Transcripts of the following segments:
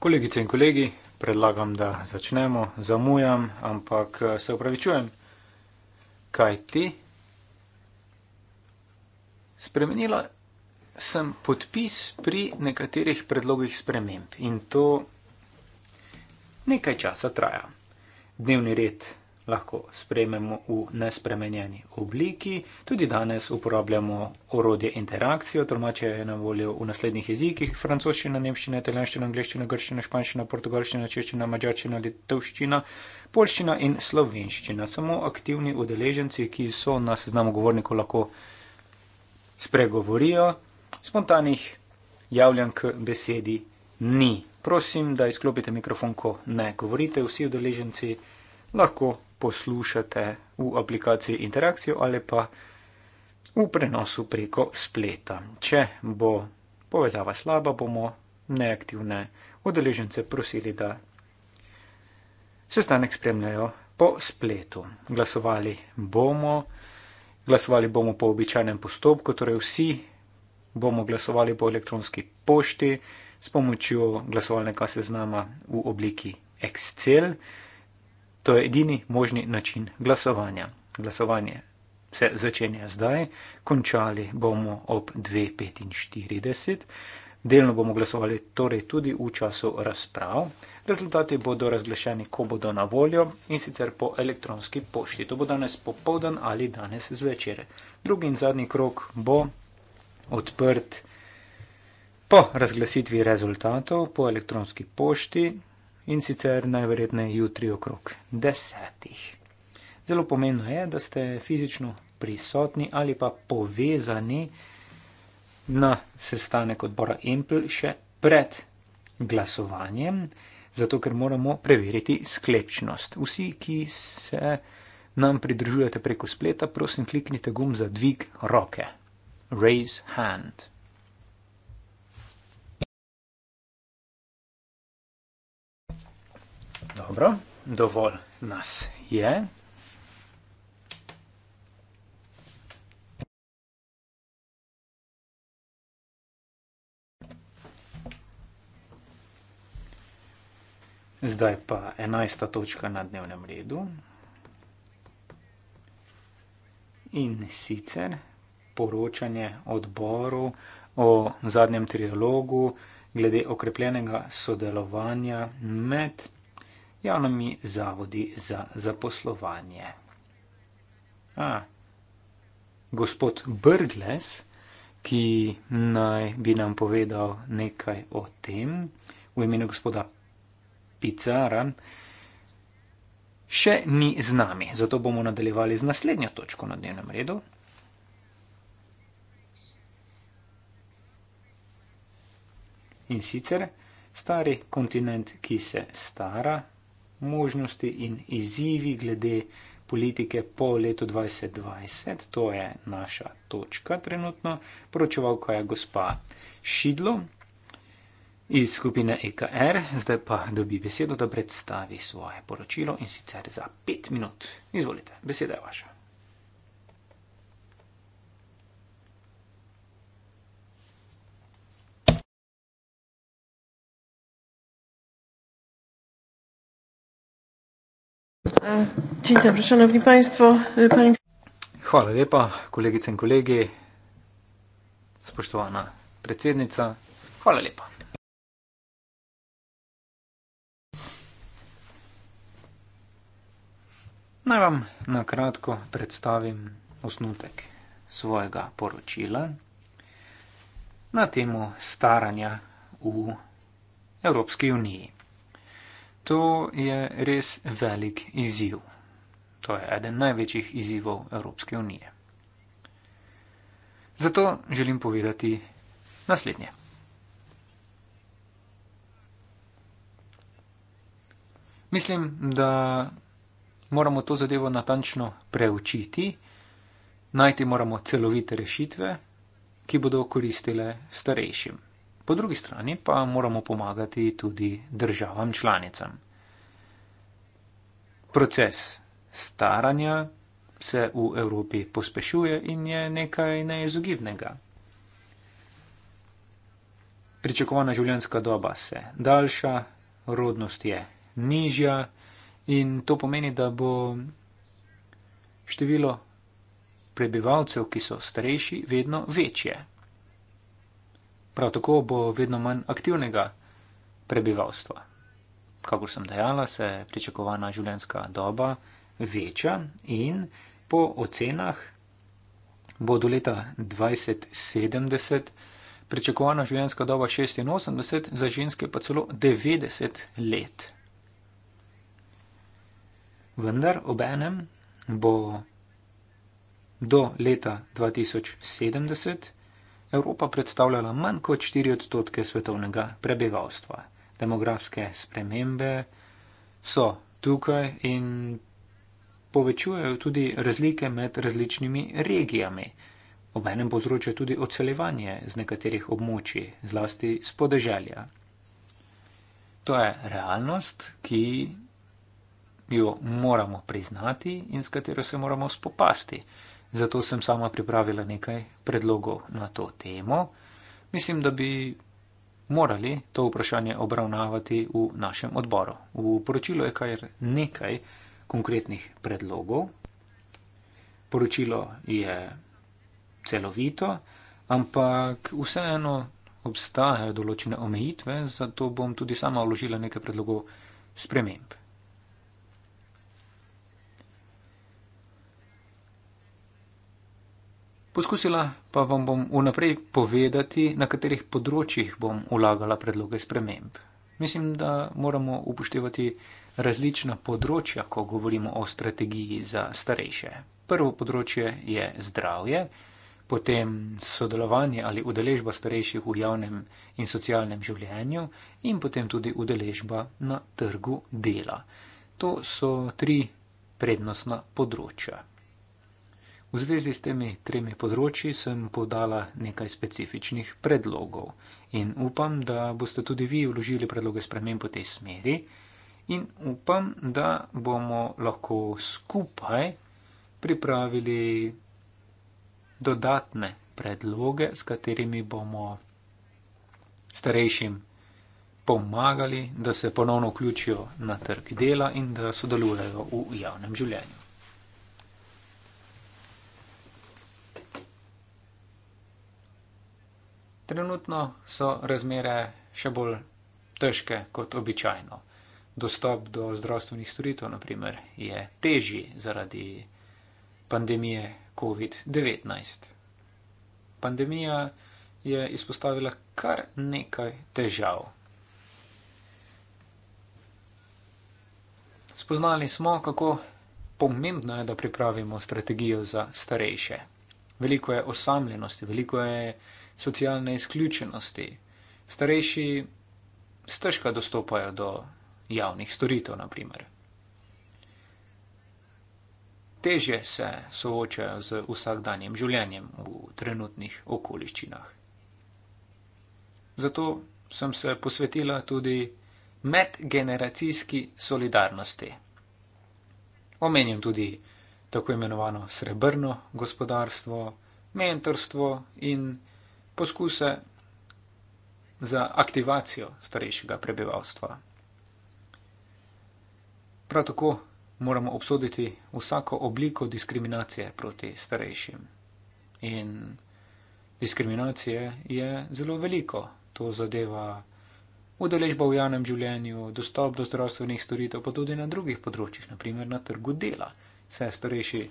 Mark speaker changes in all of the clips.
Speaker 1: Kolegice in kolegi, predlagam, da začnemo. Zamujam, ampak eh, se upravičujem, kaj ti? Spremenila sem podpis pri nekaterih predlogih sprememb in to nekaj časa traja. Dnevni red lahko sprejmemo v nespremenjeni obliki. Tudi danes uporabljamo orodje interakcijo, tolmače je na voljo v naslednjih jezikih - francoščina, nemščina, italijanščina, angliščina, grščina, španščina, portugalščina, češčina, mađarščina, litovščina, polščina in slovenščina. Samo aktivni udeleženci, ki so na seznamu govornikov, lahko spregovorijo. Spontanih javljank besedi ni. Prosim, da izklopite mikrofon, ko ne govorite. Vsi udeleženci lahko poslušate v aplikaciji Interakcijo ali pa v prenosu preko spleta. Če bo povezava slaba, bomo neaktivne odeležence prosili, da sestanek spremljajo po spletu. Glasovali bomo, glasovali bomo po običajnem postopku, torej vsi bomo glasovali po elektronski pošti s pomočjo glasovalnega seznama v obliki Excel. To je edini možni način glasovanja. Glasovanje se začenja zdaj, končali bomo ob 2.45. Delno bomo glasovali torej tudi v času razprav. Rezultati bodo razglašeni, ko bodo na voljo in sicer po elektronski pošti. To bo danes popovdan ali danes zvečer. Drugi in zadnji krok bo odprt po razglasitvi rezultatov po elektronski pošti in sicer najverjetneje jutri okrog desetih. Zelo pomembno je, da ste fizično prisotni ali pa povezani na sestanek odbora Empl še pred glasovanjem, zato ker moramo preveriti sklepčnost. Vsi, ki se nam pridružujete preko spleta, prosim kliknite gumb za dvig roke. Raise hand.
Speaker 2: Dobro, dovolj nas je.
Speaker 1: Zdaj pa enajsta točka na dnevnem redu. In sicer poročanje odboru o zadnjem trialogu glede okrepljenega sodelovanja med javnimi zavodi za zaposlovanje. A, gospod Brgles, ki naj bi nam povedal nekaj o tem, v imenu gospoda Picara, še ni z nami, zato bomo nadaljevali z naslednjo točko na dnevnem redu. In sicer stari kontinent, ki se stara možnosti in izzivi glede politike po letu 2020. To je naša točka trenutno. Poročevalka je gospa Šidlo iz skupine EKR. Zdaj pa dobi besedo, da predstavi svoje poročilo in sicer za pet minut. Izvolite, beseda je vaša.
Speaker 2: E, dzień dobry, szanowni państwo. E, pani...
Speaker 1: Hvala lepa, kolegice in kolegi, spoštovana predsednica. Hvala lepa. Naj vam na kratko predstavim osnutek svojega poročila na temo staranja v Evropski uniji. To je res velik izziv. To je eden največjih izzivov Evropske unije. Zato želim povedati naslednje. Mislim, da moramo to zadevo natančno preučiti, najti moramo celovite rešitve, ki bodo koristile starejšim. Po drugi strani pa moramo pomagati tudi državam članicam. Proces staranja se v Evropi pospešuje in je nekaj neizogibnega. Pričakovana življenjska doba se daljša, rodnost je nižja in to pomeni, da bo število prebivalcev, ki so starejši, vedno večje prav tako bo vedno manj aktivnega prebivalstva. Kakor sem dejala, se pričakovana življenjska doba veča in po ocenah bo do leta 2070 pričakovana življenjska doba 86, za ženske pa celo 90 let. Vendar obenem bo do leta 2070 Evropa predstavljala manj kot 4 odstotke svetovnega prebivalstva. Demografske spremembe so tukaj in povečujejo tudi razlike med različnimi regijami. Obenem povzročajo tudi odseljevanje z nekaterih območij, zlasti z podeželja. To je realnost, ki jo moramo priznati in s katero se moramo spopasti zato sem sama pripravila nekaj predlogov na to temo. Mislim, da bi morali to vprašanje obravnavati v našem odboru. V poročilu je kar nekaj konkretnih predlogov. Poročilo je celovito, ampak vseeno obstajajo določene omejitve, zato bom tudi sama vložila nekaj predlogov sprememb. Poskusila pa vam bom vnaprej povedati, na katerih področjih bom ulagala predloge sprememb. Mislim, da moramo upoštevati različna področja, ko govorimo o strategiji za starejše. Prvo področje je zdravje, potem sodelovanje ali udeležba starejših v javnem in socialnem življenju in potem tudi udeležba na trgu dela. To so tri prednostna področja. V zvezi s temi tremi področji sem podala nekaj specifičnih predlogov in upam, da boste tudi vi vložili predloge sprememb v tej smeri in upam, da bomo lahko skupaj pripravili dodatne predloge, s katerimi bomo starejšim pomagali, da se ponovno vključijo na trg dela in da sodelujejo v javnem življenju. trenutno so razmere še bolj težke kot običajno. Dostop do zdravstvenih storitev, na primer, je težji zaradi pandemije COVID-19. Pandemija je izpostavila kar nekaj težav. Spoznali smo, kako pomembno je, da pripravimo strategijo za starejše. Veliko je osamljenosti, veliko je socialne izključenosti. Starejši stežka dostopajo do javnih storitev, naprimer. Teže se soočajo z vsakdanjem življenjem v trenutnih okoliščinah. Zato sem se posvetila tudi medgeneracijski solidarnosti. Omenjam tudi tako imenovano srebrno gospodarstvo, mentorstvo in mentorstvo poskuse za aktivacijo starejšega prebivalstva. Prav tako moramo obsoditi vsako obliko diskriminacije proti starejšim. In diskriminacije je zelo veliko. To zadeva udeležba v javnem življenju, dostop do zdravstvenih storitev, pa tudi na drugih področjih, naprimer na trgu dela. Se starejši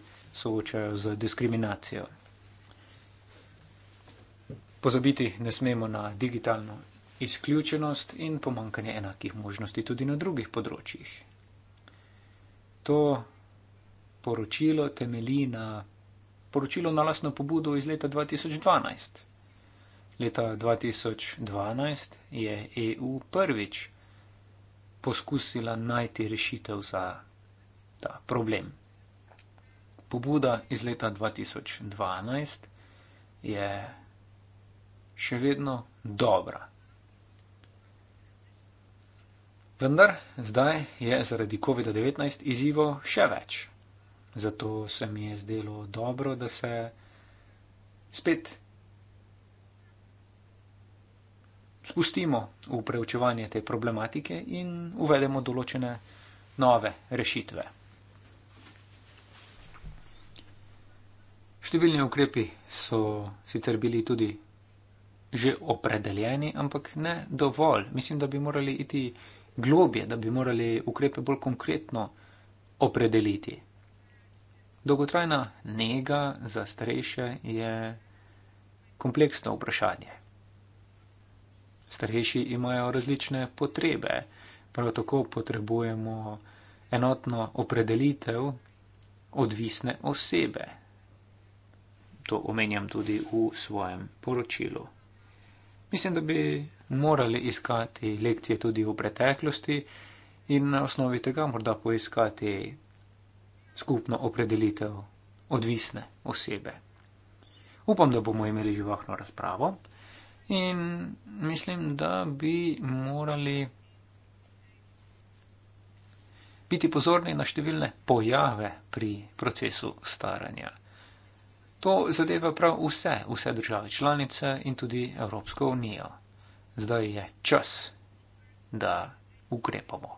Speaker 1: soočajo z diskriminacijo. Pozabiti ne smemo na digitalno izključenost in pomankanje enakih možnosti tudi na drugih področjih. To poročilo temelji na poročilu na lasno pobudo iz leta 2012. Leta 2012 je EU prvič poskusila najti rešitev za ta problem. Pobuda iz leta 2012 je še vedno dobra. Vendar zdaj je zaradi COVID-19 izzivo še več. Zato se mi je zdelo dobro, da se spet spustimo v preučevanje te problematike in uvedemo določene nove rešitve. Številni ukrepi so sicer bili tudi že opredeljeni, ampak ne dovolj. Mislim, da bi morali iti globje, da bi morali ukrepe bolj konkretno opredeliti. Dolgotrajna njega za starejše je kompleksno vprašanje. Starejši imajo različne potrebe, prav tako potrebujemo enotno opredelitev odvisne osebe. To omenjam tudi v svojem poročilu. Mislim, da bi morali iskati lekcije tudi v preteklosti in na osnovi tega morda poiskati skupno opredelitev odvisne osebe. Upam, da bomo imeli živahno razpravo in mislim, da bi morali biti pozorni na številne pojave pri procesu staranja. To zadeva prav vse, vse države članice in tudi Evropsko unijo. Zdaj je čas, da ukrepamo.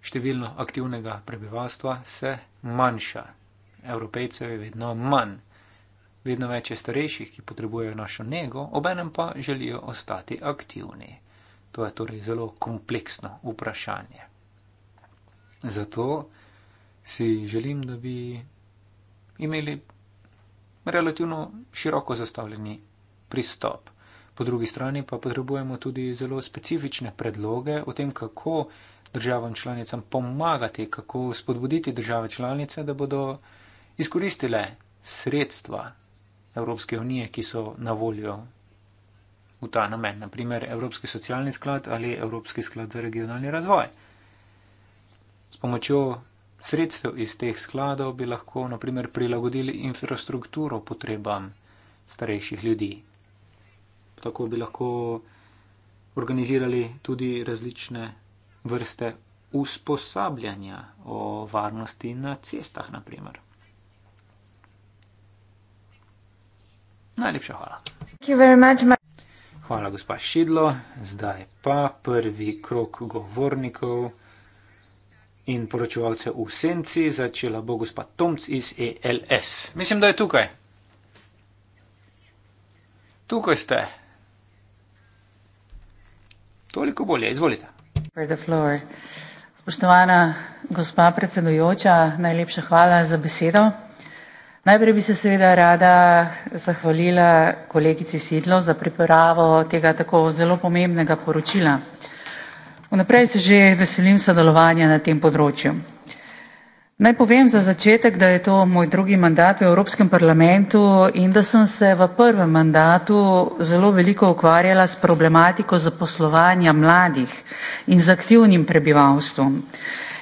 Speaker 1: Število aktivnega prebivalstva se manjša. Evropejcev je vedno manj. Vedno več je starejših, ki potrebujejo našo nego, obenem pa želijo ostati aktivni. To je torej zelo kompleksno vprašanje. Zato si želim, da bi imeli relativno široko zastavljeni pristop. Po drugi strani pa potrebujemo tudi zelo specifične predloge o tem, kako državam članicam pomagati, kako spodbuditi države članice, da bodo izkoristile sredstva Evropske unije, ki so na voljo v ta namen, naprimer Evropski socialni sklad ali Evropski sklad za regionalni razvoj. S pomočjo sredstev iz teh skladov bi lahko naprimer prilagodili infrastrukturo potrebam starejših ljudi. Tako bi lahko organizirali tudi različne vrste usposabljanja o varnosti na cestah, naprimer. Najlepša hvala. Hvala, gospa Šidlo. Zdaj pa prvi krok govornikov in poročevalce v senci začela bo gospa Tomc iz ELS. Mislim, da je tukaj. Tukaj ste. Toliko bolje, izvolite.
Speaker 3: Spoštovana gospa predsedujoča, najlepša hvala za besedo. Najprej bi se seveda rada zahvalila kolegici Sidlo za pripravo tega tako zelo pomembnega poročila. Vnaprej se že veselim sodelovanja na tem področju. Naj povem za začetek, da je to moj drugi mandat v Evropskem parlamentu in da sem se v prvem mandatu zelo veliko ukvarjala s problematiko zaposlovanja mladih in z aktivnim prebivalstvom.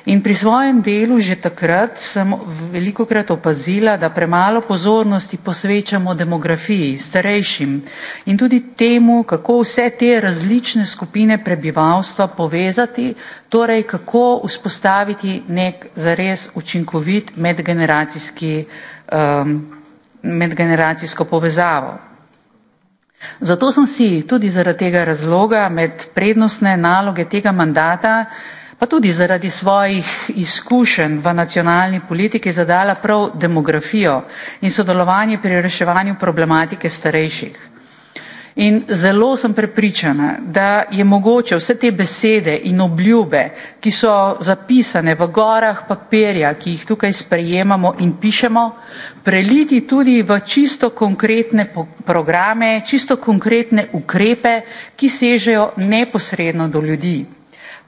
Speaker 3: In pri svojem delu že takrat sem veliko krat opazila, da premalo pozornosti posvečamo demografiji, starejšim in tudi temu, kako vse te različne skupine prebivalstva povezati, torej kako vzpostaviti nek zares učinkovit medgeneracijski, um, medgeneracijsko povezavo. Zato sem si tudi zaradi tega razloga med prednostne naloge tega mandata pa tudi zaradi svojih izkušenj v nacionalni politiki zadala prav demografijo in sodelovanje pri reševanju problematike starejših. In zelo sem prepričana, da je mogoče vse te besede in obljube, ki so zapisane v gorah papirja, ki jih tukaj sprejemamo in pišemo, preliti tudi v čisto konkretne programe, čisto konkretne ukrepe, ki sežejo neposredno do ljudi.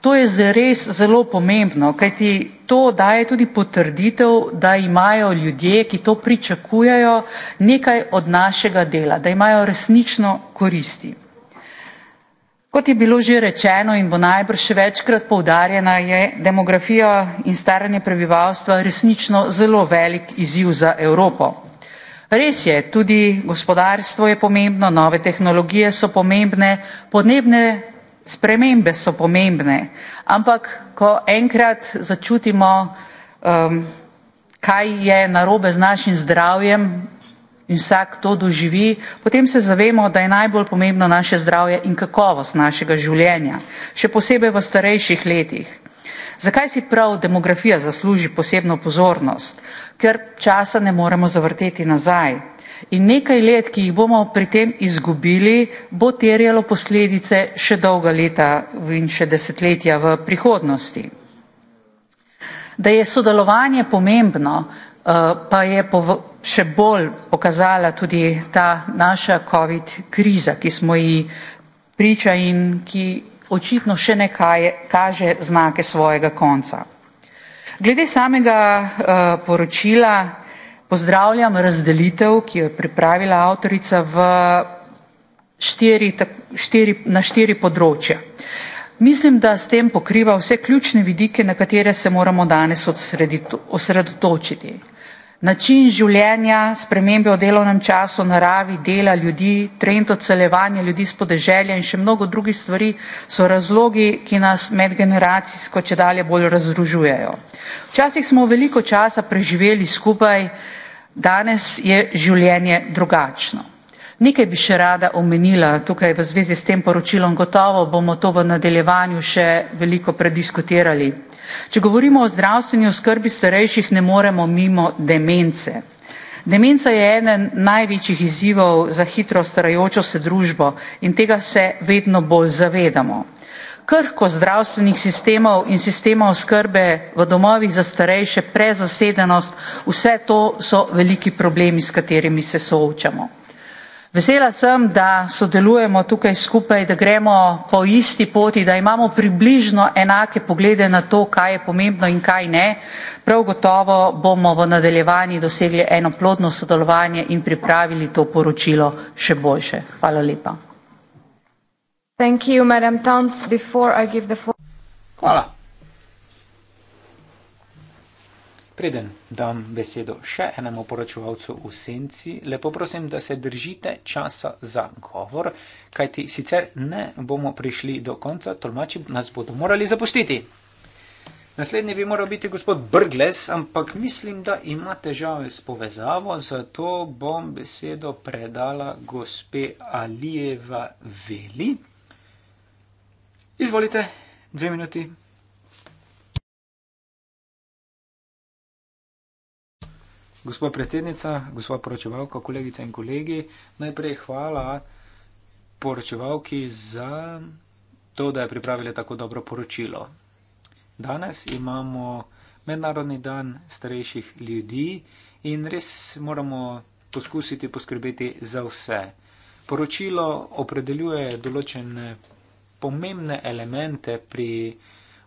Speaker 3: To je zares zelo pomembno, kajti to daje tudi potrditev, da imajo ljudje, ki to pričakujejo, nekaj od našega dela, da imajo resnično koristi. Kot je bilo že rečeno in bo najbrž še večkrat poudarjena, je demografija in staranje prebivalstva resnično zelo velik izziv za Evropo. Res je, tudi gospodarstvo je pomembno, nove tehnologije so pomembne, podnebne Spremembe so pomembne, ampak ko enkrat začutimo, um, kaj je narobe z našim zdravjem in vsak to doživi, potem se zavemo, da je najbolj pomembno naše zdravje in kakovost našega življenja, še posebej v starejših letih. Zakaj si prav demografija zasluži posebno pozornost? Ker časa ne moremo zavrteti nazaj. In nekaj let, ki jih bomo pri tem izgubili, bo terjalo posledice še dolga leta in še desetletja v prihodnosti. Da je sodelovanje pomembno, eh, pa je še bolj pokazala tudi ta naša COVID kriza, ki smo ji priča in ki očitno še nekaj kaže znake svojega konca. Glede samega eh, poročila, pozdravljam razdelitev, ki jo je pripravila avtorica v štiri, štiri, na štiri področja. Mislim, da s tem pokriva vse ključne vidike, na katere se moramo danes osredotočiti. Način življenja, spremembe v delovnem času, naravi, dela ljudi, trend odseljevanja ljudi s podeželja in še mnogo drugih stvari so razlogi, ki nas medgeneracijsko če dalje bolj razružujejo. Včasih smo veliko časa preživeli skupaj, Danes je življenje drugačno. Nekaj bi še rada omenila tukaj v zvezi s tem poročilom, gotovo bomo to v nadaljevanju še veliko prediskutirali. Če govorimo o zdravstveni oskrbi starejših, ne moremo mimo demence. Demenca je eden največjih izzivov za hitro starajočo se družbo in tega se vedno bolj zavedamo krhko zdravstvenih sistemov in sistema oskrbe v domovih za starejše, prezasedenost, vse to so veliki problemi, s katerimi se soočamo. Vesela sem, da sodelujemo tukaj skupaj, da gremo po isti poti, da imamo približno enake poglede na to, kaj je pomembno in kaj ne. Prav gotovo bomo v nadaljevanju dosegli eno plodno sodelovanje in pripravili to poročilo še boljše. Hvala lepa.
Speaker 4: Thank you, Madam Towns. Before I give the floor.
Speaker 1: Hvala. Preden dam besedo še enemu poročevalcu v senci, lepo prosim, da se držite časa za govor, kajti sicer ne bomo prišli do konca, tolmači nas bodo morali zapustiti. Naslednji bi moral biti gospod Brgles, ampak mislim, da ima težave s povezavo, zato bom besedo predala gospe Alijeva Veli. Izvolite, dve minuti. Gospod predsednica, gospod poročevalka, kolegice in kolegi, najprej hvala poročevalki za to, da je pripravila tako dobro poročilo. Danes imamo Mednarodni dan starejših ljudi in res moramo poskusiti poskrbeti za vse. Poročilo opredeljuje določene pomembne elemente pri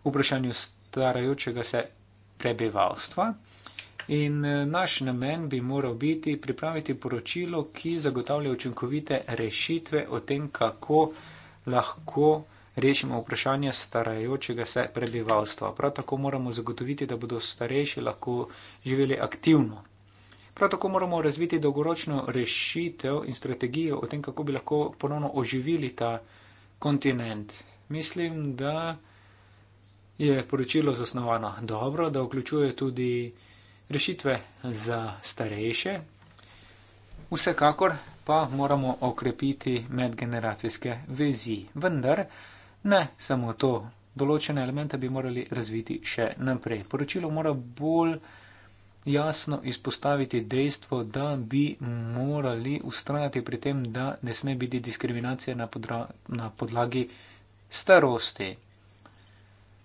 Speaker 1: vprašanju starajočega se prebivalstva. In eh, naš namen bi moral biti pripraviti poročilo, ki zagotavlja učinkovite rešitve o tem, kako lahko rešimo vprašanje starajočega se prebivalstva. Prav tako moramo zagotoviti, da bodo starejši lahko živeli aktivno. Prav tako moramo razviti dolgoročno rešitev in strategijo o tem, kako bi lahko ponovno oživili ta prebivalstvo kontinent. Mislim, da je poročilo zasnovano dobro, da vključuje tudi rešitve za starejše. Vsekakor pa moramo okrepiti medgeneracijske vezi, vendar ne samo to. Določene elemente bi morali razviti še naprej. Poročilo mora bolj jasno izpostaviti dejstvo, da bi morali ustrajati pri tem, da ne sme biti diskriminacije na, podra, na podlagi starosti.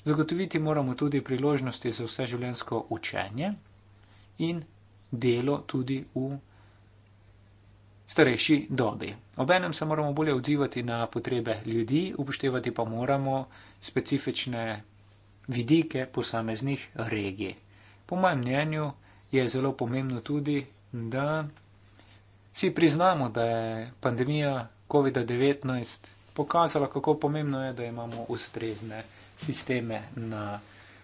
Speaker 1: Zagotoviti moramo tudi priložnosti za vse življensko učenje in delo tudi v starejši dobi. Obenem se moramo bolje odzivati na potrebe ljudi, upoštevati pa moramo specifične vidike posameznih regij. Po mojem mnenju, je zelo pomembno tudi, da si priznamo, da je pandemija COVID-19 pokazala, kako pomembno je, da imamo ustrezne sisteme na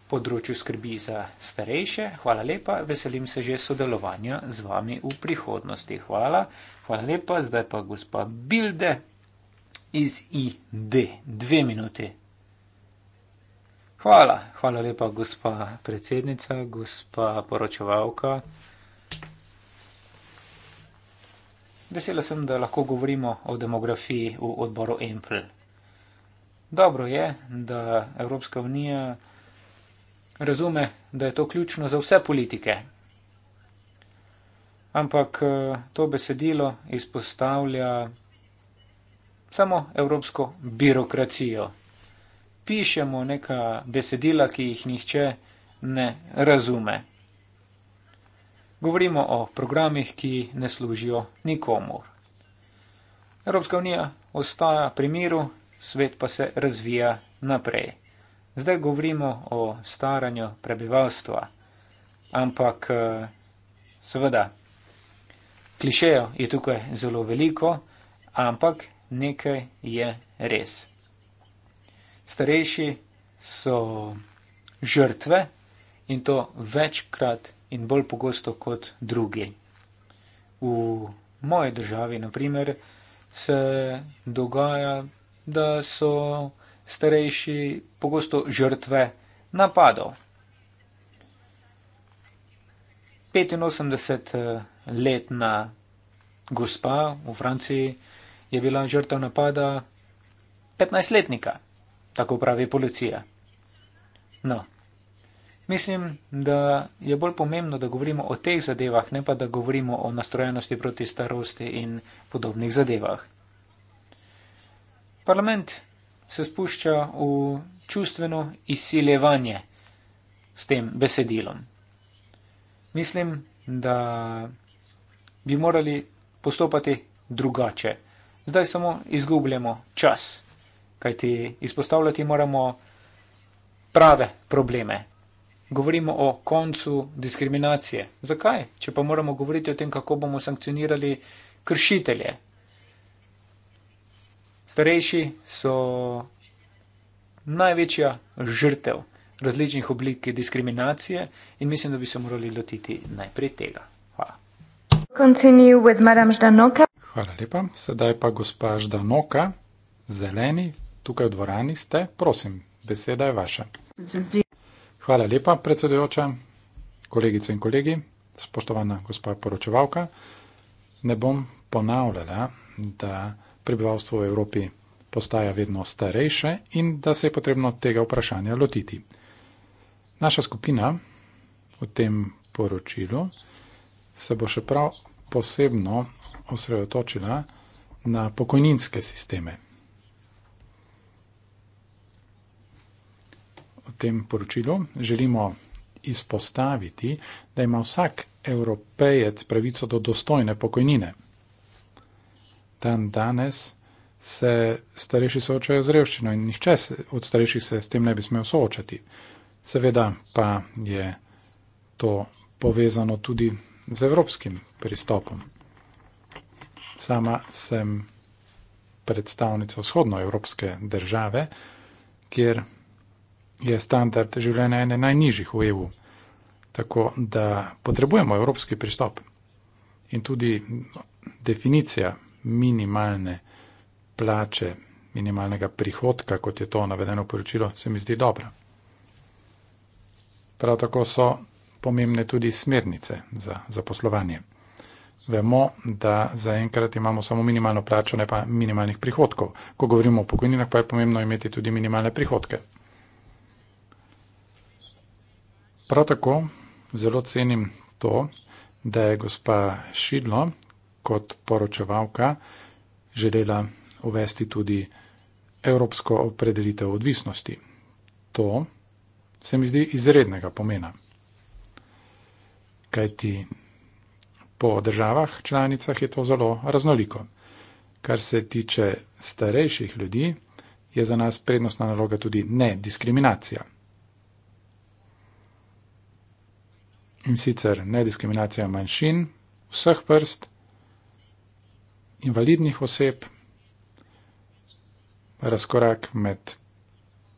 Speaker 1: področju skrbi za starejše. Hvala lepa, veselim se že sodelovanja z vami v prihodnosti. Hvala, hvala lepa, zdaj pa gospa Bilde iz ID. Dve minuti. Hvala, hvala lepa, gospa predsednica, gospa poročevalka. Vesela sem, da lahko govorimo o demografiji v odboru Empl. Dobro je, da Evropska unija razume, da je to ključno za vse politike. Ampak eh, to besedilo izpostavlja samo evropsko birokracijo pišemo neka besedila, ki jih nihče ne razume. Govorimo o programih, ki ne služijo nikomor. Evropska unija ostaja pri miru, svet pa se razvija naprej. Zdaj govorimo o staranju prebivalstva, ampak eh, seveda, klišejo je tukaj zelo veliko, ampak nekaj je res starejši so žrtve in to večkrat in bolj pogosto kot drugi. V moje državi, naprimer, se dogaja, da so starejši pogosto žrtve napadov. 85-letna eh, gospa v Franciji je bila žrtev napada 15-letnika tako pravi policija. No, mislim, da je bolj pomembno, da govorimo o teh zadevah, ne pa da govorimo o nastrojenosti proti starosti in podobnih zadevah. Parlament se spušča v čustveno izsilevanje s tem besedilom. Mislim, da bi morali postopati drugače. Zdaj samo izgubljamo čas kajti izpostavljati moramo prave probleme. Govorimo o koncu diskriminacije. Zakaj? Če pa moramo govoriti o tem, kako bomo sankcionirali kršitelje. Starejši so največja žrtev različnih oblik diskriminacije in mislim, da bi se morali lotiti najprej tega. Hvala. Hvala lepa. Sedaj pa gospa Ždanoka,
Speaker 5: zeleni, tukaj v dvorani ste, prosim, beseda je vaša. Hvala lepa, predsedujoča, kolegice in kolegi, spoštovana gospa poročevalka. Ne bom ponavljala, da prebivalstvo v Evropi postaja vedno starejše in da se je potrebno tega vprašanja lotiti. Naša skupina v tem poročilu se bo še prav posebno osredotočila na pokojninske sisteme. tem poročilu, želimo izpostaviti, da ima vsak evropejec pravico do dostojne pokojnine. Dan danes se starejši soočajo z revščino in nihče od starejših se s tem ne bi smel soočati. Seveda pa je to povezano tudi z evropskim pristopom. Sama sem predstavnica vzhodnoevropske države, kjer je standard življenja ene najnižjih v EU. Tako da potrebujemo evropski pristop in tudi no, definicija minimalne plače, minimalnega prihodka, kot je to navedeno v poročilu, se mi zdi dobra. Prav tako so pomembne tudi smernice za zaposlovanje. Vemo, da zaenkrat imamo samo minimalno plačo, ne pa minimalnih prihodkov. Ko govorimo o pokojninah, pa je pomembno imeti tudi minimalne prihodke. Prav tako zelo cenim to, da je gospa Šidlo kot poročevalka želela uvesti tudi evropsko opredelitev odvisnosti. To se mi zdi izrednega pomena. Kaj ti po državah članicah je to zelo raznoliko. Kar se tiče starejših ljudi, je za nas prednostna naloga tudi ne diskriminacija. in sicer nediskriminacija manjšin, vseh vrst, invalidnih oseb, razkorak med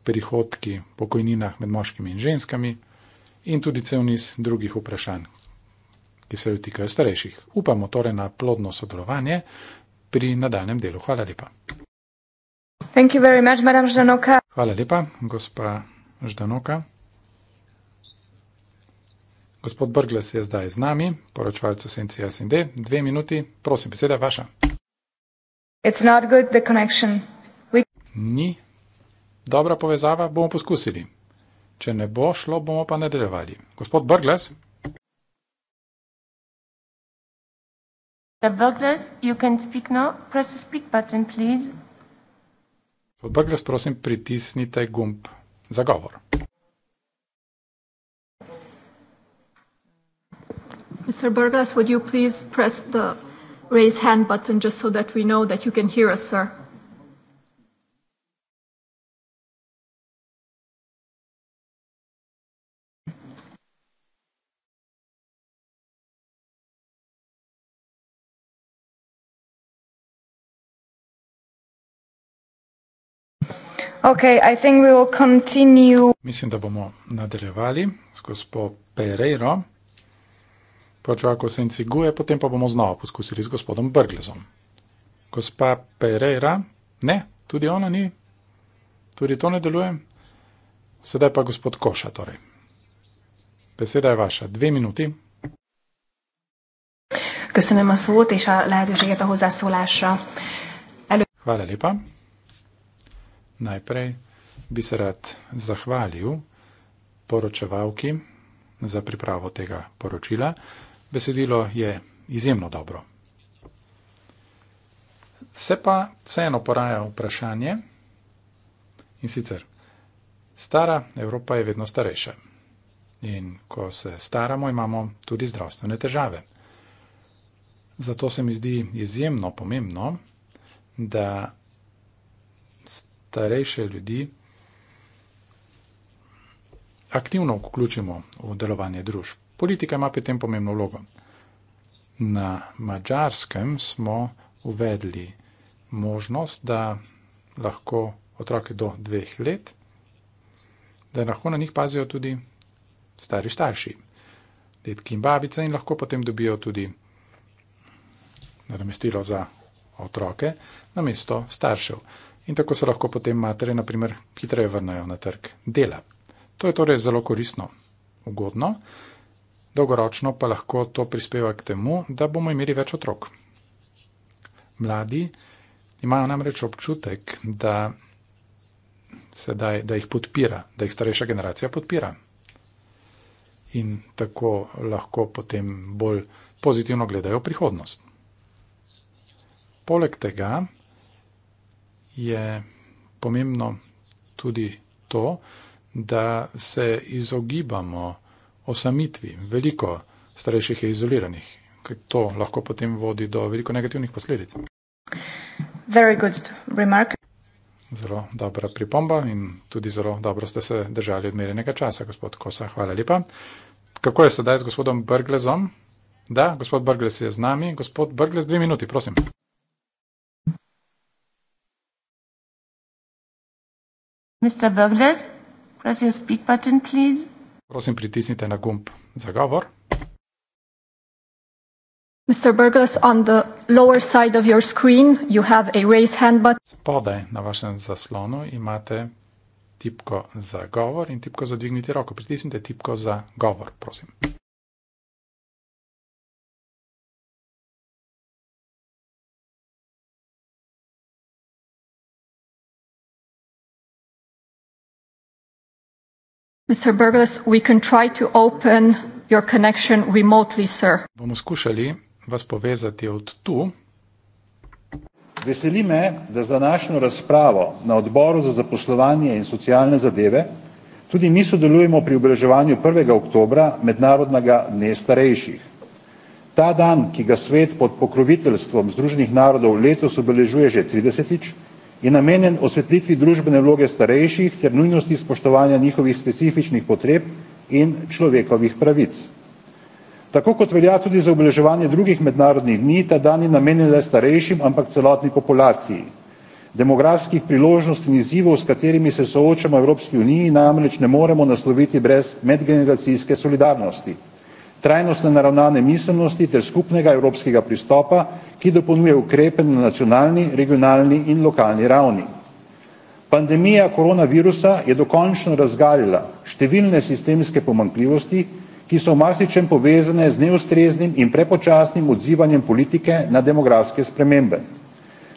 Speaker 5: prihodki, pokojninah med moškimi in ženskami in tudi cel niz drugih vprašanj, ki se dotikajo starejših. Upamo torej na plodno sodelovanje pri nadaljem delu. Hvala lepa. Hvala lepa, gospa Ždanoka. Gospod Brgles je zdaj z nami, poročevalec v senci SND. Dve minuti, prosim, beseda je vaša. Good, We... Ni dobra povezava, bomo poskusili. Če ne bo šlo, bomo pa nadaljevali. Gospod Brgles. Gospod Brgles, prosim, pritisnite gumb za govor.
Speaker 4: Mr. Burgas, would you please press the raise hand button just so that we know that you can hear us, sir? Okay, I think we will
Speaker 5: continue. Mislim, da bomo nadaljevali z gospo Pereiro počakal se in ciguje, potem pa bomo znova poskusili z gospodom Brglezom. Gospa Pereira, ne, tudi ona ni, tudi to ne deluje. Sedaj pa gospod Koša, torej. Beseda je vaša, dve minuti.
Speaker 4: Köszönöm a szót és a lehetőséget a hozzászólásra.
Speaker 5: Elő... Hvala lepa. Najprej bi se rad zahvalil poročevalki za pripravo tega poročila besedilo je izjemno dobro. Se pa vseeno poraja vprašanje in sicer stara Evropa je vedno starejša. In ko se staramo, imamo tudi zdravstvene težave. Zato se mi zdi izjemno pomembno, da starejše ljudi aktivno vključimo v delovanje družb. Politika ima pri tem pomembno vlogo. Na mačarskem smo uvedli možnost, da lahko otroke do dveh let, da lahko na njih pazijo tudi stari starši, detki in babice, in lahko potem dobijo tudi nadomestilo za otroke na mesto staršev. In tako se lahko potem matere, naprimer, hitreje vrnajo na trg dela. To je torej zelo koristno, ugodno dolgoročno pa lahko to prispeva k temu, da bomo imeli več otrok. Mladi imajo namreč občutek, da, sedaj, da jih podpira, da jih starejša generacija podpira. In tako lahko potem bolj pozitivno gledajo prihodnost. Poleg tega je pomembno tudi to, da se izogibamo osamitvi, veliko starejših je izoliranih, ker to lahko potem vodi do veliko negativnih posledic. Zelo dobra pripomba in tudi zelo dobro ste se držali odmerenega časa, gospod Kosa. Hvala lepa. Kako je sedaj z gospodom Brglezom? Da, gospod Brglez je z nami. Gospod Brglez, dve minuti, prosim.
Speaker 2: Mr. Brglez, press your speak button, please
Speaker 5: prosim pritisnite na gumb za govor.
Speaker 4: Mr. Burgess, on the lower side of your screen, you have a raise hand button.
Speaker 5: Spodaj na vašem zaslonu imate tipko za govor in tipko za dvigniti roko. Pritisnite tipko za govor, prosim.
Speaker 2: Mr. Burglas, we can
Speaker 4: try to open your connection remotely, sir.
Speaker 5: Bomo skušali vas povezati od tu.
Speaker 6: Veseli me, da za današnjo razpravo na odboru za zaposlovanje in socialne zadeve tudi mi sodelujemo pri obeleževanju 1. oktobra Mednarodnega dne starejših. Ta dan, ki ga svet pod pokroviteljstvom Združenih narodov letos obeležuje že 30-tič, je namenjen osvetlitvi družbene vloge starejših ter nujnosti spoštovanja njihovih specifičnih potreb in človekovih pravic. Tako kot velja tudi za obeleževanje drugih mednarodnih dni, ta dan je namenjen le starejšim, ampak celotni populaciji. Demografskih priložnosti in izzivov, s katerimi se soočamo v Evropski uniji, namreč ne moremo nasloviti brez medgeneracijske solidarnosti trajnostne naravnane miselnosti ter skupnega evropskega pristopa, ki dopolnjuje ukrepe na nacionalni, regionalni in lokalni ravni. Pandemija koronavirusa je dokončno razgalila številne sistemske pomankljivosti, ki so v marsičem povezane z neustreznim in prepočasnim odzivanjem politike na demografske spremembe.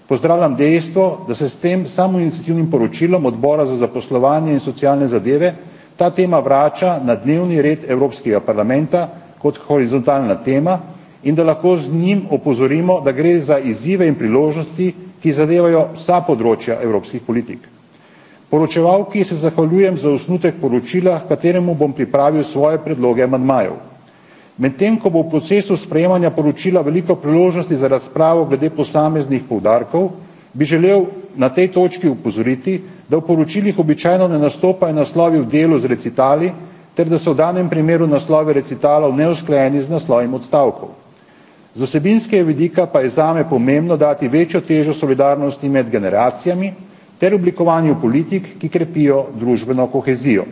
Speaker 6: Pozdravljam dejstvo, da se s tem samoinicijativnim poročilom odbora za zaposlovanje in socialne zadeve ta tema vrača na dnevni red Evropskega parlamenta, kot horizontalna tema in da lahko z njim opozorimo, da gre za izzive in priložnosti, ki zadevajo vsa področja evropskih politik. Poročevalki se zahvaljujem za osnutek poročila, kateremu bom pripravil svoje predloge amandmajev. Medtem ko bo v procesu sprejemanja poročila veliko priložnosti za razpravo glede posameznih poudarkov, bi želel na tej točki upozoriti, da v poročilih običajno ne nastopajo naslovi v delu z recitali, ter da so v danem primeru naslovi recitalov neusklajeni z naslovim odstavkov. Z osebinskega vidika pa je zame pomembno dati večjo težo solidarnosti med generacijami ter oblikovanju politik, ki krepijo družbeno kohezijo.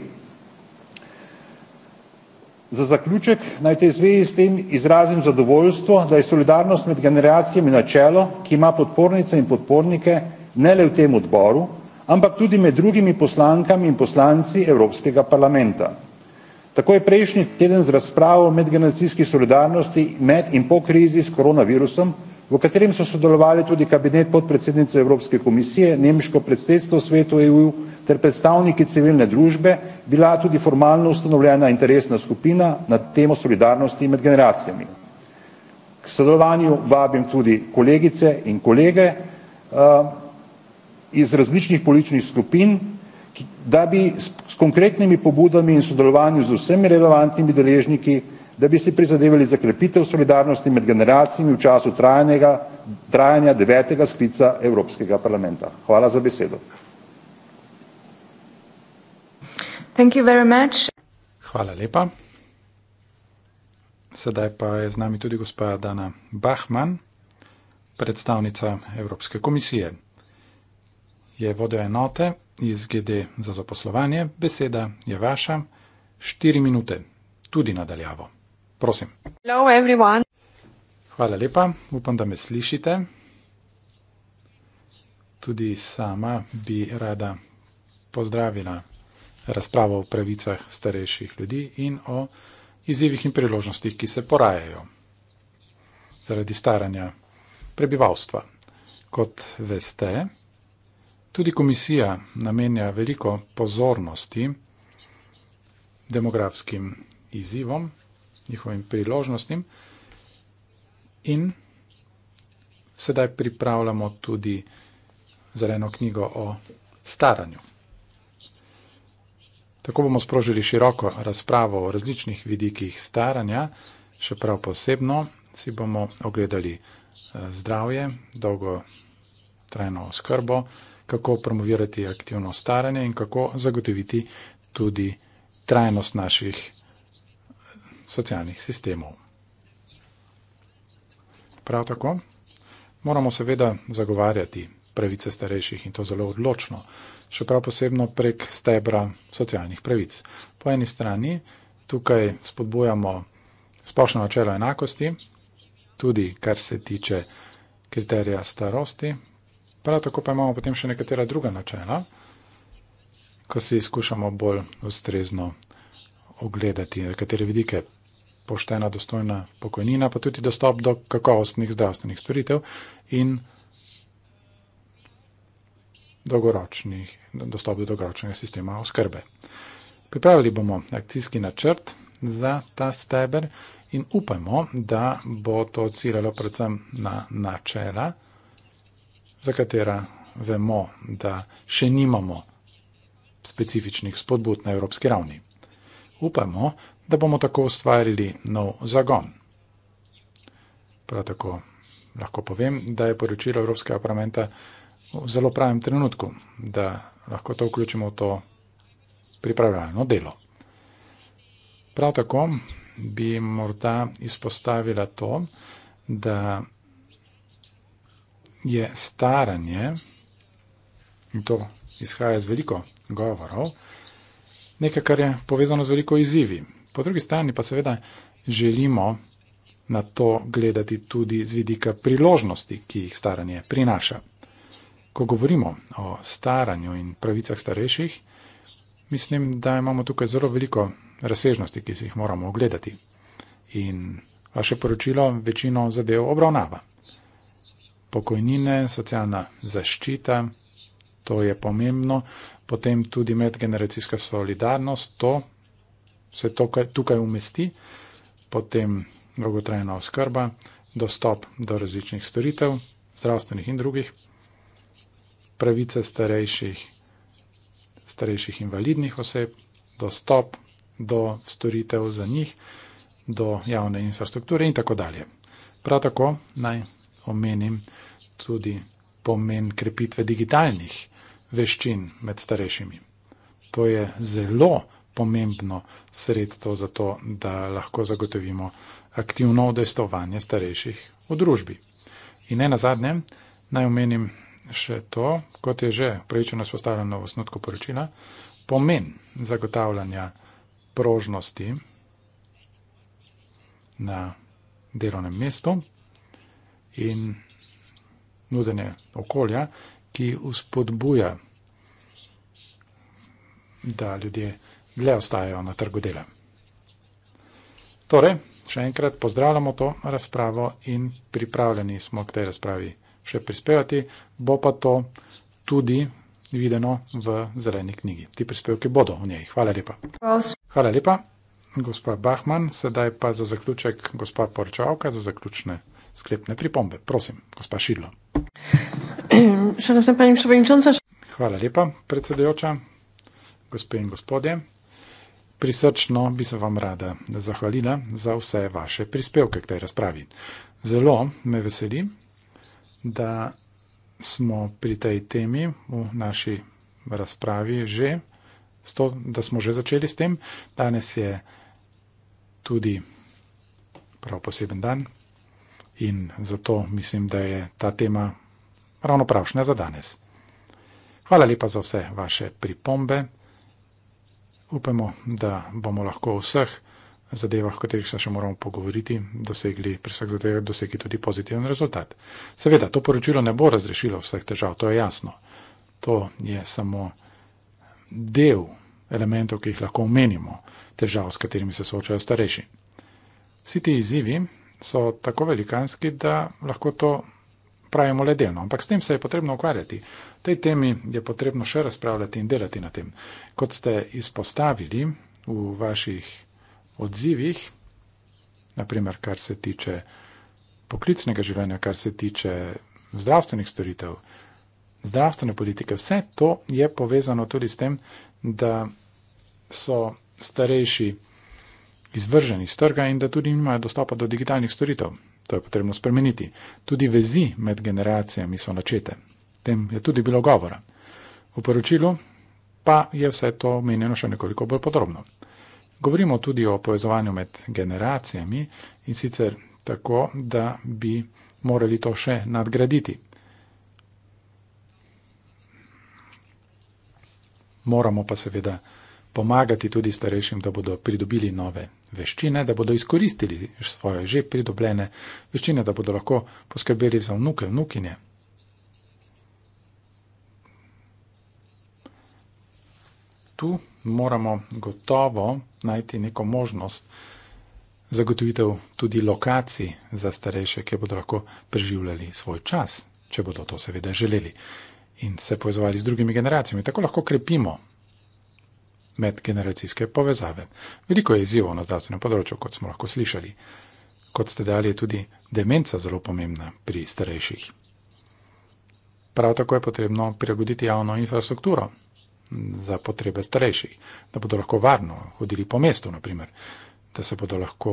Speaker 6: Za zaključek naj te zveji s tem izrazim zadovoljstvo, da je solidarnost med generacijami načelo, ki ima podpornice in podpornike ne le v tem odboru, ampak tudi med drugimi poslankami in poslanci Evropskega parlamenta. Tako je prejšnji teden z razpravo o medgeneracijski solidarnosti med in po krizi s koronavirusom, v katerem so sodelovali tudi kabinet podpredsednice Evropske komisije, nemško predsedstvo svetu EU ter predstavniki civilne družbe, bila tudi formalno ustanovljena interesna skupina na temo solidarnosti med generacijami. K sodelovanju vabim tudi kolegice in kolege uh, iz različnih političnih skupin, da bi s konkretnimi pobudami in sodelovanju z vsemi relevantnimi deležniki, da bi si prizadevali za krepitev solidarnosti med generacijami v času trajanega, trajanja devetega sklica Evropskega parlamenta. Hvala za besedo.
Speaker 4: Thank you very much.
Speaker 5: Hvala lepa. Sedaj pa je z nami tudi gospa Dana Bachmann, predstavnica Evropske komisije. Je vodja enote iz GD za zaposlovanje, beseda je vaša, štiri minute, tudi nadaljavo. Prosim.
Speaker 4: Hello,
Speaker 5: Hvala lepa, upam, da me slišite. Tudi sama bi rada pozdravila razpravo o pravicah starejših ljudi in o izzivih in priložnostih, ki se porajajo zaradi staranja prebivalstva. Kot veste, Tudi komisija namenja veliko pozornosti demografskim izzivom, njihovim priložnostim in sedaj pripravljamo tudi zeleno knjigo o staranju. Tako bomo sprožili široko razpravo o različnih vidikih staranja, še prav posebno si bomo ogledali eh, zdravje, dolgo trajno oskrbo, kako promovirati aktivno staranje in kako zagotoviti tudi trajnost naših eh, socialnih sistemov. Prav tako moramo seveda zagovarjati pravice starejših in to zelo odločno, še prav posebno prek stebra socialnih pravic. Po eni strani tukaj spodbujamo splošno načelo enakosti, tudi kar se tiče kriterija starosti, Prav tako pa imamo potem še nekatera druga načela, ko si skušamo bolj ustrezno ogledati, nekatere vidike, poštena, dostojna pokojnina, pa tudi dostop do kakovostnih zdravstvenih storitev in dostop do dolgoročnega sistema oskrbe. Pripravili bomo akcijski načrt za ta steber in upajmo, da bo to odsiljalo predvsem na načela, za katera vemo, da še nimamo specifičnih spodbud na evropski ravni. Upajmo, da bomo tako ustvarili nov zagon. Prav tako lahko povem, da je poročilo Evropskega parlamenta v zelo pravem trenutku, da lahko to vključimo v to pripravljalno delo. Prav tako bi morda izpostavila to, da je staranje, in to izhaja iz veliko govorov, nekaj, kar je povezano z veliko izzivi. Po drugi strani pa seveda želimo na to gledati tudi z vidika priložnosti, ki jih staranje prinaša. Ko govorimo o staranju in pravicah starejših, mislim, da imamo tukaj zelo veliko razsežnosti, ki si jih moramo ogledati. In vaše poročilo večino zadev obravnava pokojnine, socialna zaščita, to je pomembno, potem tudi medgeneracijska solidarnost, to se tukaj, tukaj umesti, potem dolgotrajna oskrba, dostop do različnih storitev, zdravstvenih in drugih, pravice starejših, starejših invalidnih oseb, dostop do storitev za njih, do javne infrastrukture in tako dalje. Prav tako naj omenim, da tudi pomen krepitve digitalnih veščin med starejšimi. To je zelo pomembno sredstvo za to, da lahko zagotovimo aktivno udejstovanje starejših v družbi. In ne nazadnje, naj omenim še to, kot je že prejčeno spostavljeno v osnutku poročila, pomen zagotavljanja prožnosti na delovnem mestu in nudenje okolja, ki uspodbuja, da ljudje dlje ostajajo na trgu dela. Torej, še enkrat pozdravljamo to razpravo in pripravljeni smo k tej razpravi še prispevati, bo pa to tudi videno v zeleni knjigi. Ti prispevki bodo v njej. Hvala lepa. Hvala lepa, gospa Bahman. Sedaj pa za zaključek, gospa poročavka, za zaključne sklepne pripombe. Prosim, gospa Šidlo.
Speaker 6: Szanowna Pani Przewodnicząca.
Speaker 5: Hvala lepa, predsedujoča, gospe in gospodje. Prisrčno bi se vam rada zahvalila za vse vaše prispevke k tej razpravi. Zelo me veseli, da smo pri tej temi v naši razpravi že, sto, da smo že začeli s tem. Danes je tudi prav poseben dan, In zato mislim, da je ta tema ravno pravšnja za danes. Hvala lepa za vse vaše pripombe. Upamo, da bomo lahko o vseh zadevah, o katerih se še moramo pogovoriti, dosegli pri vseh zadevah dosegli tudi pozitiven rezultat. Seveda, to poročilo ne bo razrešilo vseh težav, to je jasno. To je samo del elementov, ki jih lahko omenimo, težav, s katerimi se soočajo starejši. Vsi ti izzivi so tako velikanski, da lahko to pravimo le delno. Ampak s tem se je potrebno ukvarjati. O tej temi je potrebno še razpravljati in delati na tem. Kot ste izpostavili v vaših odzivih, naprimer, kar se tiče poklicnega življenja, kar se tiče zdravstvenih storitev, zdravstvene politike, vse to je povezano tudi s tem, da so starejši izvrženi iz trga in da tudi nimajo dostopa do digitalnih storitev. To je potrebno spremeniti. Tudi vezi med generacijami so načete. Tem je tudi bilo govora. V poročilu pa je vse to omenjeno še nekoliko bolj podrobno. Govorimo tudi o povezovanju med generacijami in sicer tako, da bi morali to še nadgraditi. Moramo pa seveda pomagati tudi starejšim, da bodo pridobili nove veščine, da bodo izkoristili svoje že pridobljene veščine, da bodo lahko poskrbeli za vnuke, vnukinje. Tu moramo gotovo najti neko možnost zagotovitev tudi lokacij za starejše, kjer bodo lahko preživljali svoj čas, če bodo to seveda želeli in se povezovali z drugimi generacijami. Tako lahko krepimo medgeneracijske povezave. Veliko je izzivov na zdravstvenem področju, kot smo lahko slišali. Kot ste dali, je tudi demenca zelo pomembna pri starejših. Prav tako je potrebno prilagoditi javno infrastrukturo za potrebe starejših, da bodo lahko varno hodili po mestu, naprimer, da se bodo lahko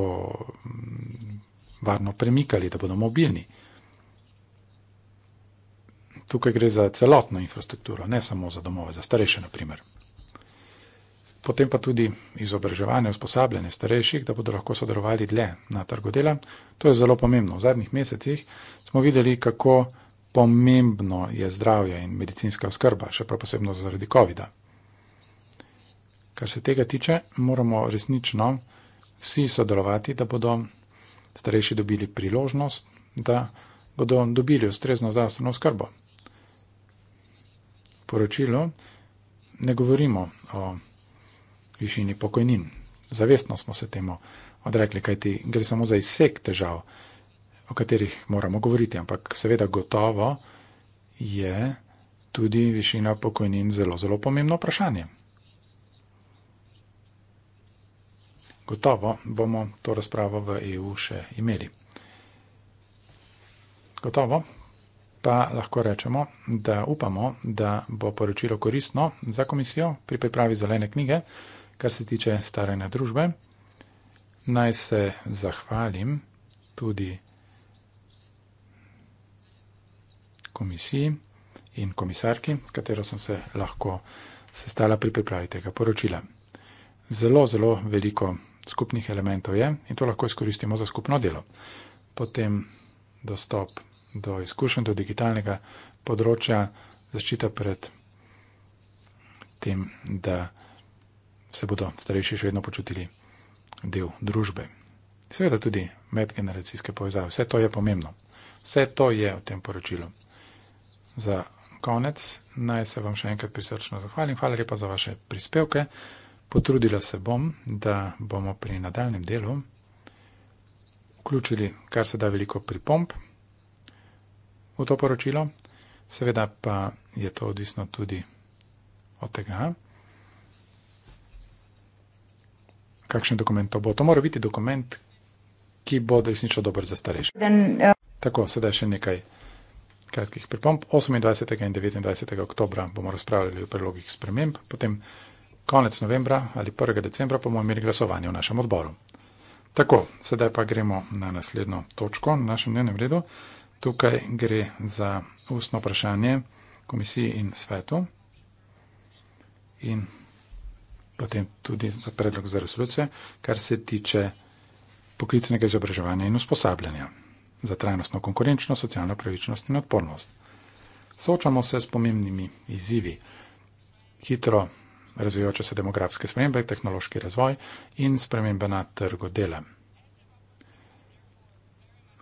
Speaker 5: mm, varno premikali, da bodo mobilni. Tukaj gre za celotno infrastrukturo, ne samo za domove, za starejše, naprimer potem pa tudi izobraževanje, usposabljanje starejših, da bodo lahko sodelovali dlje na trgu dela. To je zelo pomembno. V zadnjih mesecih smo videli, kako pomembno je zdravje in medicinska oskrba, še prav posebno zaradi COVID-a. Kar se tega tiče, moramo resnično vsi sodelovati, da bodo starejši dobili priložnost, da bodo dobili ustrezno zdravstveno oskrbo. Poročilo ne govorimo o višini pokojnin. Zavestno smo se temu odrekli, kajti gre samo za izsek težav, o katerih moramo govoriti, ampak seveda gotovo je tudi višina pokojnin zelo, zelo pomembno vprašanje. Gotovo bomo to razpravo v EU še imeli. Gotovo pa lahko rečemo, da upamo, da bo poročilo koristno za komisijo pri pripravi zelene knjige kar se tiče staranja družbe. Naj se zahvalim tudi komisiji in komisarki, s katero sem se lahko sestala pri pripravi tega poročila. Zelo, zelo veliko skupnih elementov je in to lahko izkoristimo za skupno delo. Potem dostop do izkušenj, do digitalnega področja, zaščita pred tem, da se bodo starejši še vedno počutili del družbe. Seveda tudi medgeneracijske povezave. Vse to je pomembno. Vse to je v tem poročilu. Za konec naj se vam še enkrat prisrčno zahvalim. Hvala lepa za vaše prispevke. Potrudila se bom, da bomo pri nadaljem delu vključili kar se da veliko pripomp v to poročilo. Seveda pa je to odvisno tudi od tega, kakšen dokument to bo. To mora biti dokument, ki bo resnično dober za starejše. Uh, Tako, sedaj še nekaj kratkih pripomp. 28. in 29. oktober bomo razpravljali o predlogih sprememb, potem konec novembra ali 1. decembra bomo imeli glasovanje v našem odboru. Tako, sedaj pa gremo na naslednjo točko na našem dnevnem redu. Tukaj gre za ustno vprašanje komisiji in svetu. In potem tudi predlog za resolucijo, kar se tiče poklicnega izobraževanja in usposabljanja za trajnostno konkurenčnost, socialno pravičnost in odpornost. Soočamo se s pomembnimi izzivi, hitro razvijajoče se demografske spremembe, tehnološki razvoj in spremembe na trgu dela.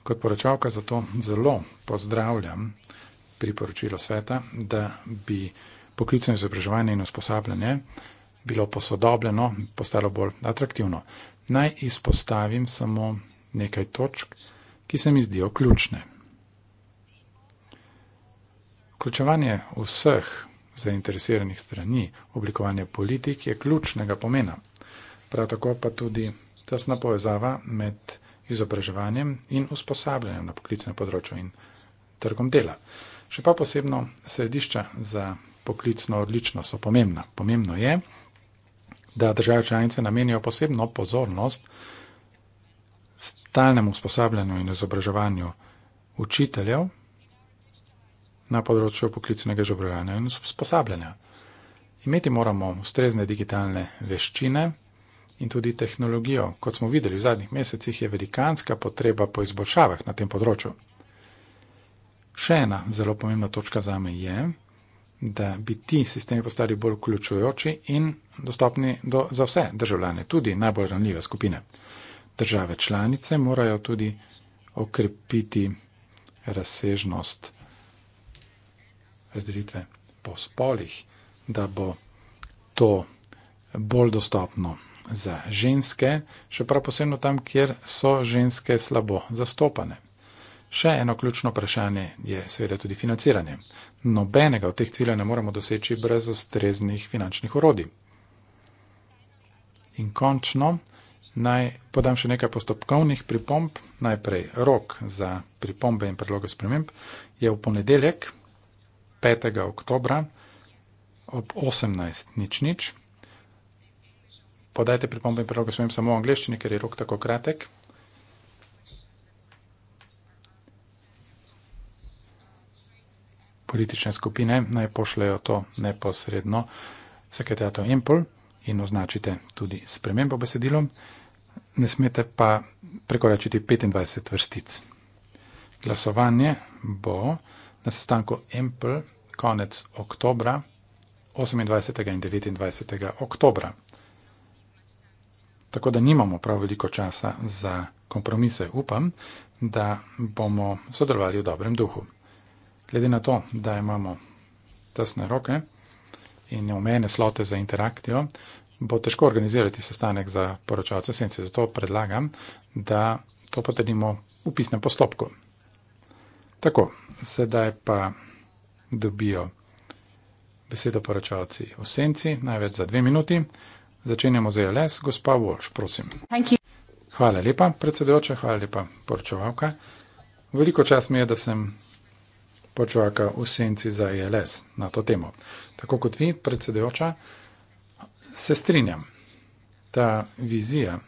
Speaker 5: Kot poročavka zato zelo pozdravljam priporočilo sveta, da bi poklicno izobraževanje in usposabljanje bilo posodobljeno, postalo bolj atraktivno. Naj izpostavim samo nekaj točk, ki se mi zdijo ključne. Vključevanje vseh zainteresiranih strani, oblikovanje politik je ključnega pomena. Prav tako pa tudi tesna povezava med izobraževanjem in usposabljanjem na poklicnem področju in trgom dela. Še pa posebno središča za poklicno odličnost so pomembna. Pomembno je, da države članice namenijo posebno pozornost stalnemu usposabljanju in izobraževanju učiteljev na področju poklicnega izobraževanja in usposabljanja. Imeti moramo ustrezne digitalne veščine in tudi tehnologijo. Kot smo videli v zadnjih mesecih, je velikanska potreba po izboljšavah na tem področju. Še ena zelo pomembna točka za me je, da bi ti sistemi postali bolj vključujoči in dostopni do, za vse državljane, tudi najbolj ranljive skupine. Države članice morajo tudi okrepiti razsežnost razdelitve po spolih, da bo to bolj dostopno za ženske, še prav posebno tam, kjer so ženske slabo zastopane. Še eno ključno vprašanje je seveda tudi financiranje nobenega od teh ciljev ne moremo doseči brez ustreznih finančnih urodij. In končno naj podam še nekaj postopkovnih pripomb. Najprej rok za pripombe in predloge sprememb je v ponedeljek 5. oktobra ob 18.00. Podajte pripombe in predloge sprememb samo v angleščini, ker je rok tako kratek. politične skupine, naj pošljajo to neposredno sekretarju Empol in označite tudi spremembo besedilo. Ne smete pa prekoračiti 25 vrstic. Glasovanje bo na sestanku Empol konec oktobra, 28. in 29. oktobra. Tako da nimamo prav veliko časa za kompromise, upam, da bomo sodelovali v dobrem duhu. Glede na to, da imamo tesne roke in omejene slote za interakcijo, bo težko organizirati sestanek za poročalce sence. Zato predlagam, da to potrdimo v pisnem postopku. Tako, sedaj pa dobijo besedo poročalci v senci, največ za dve minuti. Začenjamo z JLS, gospa Walsh, prosim. Hvala lepa, predsedujoča, hvala lepa, poročevalka. Veliko čas mi je, da sem počaka v senci za ILS e na to temo. Tako kot vi, predsedujoča, se strinjam. Ta vizija,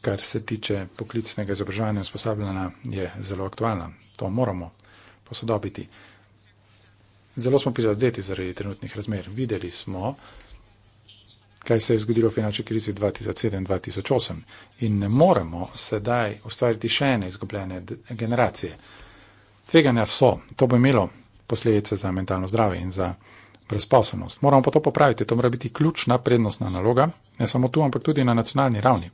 Speaker 5: kar se tiče poklicnega izobraževanja in usposabljanja, je zelo aktualna. To moramo posodobiti. Zelo smo prizadeti zaradi trenutnih razmer. Videli smo, kaj se je zgodilo v finančni krizi 2007-2008 in ne moremo sedaj ustvariti še ene izgubljene generacije. Tveganja so, to bo imelo posledice za mentalno zdravje in za brezposobnost. Moramo pa to popraviti, to mora biti ključna prednostna naloga, ne samo tu, ampak tudi na nacionalni ravni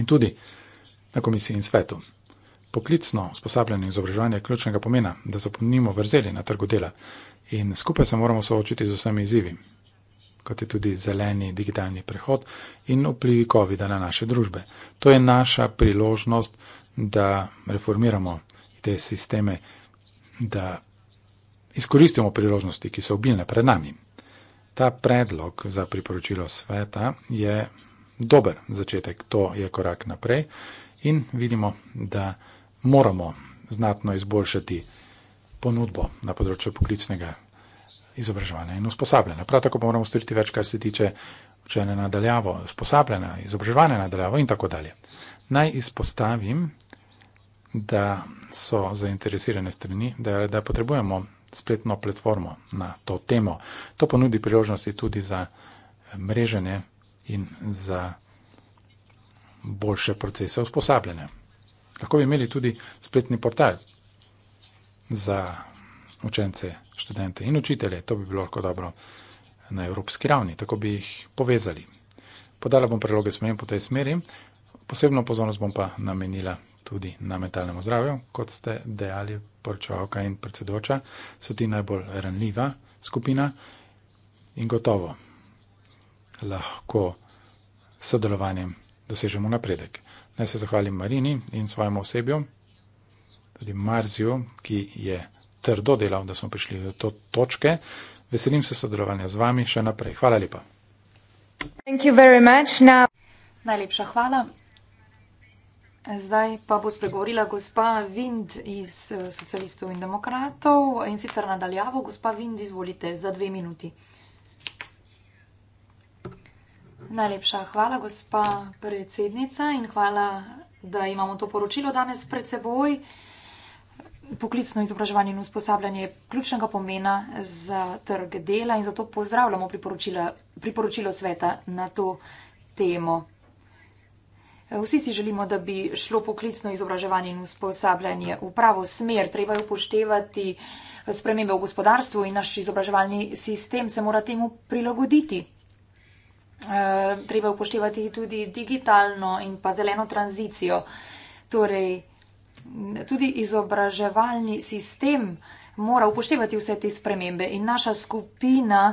Speaker 5: in tudi na komisiji in svetu. Poklicno usposabljanje in izobraževanje je ključnega pomena, da zapolnimo vrzeli na trgu dela in skupaj se moramo soočiti z vsemi izzivi, kot je tudi zeleni digitalni prehod in vplivi COVID-a na naše družbe. To je naša priložnost, da reformiramo te sisteme, da izkoristimo priložnosti, ki so obilne pred nami. Ta predlog za priporočilo sveta je dober začetek, to je korak naprej in vidimo, da moramo znatno izboljšati ponudbo na področju poklicnega izobraževanja in usposabljanja. Prav tako moramo storiti več, kar se tiče učenja nadaljavo, usposabljanja, izobraževanja nadaljavo in tako dalje. Naj izpostavim, da so zainteresirane strani, da, da potrebujemo spletno platformo na to temo. To ponudi priložnosti tudi za eh, mreženje in za boljše procese usposabljanja. Lahko bi imeli tudi spletni portal za učence, študente in učitelje. To bi bilo lahko dobro na evropski ravni, tako bi jih povezali. Podala bom predloge smerim po tej smeri, posebno pozornost bom pa namenila tudi na mentalnem zdravju, kot ste dejali, poročevalka in predsedoča, so ti najbolj ranljiva skupina in gotovo lahko s sodelovanjem dosežemo napredek. Naj se zahvalim Marini in svojemu osebju, tudi Marziju, ki je trdo delal, da smo prišli do to točke. Veselim se sodelovanja z vami še naprej. Hvala lepa.
Speaker 4: Najlepša hvala. Zdaj pa bo spregovorila gospa Vind iz eh, socialistov in demokratov in sicer nadaljavo. Gospa Vind, izvolite za dve minuti. Najlepša hvala, gospa predsednica, in hvala, da imamo to poročilo danes pred seboj. Poklicno izobraževanje in usposabljanje je ključnega pomena za trg dela in zato pozdravljamo priporočilo sveta na to temo. Eh, vsi si želimo, da bi šlo poklicno izobraževanje in usposabljanje v pravo smer. Treba je upoštevati eh, spremembe v gospodarstvu in naš izobraževalni sistem se mora temu prilagoditi. Eh, treba je upoštevati tudi digitalno in pa zeleno tranzicijo. Torej, tudi izobraževalni sistem mora upoštevati vse te spremembe in naša skupina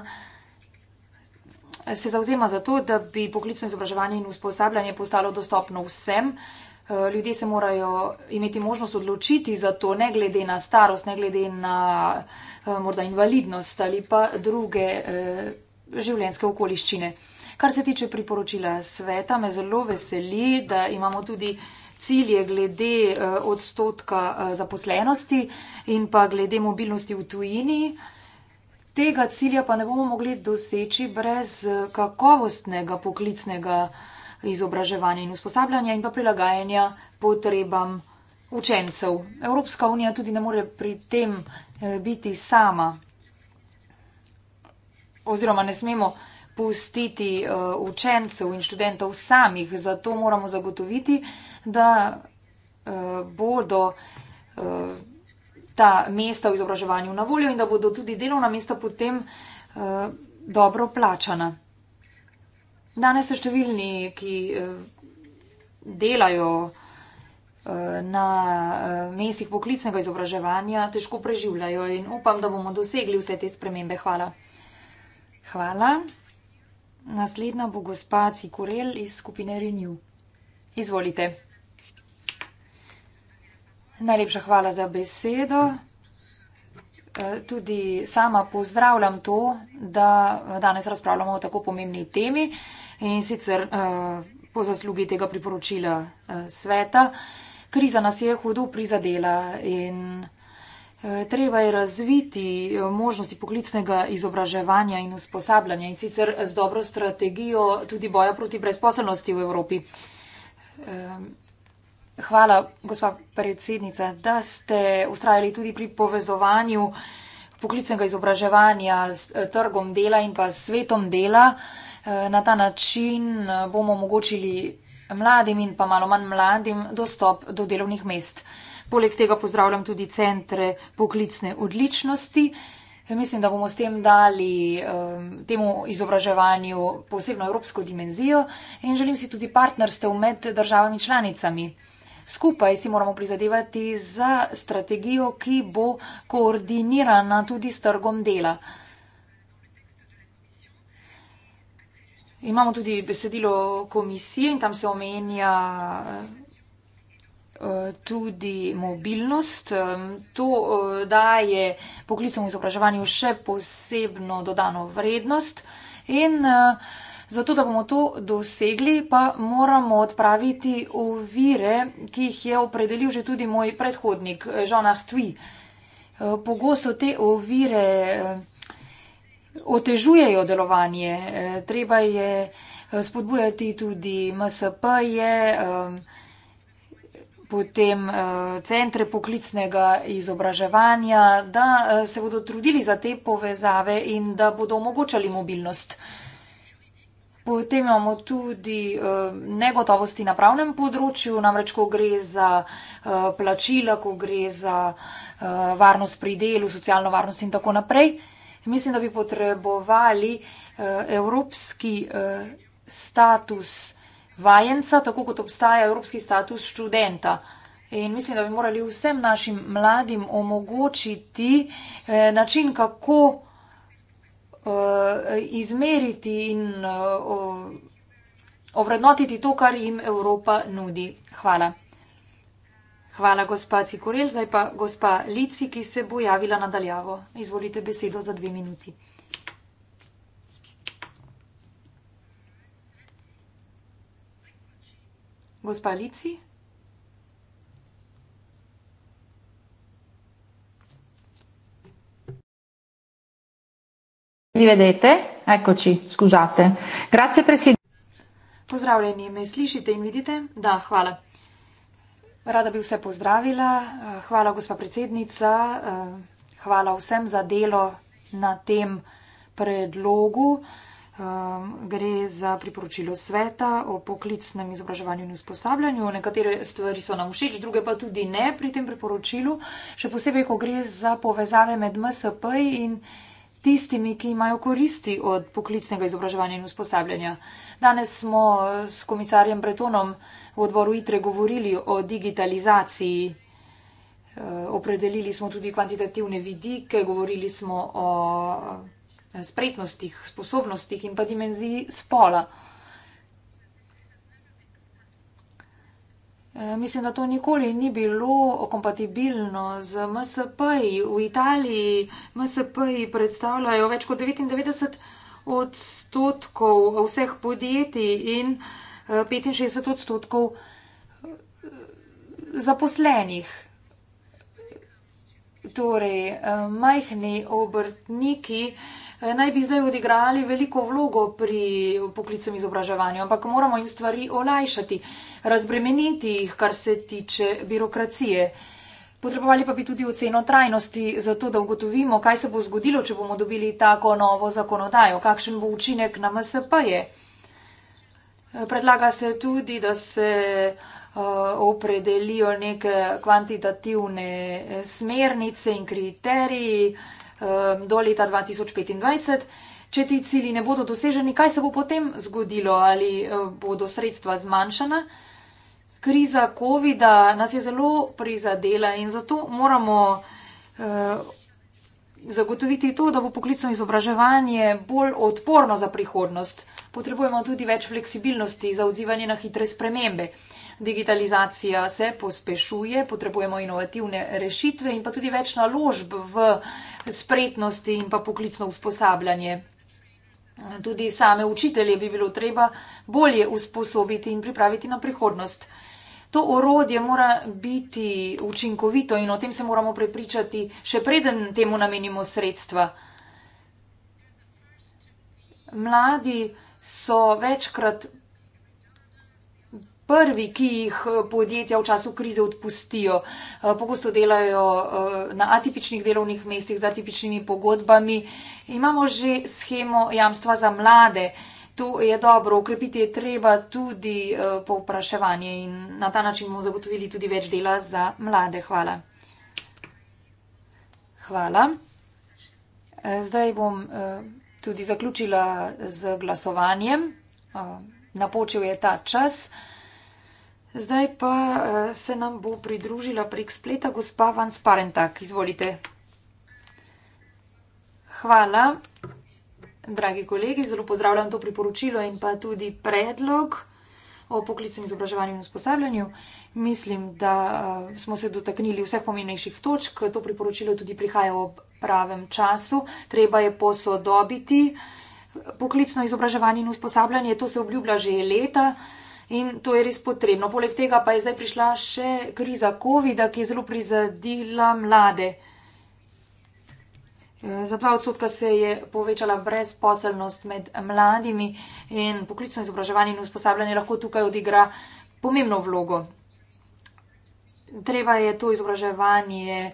Speaker 4: se zauzema za to, da bi poklicno izobraževanje in usposabljanje postalo dostopno vsem. Eh, ljudje se morajo imeti možnost odločiti za to, ne glede na starost, ne glede na eh, morda invalidnost ali pa druge eh, življenjske okoliščine. Kar se tiče priporočila sveta, me zelo veseli, da imamo tudi cilje glede odstotka zaposlenosti in pa glede mobilnosti v tujini tega cilja pa ne bomo mogli doseči brez eh, kakovostnega poklicnega izobraževanja in usposabljanja in pa prilagajanja potrebam učencev. Evropska unija tudi ne more pri tem eh, biti sama oziroma ne smemo pustiti eh, učencev in študentov samih, zato moramo zagotoviti, da bodo ta mesta v izobraževanju na voljo in da bodo tudi delovna mesta potem uh, dobro plačana. Danes so številni, ki uh, delajo uh, na uh, mestih poklicnega izobraževanja, težko preživljajo in upam, da bomo dosegli vse te spremembe. Hvala. Hvala. Naslednja bo gospa Cikurel iz skupine Renew. Izvolite. Najlepša hvala za besedo. E, tudi sama pozdravljam to, da danes razpravljamo o tako pomembni temi in sicer e, po zaslugi tega priporočila e, sveta. Kriza nas je hudo prizadela in treba je razviti možnosti poklicnega izobraževanja in usposabljanja in sicer z dobro strategijo tudi boja proti brezposelnosti v Evropi. Hvala, gospa predsednica, da ste ustrajali tudi pri povezovanju poklicnega izobraževanja s eh, trgom dela in pa svetom dela. Eh, na ta način eh, bomo omogočili mladim in pa malo manj mladim dostop do delovnih mest. Poleg tega pozdravljam tudi centre poklicne odličnosti. Mislim, da bomo s tem dali temu izobraževanju posebno evropsko dimenzijo in želim si tudi partnerstev med državami članicami skupaj si moramo prizadevati za strategijo, ki bo koordinirana tudi s trgom dela. Imamo tudi besedilo komisije in tam se omenja eh, tudi mobilnost. To eh, daje poklicom v izobraževanju še posebno dodano vrednost in vsega, eh, Zato, da bomo to dosegli, pa moramo odpraviti ovire, ki jih je opredelil že tudi moj predhodnik, Žanah eh, eh, Tui. Pogosto te ovire eh, otežujejo delovanje, treba je spodbujati tudi MSP-je, potem centre poklicnega izobraževanja, da se bodo trudili za te povezave in da bodo omogočali mobilnost. Potem imamo tudi eh, negotovosti na pravnem področju, namreč, ko gre za eh, plačila, ko gre za eh, varnost pri delu, socialno varnost in tako naprej. Mislim, da bi potrebovali evropski status vajenca, tako kot obstaja evropski status študenta. In mislim, da bi morali vsem našim mladim omogočiti način, kako uh, izmeriti in uh, ovrednotiti to, kar jim Evropa nudi. Hvala. Hvala, gospa Cikorel. Zdaj pa gospa Lici, ki se bo javila nadaljavo. Izvolite besedo za dve minuti. Gospa Lici.
Speaker 2: Mi vedete?
Speaker 4: Eccoci, scusate. Grazie Presidente. Pozdravljeni, me slišite in vidite? Da, hvala. Rada bi vse pozdravila. Eh, hvala, gospa predsednica. Eh, hvala vsem za delo na tem predlogu. Eh, gre za priporočilo sveta o poklicnem izobraževanju in usposabljanju. Nekatere stvari so nam všeč, druge pa tudi ne pri tem priporočilu. Še posebej, ko gre za povezave med MSP in tistimi, ki imajo koristi od poklicnega izobraževanja in usposabljanja. Danes smo s komisarjem Bretonom v odboru ITRE govorili o digitalizaciji, e, opredelili smo tudi kvantitativne vidike, govorili smo o spretnostih, sposobnostih in pa dimenziji spola. Eh, mislim, da to nikoli ni bilo kompatibilno z MSP. -ji. V Italiji MSP predstavljajo več kot 99 odstotkov vseh podjetij in 65 eh, odstotkov eh, zaposlenih. Torej, majhni obrtniki Eh, naj bi zdaj odigrali veliko vlogo pri poklicnem izobraževanju, ampak moramo jim stvari olajšati, razbremeniti jih, kar se tiče birokracije. Potrebovali pa bi tudi oceno trajnosti, zato da ugotovimo, kaj se bo zgodilo, če bomo dobili tako novo zakonodajo, kakšen bo učinek na MSP-je. Eh, predlaga se tudi, da se eh, opredelijo neke kvantitativne smernice in kriteriji, do leta 2025. Če ti cili ne bodo doseženi, kaj se bo potem zgodilo? Ali eh, bodo sredstva zmanjšana? Kriza COVID-a nas je zelo prizadela in zato moramo eh, zagotoviti to, da bo poklicno izobraževanje bolj odporno za prihodnost. Potrebujemo tudi več fleksibilnosti za odzivanje na hitre spremembe. Digitalizacija se pospešuje, potrebujemo inovativne rešitve in pa tudi več naložb v prihodnost spretnosti in pa poklicno usposabljanje. Tudi same učitelje bi bilo treba bolje usposobiti in pripraviti na prihodnost. To orodje mora biti učinkovito in o tem se moramo prepričati, še preden temu namenimo sredstva. Mladi so večkrat prvi, ki jih eh, podjetja v času krize odpustijo. Eh, pogosto delajo eh, na atipičnih delovnih mestih z atipičnimi pogodbami. Imamo že schemo jamstva za mlade. To je dobro, ukrepiti je treba tudi povpraševanje in na ta način bomo zagotovili tudi več dela za mlade. Hvala. Hvala. Zdaj bom tudi zaključila z glasovanjem. Napočil je ta čas. Zdaj pa uh, se nam bo pridružila prek spleta gospa Van Sparentak. Izvolite. Hvala, dragi kolegi, zelo pozdravljam to priporočilo in pa tudi predlog o poklicnem izobraževanju in usposabljanju. Mislim, da uh, smo se dotaknili vseh pomembnejših točk. To priporočilo tudi prihaja ob pravem času. Treba je posodobiti poklicno izobraževanje in usposabljanje. To se obljublja že leta. Uh, in to je res potrebno. Poleg tega pa je zdaj prišla še kriza COVID, ki je zelo prizadila mlade. E, za dva odstotka se je povečala brezposelnost med mladimi in poklicno izobraževanje in usposabljanje lahko tukaj odigra pomembno vlogo. Treba je to izobraževanje e,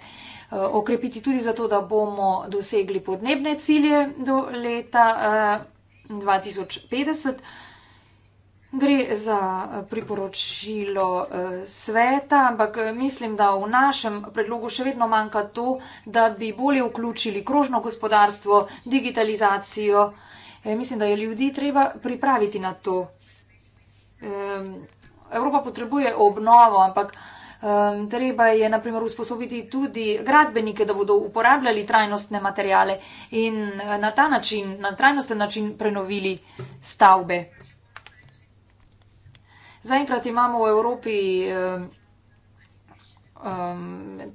Speaker 4: okrepiti tudi zato, da bomo dosegli podnebne cilje do leta 2050. E, Gre za eh, priporočilo eh, sveta, ampak eh, mislim, da v našem predlogu še vedno manjka to, da bi bolje vključili krožno gospodarstvo, digitalizacijo. Mislim, da je ljudi treba pripraviti na to. Evropa potrebuje obnovo, ampak treba je naprimer usposobiti tudi gradbenike, da bodo uporabljali trajnostne materijale in na ta način, na trajnosten način prenovili stavbe. Zaenkrat imamo v Evropi um,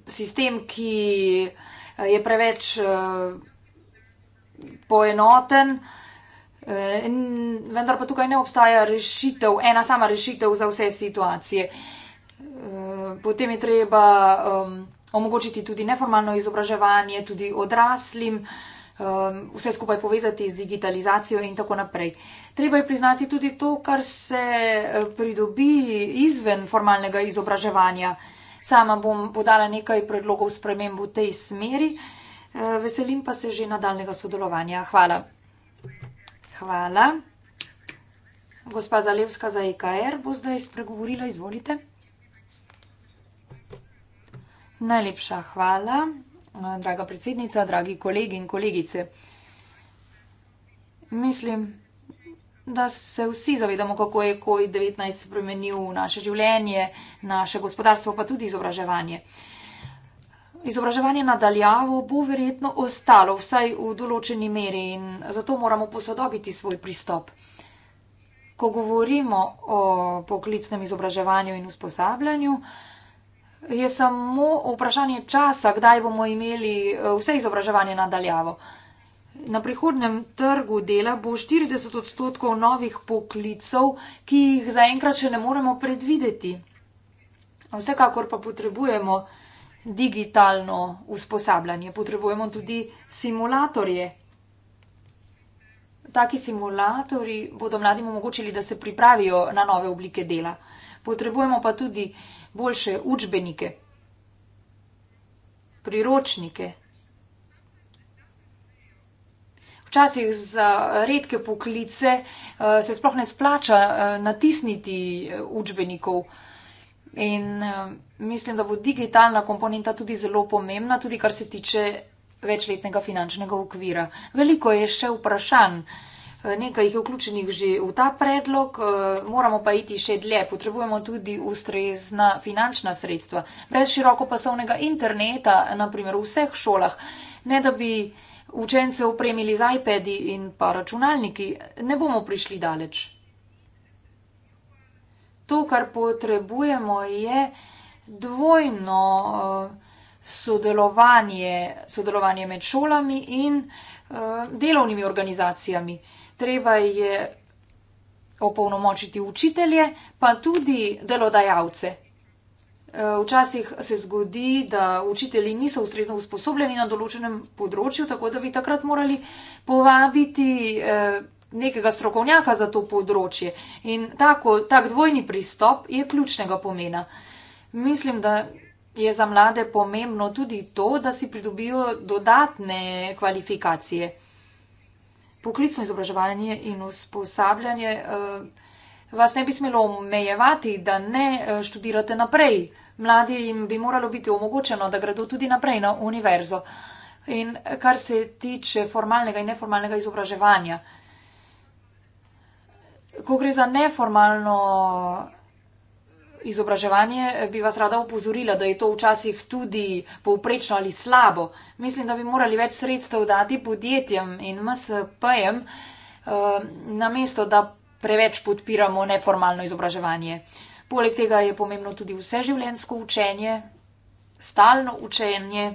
Speaker 4: sistem, ki eh, je preveč um, poenoten. Eh, vendar pa tukaj ne obstaja rešitev, ena sama rešitev za vse situacije. Potem je treba omogočiti tudi neformalno izobraževanje, tudi odraslim, Um, vse skupaj povezati z digitalizacijo in tako naprej. Treba je priznati tudi to, kar se eh, pridobi izven formalnega izobraževanja. Sama bom podala nekaj predlogov sprememb v tej smeri, eh, veselim pa se že nadaljnega sodelovanja. Hvala. Hvala. Gospa Zalevska za EKR bo zdaj spregovorila, izvolite. Najlepša hvala draga predsednica, dragi kolegi in kolegice. Mislim, da se vsi zavedamo, kako je COVID-19 spremenil naše življenje, naše gospodarstvo, pa tudi izobraževanje. Izobraževanje nadaljavo bo verjetno ostalo, vsaj v določeni meri, in zato moramo posodobiti svoj pristop. Ko govorimo o poklicnem izobraževanju in usposabljanju, uh, je samo vprašanje časa, kdaj bomo imeli eh, vse izobraževanje nadaljavo. Na prihodnem trgu dela bo 40 odstotkov novih poklicev, ki jih zaenkrat še ne moremo predvideti. Vsekakor pa potrebujemo digitalno usposabljanje, potrebujemo tudi simulatorje. Taki simulatori bodo mladim omogočili, da se pripravijo na nove oblike dela. Potrebujemo pa tudi boljše učbenike, priročnike. Včasih za redke poklice eh, se sploh ne splača eh, natisniti eh, učbenikov. In mislim, da bo digitalna komponenta tudi zelo pomembna, tudi kar se tiče večletnega finančnega okvira. Veliko je še vprašanj. Eh, nekaj jih je vključenih že v ta predlog, eh, moramo pa iti še dlje. Potrebujemo tudi ustrezna finančna sredstva. Brez širokopasovnega interneta, naprimer v vseh šolah, ne da bi učence upremili z iPadi in pa računalniki, ne bomo prišli daleč. To, kar potrebujemo, je dvojno eh, sodelovanje, sodelovanje med šolami in delovnimi organizacijami treba je opolnomočiti učitelje, pa tudi delodajalce. E, včasih se zgodi, da učitelji niso ustrezno usposobljeni na določenem področju, tako da bi takrat morali povabiti e, nekega strokovnjaka za to področje. In tako, tak dvojni pristop je ključnega pomena. Mislim, da je za mlade pomembno tudi to, da si pridobijo dodatne kvalifikacije poklicno izobraževanje in usposabljanje eh, vas ne bi smelo omejevati, da ne eh, študirate naprej. Mladi jim bi moralo biti omogočeno, da gredo tudi naprej na univerzo. In kar se tiče formalnega in neformalnega izobraževanja, ko gre za neformalno izobraževanje, izobraževanje, eh, bi vas rada upozorila, da je to včasih tudi povprečno ali slabo. Mislim, da bi morali več sredstev dati podjetjem in MSP-jem, eh, namesto da preveč podpiramo neformalno izobraževanje. Poleg tega je pomembno tudi vseživljenjsko učenje, stalno učenje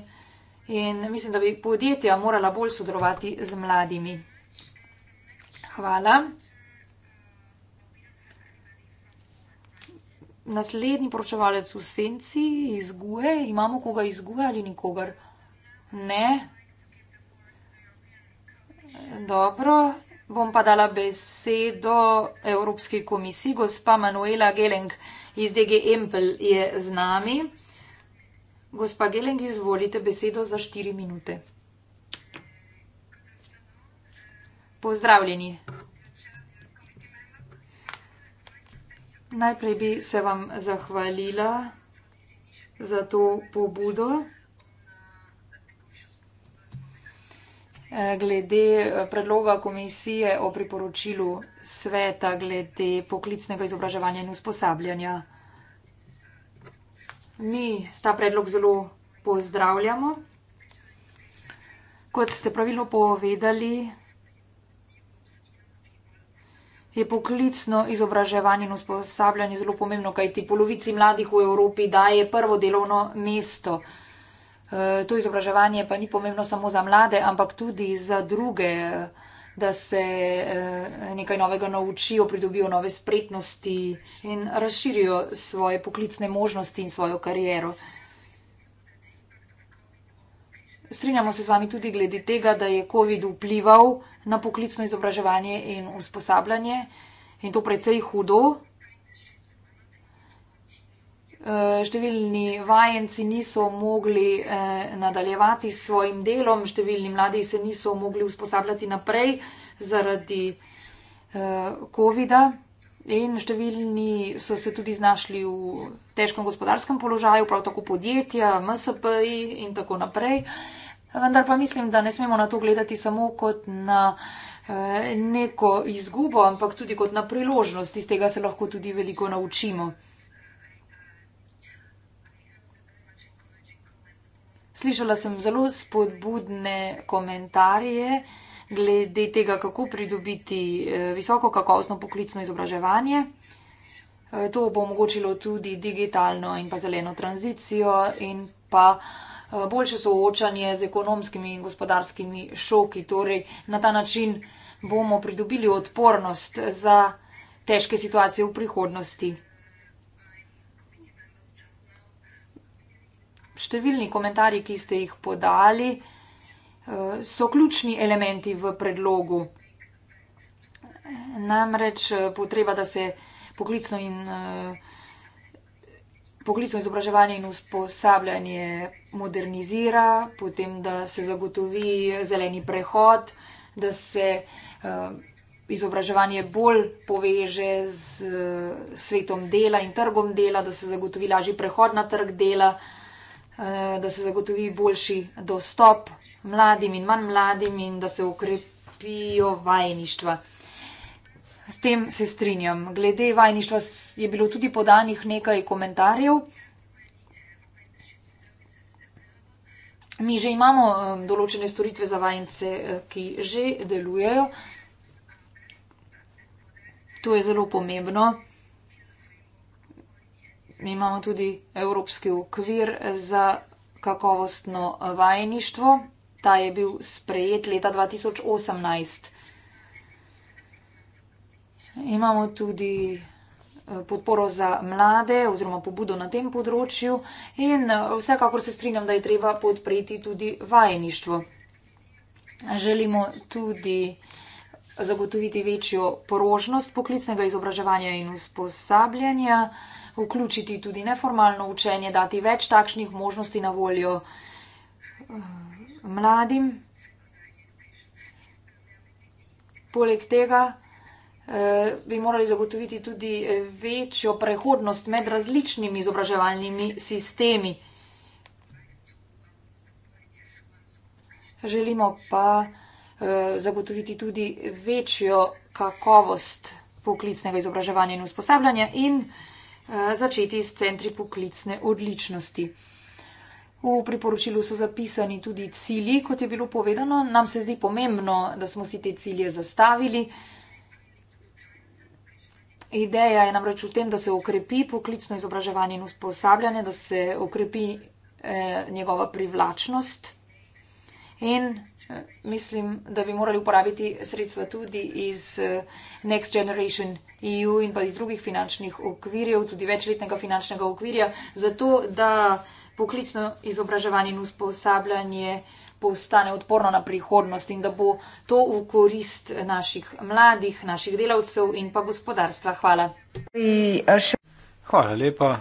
Speaker 4: in mislim, da bi podjetja morala bolj sodelovati z mladimi. Hvala. naslednji poročevalec v senci izguje, imamo koga izguje ali nikogar. Ne. Dobro, bom pa dala besedo Evropski komisiji. Gospa Manuela Geleng iz DG Empel je z nami. Gospa Geleng, izvolite besedo za štiri minute. Pozdravljeni. Najprej bi se vam zahvalila za to pobudo. Eh, glede eh, predloga komisije o priporočilu sveta glede poklicnega izobraževanja in usposabljanja. Mi ta predlog zelo pozdravljamo. Kot ste pravilno povedali, je poklicno izobraževanje in usposabljanje zelo pomembno, kajti polovici mladih v Evropi daje prvo delovno mesto. E, to izobraževanje pa ni pomembno samo za mlade, ampak tudi za druge, da se e, nekaj novega naučijo, pridobijo nove spretnosti in razširijo svoje poklicne možnosti in svojo kariero. Strinjamo se z vami tudi glede tega, da je COVID vplival na poklicno izobraževanje in usposabljanje, in to precej hudo. Eh, številni vajenci niso mogli eh, nadaljevati s svojim delom, številni mladi se niso mogli usposabljati naprej zaradi eh, COVID-a, in številni so se tudi znašli v težkem gospodarskem položaju, prav tako podjetja, MSP in tako naprej. Vendar pa mislim, da ne smemo na to gledati samo kot na eh, neko izgubo, ampak tudi kot na priložnost. Iz tega se lahko tudi veliko naučimo. Slišala sem zelo spodbudne komentarje glede tega, kako pridobiti eh, visoko kakovostno poklicno izobraževanje. Eh, to bo omogočilo tudi digitalno in pa zeleno tranzicijo in pa. Eh, boljše soočanje z ekonomskimi in gospodarskimi šoki. Torej, na ta način bomo pridobili odpornost za težke situacije v prihodnosti. Številni komentarji, ki ste jih podali, eh, so ključni elementi v predlogu. Namreč eh, potreba, da se poklicno in uh, poklicno izobraževanje in usposabljanje modernizira, potem da se zagotovi zeleni prehod, da se uh, izobraževanje bolj poveže z uh, svetom dela in trgom dela, da se zagotovi lažji prehod na trg dela, uh, da se zagotovi boljši dostop mladim in manj mladim in da se ukrepijo vajeništva. S tem se strinjam. Glede vajništva je bilo tudi podanih nekaj komentarjev. Mi že imamo um, določene storitve za vajence, eh, ki že delujejo. To je zelo pomembno. Mi imamo tudi evropski okvir za kakovostno eh, vajništvo. Ta je bil sprejet leta 2018. Imamo tudi eh, podporo za mlade oziroma pobudo na tem področju in eh, vsekakor se strinjam, da je treba podpreti tudi vajeništvo. Želimo tudi zagotoviti večjo porožnost poklicnega izobraževanja in usposabljanja, vključiti tudi neformalno učenje, dati več takšnih možnosti na voljo eh, mladim. Poleg tega Eh, bi morali zagotoviti tudi večjo prehodnost med različnimi izobraževalnimi sistemi. Želimo pa eh, zagotoviti tudi večjo kakovost poklicnega izobraževanja in usposabljanja in eh, začeti s centri poklicne odličnosti. V priporočilu so zapisani tudi cilji, kot je bilo povedano. Nam se zdi pomembno, da smo si te cilje zastavili. Ideja je namreč v tem, da se okrepi poklicno izobraževanje in usposabljanje, da se okrepi eh, njegova privlačnost in eh, mislim, da bi morali uporabiti sredstva tudi iz eh, Next Generation EU in pa iz drugih finančnih okvirjev, tudi večletnega finančnega okvirja, zato da poklicno izobraževanje in usposabljanje eh, postane odporno na prihodnost in da bo to v korist naših mladih, naših delavcev in pa gospodarstva. Hvala.
Speaker 1: Hvala lepa.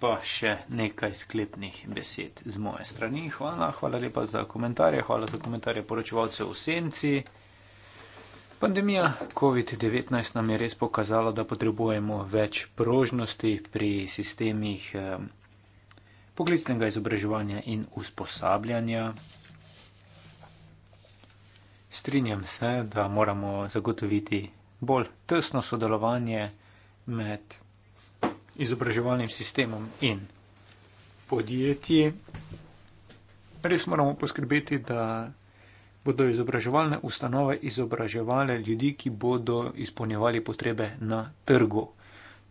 Speaker 1: Pa še nekaj sklepnih besed z moje strani. Hvala, hvala lepa za komentarje, hvala za komentarje poročevalcev v senci. Pandemija COVID-19 nam je res pokazala, da potrebujemo več prožnosti pri sistemih. Eh, poklicnega izobraževanja in usposabljanja. Strinjam se, da moramo zagotoviti bolj tesno sodelovanje med izobraževalnim sistemom in podjetji. Res moramo poskrbeti, da bodo izobraževalne ustanove izobraževale ljudi, ki bodo izpolnjevali potrebe na trgu.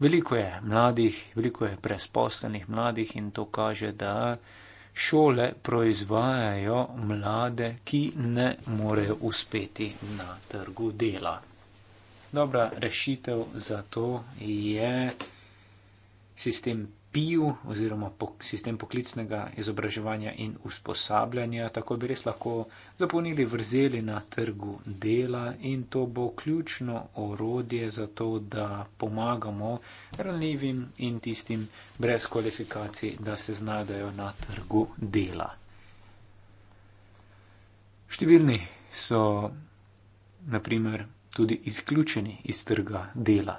Speaker 1: Veliko je mladih, veliko je brezposlenih mladih in to kaže, da šole proizvajajo mlade, ki ne morejo uspeti na trgu dela. Dobra rešitev za to je sistem PIU, oziroma sistem poklicnega izobraževanja in usposabljanja, tako bi res lahko zapolnili vrzeli na trgu dela in to bo ključno orodje za to, da pomagamo ranljivim in tistim brez kvalifikacij, da se znajdejo na trgu dela. Številni so naprimer tudi izključeni iz trga dela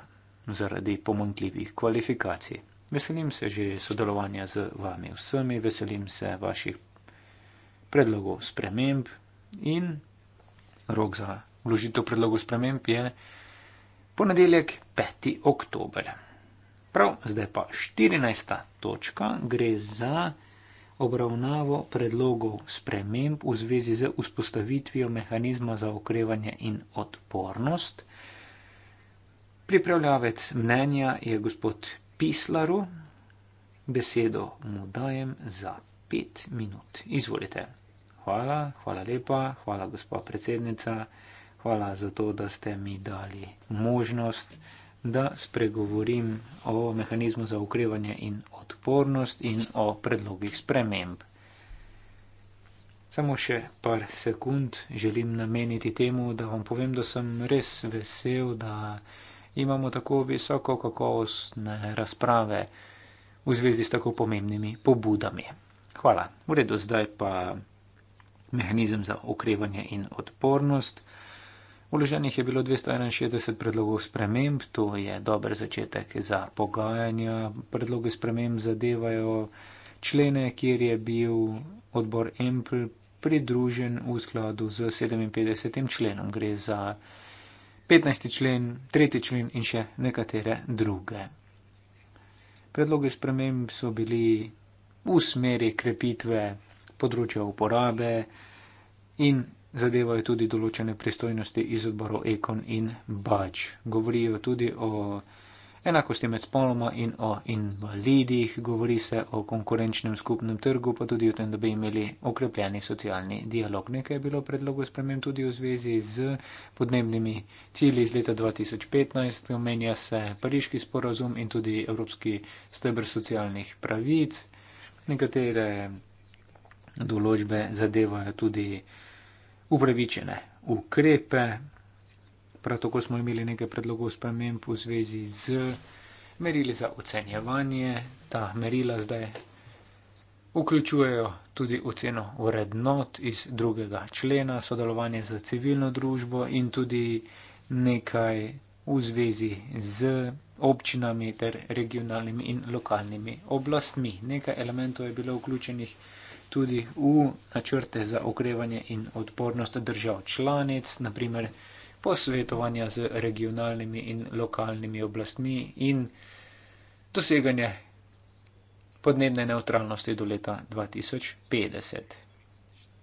Speaker 1: zaradi pomankljivih kvalifikacij. Veselim se že sodelovanja z vami vsemi, veselim se vaših predlogov sprememb in rok za vložitev predlogov sprememb je ponedeljek 5. oktober. Prav, zdaj pa 14. točka gre za obravnavo predlogov sprememb v zvezi z vzpostavitvijo mehanizma za okrevanje in odpornost. Pripravljavec mnenja je gospod pislaru, besedo mu dajem za pet minut. Izvolite. Hvala, hvala lepa, hvala gospa predsednica, hvala za to, da ste mi dali možnost, da spregovorim o mehanizmu za ukrevanje in odpornost in o predlogih sprememb. Samo še par sekund želim nameniti temu, da vam povem, da sem res vesel, da imamo tako visoko kakovostne razprave v zvezi s tako pomembnimi pobudami. Hvala. V redu, zdaj pa mehanizem za okrevanje in odpornost. Uloženih je bilo 261 predlogov sprememb, to je dober začetek za pogajanja. Predloge sprememb zadevajo člene, kjer je bil odbor Empl pridružen v skladu z 57. členom. Gre za 15. člen, 3. člen in še nekatere druge. Predloge sprememb so bili v smeri krepitve področja uporabe in zadevajo tudi določene pristojnosti iz odborov Ekon in Bač. Govorijo tudi o enakosti med spoloma in o invalidih, govori se o konkurenčnem skupnem trgu, pa tudi o tem, da bi imeli okrepljeni socialni dialog. Nekaj je bilo predlogov sprememb tudi v zvezi z podnebnimi cilji iz leta 2015, omenja se Pariški sporozum in tudi Evropski stebr socialnih pravic. Nekatere določbe zadevajo tudi upravičene ukrepe. Prav tako smo imeli nekaj predlogov sprememb v zvezi z merili za ocenjevanje. Ta merila zdaj vključujejo tudi oceno vrednot iz drugega člena, sodelovanje za civilno družbo in tudi nekaj v zvezi z občinami ter regionalnimi in lokalnimi oblastmi. Nekaj elementov je bilo vključenih tudi v načrte za okrevanje in odpornost držav članic, naprimer posvetovanja z regionalnimi in lokalnimi oblastmi in doseganje podnebne neutralnosti do leta 2050.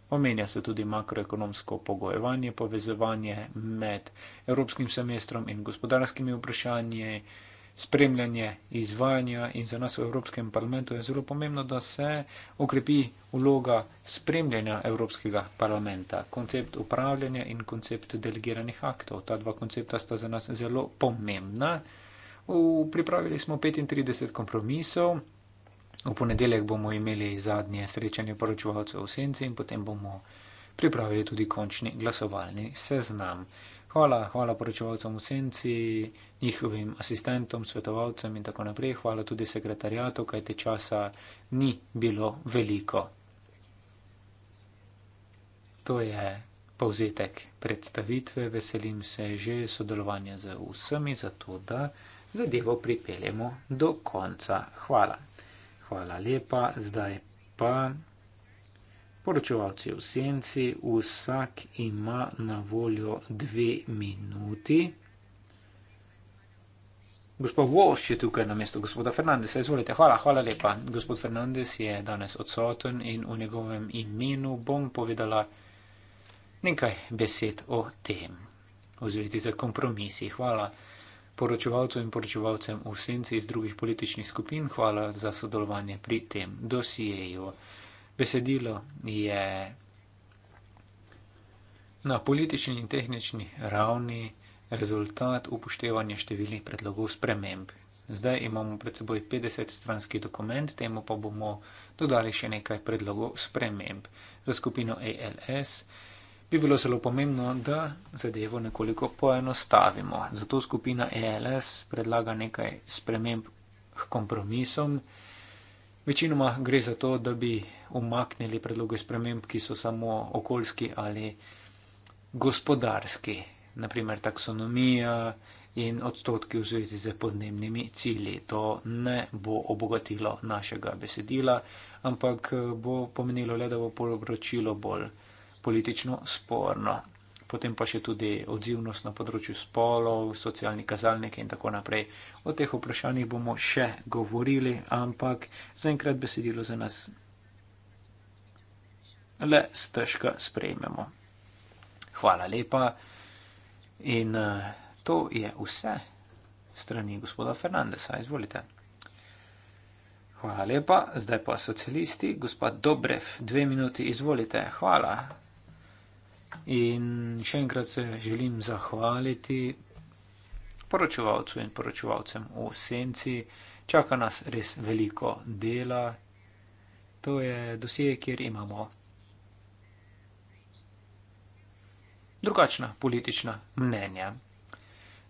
Speaker 1: Omenja se tudi makroekonomsko pogojevanje, povezovanje med evropskim semestrom in gospodarskimi vprašanji spremljanje izvajanja in za nas v Evropskem parlamentu je zelo pomembno, da se okrepi vloga spremljanja Evropskega parlamenta. Koncept upravljanja in koncept delegiranih aktov. Ta dva koncepta sta za nas zelo pomembna. V, pripravili smo 35 kompromisov. V ponedeljek bomo imeli zadnje srečanje poročevalcev v senci in potem bomo pripravili tudi končni glasovalni seznam. Hvala, hvala poročevalcem v senci, njihovim asistentom, svetovalcem in tako naprej. Hvala tudi sekretarijatu, kaj te časa ni bilo veliko. To je povzetek predstavitve. Veselim se že sodelovanja z vsemi, zato da zadevo pripeljemo do konca. Hvala. Hvala lepa. Zdaj pa poročevalci v senci, vsak ima na voljo dve minuti. Gospod Walsh je tukaj na mesto gospoda Fernandesa, izvolite. Hvala, hvala lepa. Gospod Fernandes je danes odsoten in v njegovem imenu bom povedala nekaj besed o tem, v zvezi z kompromisi. Hvala poročevalcu in poročevalcem v senci iz drugih političnih skupin, hvala za sodelovanje pri tem dosijeju besedilo je na politični in tehnični ravni rezultat upoštevanja številnih predlogov sprememb. Zdaj imamo pred seboj 50 stranski dokument, temu pa bomo dodali še nekaj predlogov sprememb. Za skupino ALS bi bilo zelo pomembno, da zadevo nekoliko poenostavimo. Zato skupina ALS predlaga nekaj sprememb k kompromisom. Večinoma gre za to, da bi umaknili predloge sprememb, ki so samo okoljski ali gospodarski, naprimer taksonomija in odstotki v zvezi z podnebnimi cilji. To ne bo obogatilo našega besedila, ampak bo pomenilo le, da bo poročilo bolj politično sporno potem pa še tudi odzivnost na področju spolov, socialni kazalniki in tako naprej. O teh vprašanjih bomo še govorili, ampak zaenkrat besedilo za nas le stežka sprejmemo. Hvala lepa in eh, to je vse strani gospoda Fernandesa, izvolite. Hvala lepa, zdaj pa socialisti, gospod Dobrev, dve minuti, izvolite, hvala. In še enkrat se želim zahvaliti poročevalcu in poročevalcem v senci. Čaka nas res veliko dela. To je dosije, kjer imamo drugačna politična mnenja.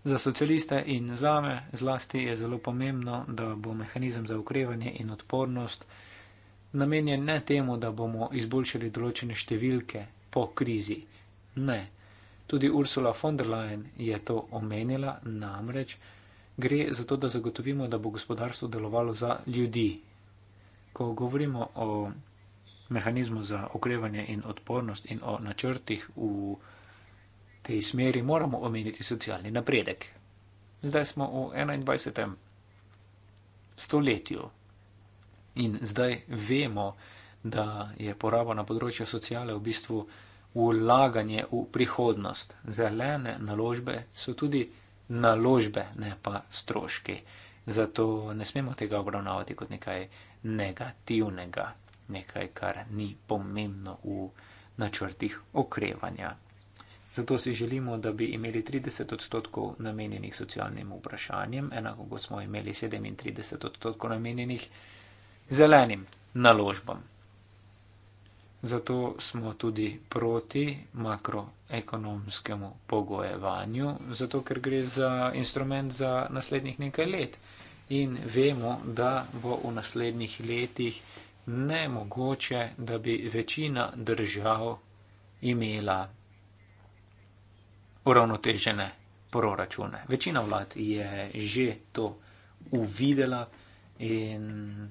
Speaker 1: Za socialiste in za me zlasti je zelo pomembno, da bo mehanizem za ukrevanje in odpornost namenjen ne temu, da bomo izboljšali določene številke po krizi. Ne. Tudi Ursula von der Leyen je to omenila, namreč gre za to, da zagotovimo, da bo gospodarstvo delovalo za ljudi. Ko govorimo o mehanizmu za okrevanje in odpornost in o načrtih v tej smeri, moramo omeniti socialni napredek. Zdaj smo v 21. stoletju in zdaj vemo, da je poraba na področju sociale v bistvu vlaganje v prihodnost. Zelene naložbe so tudi naložbe, ne pa stroški. Zato ne smemo tega obravnavati kot nekaj negativnega, nekaj, kar ni pomembno v načrtih okrevanja. Zato si želimo, da bi imeli 30 odstotkov namenjenih socialnim vprašanjem, enako kot smo imeli 37 odstotkov namenjenih zelenim naložbam. Zato smo tudi proti makroekonomskemu pogojevanju, zato ker gre za instrument za naslednjih nekaj let. In vemo, da bo v naslednjih letih nemogoče, da bi večina držav imela uravnotežene proračune. Večina vlad je že to uvidela in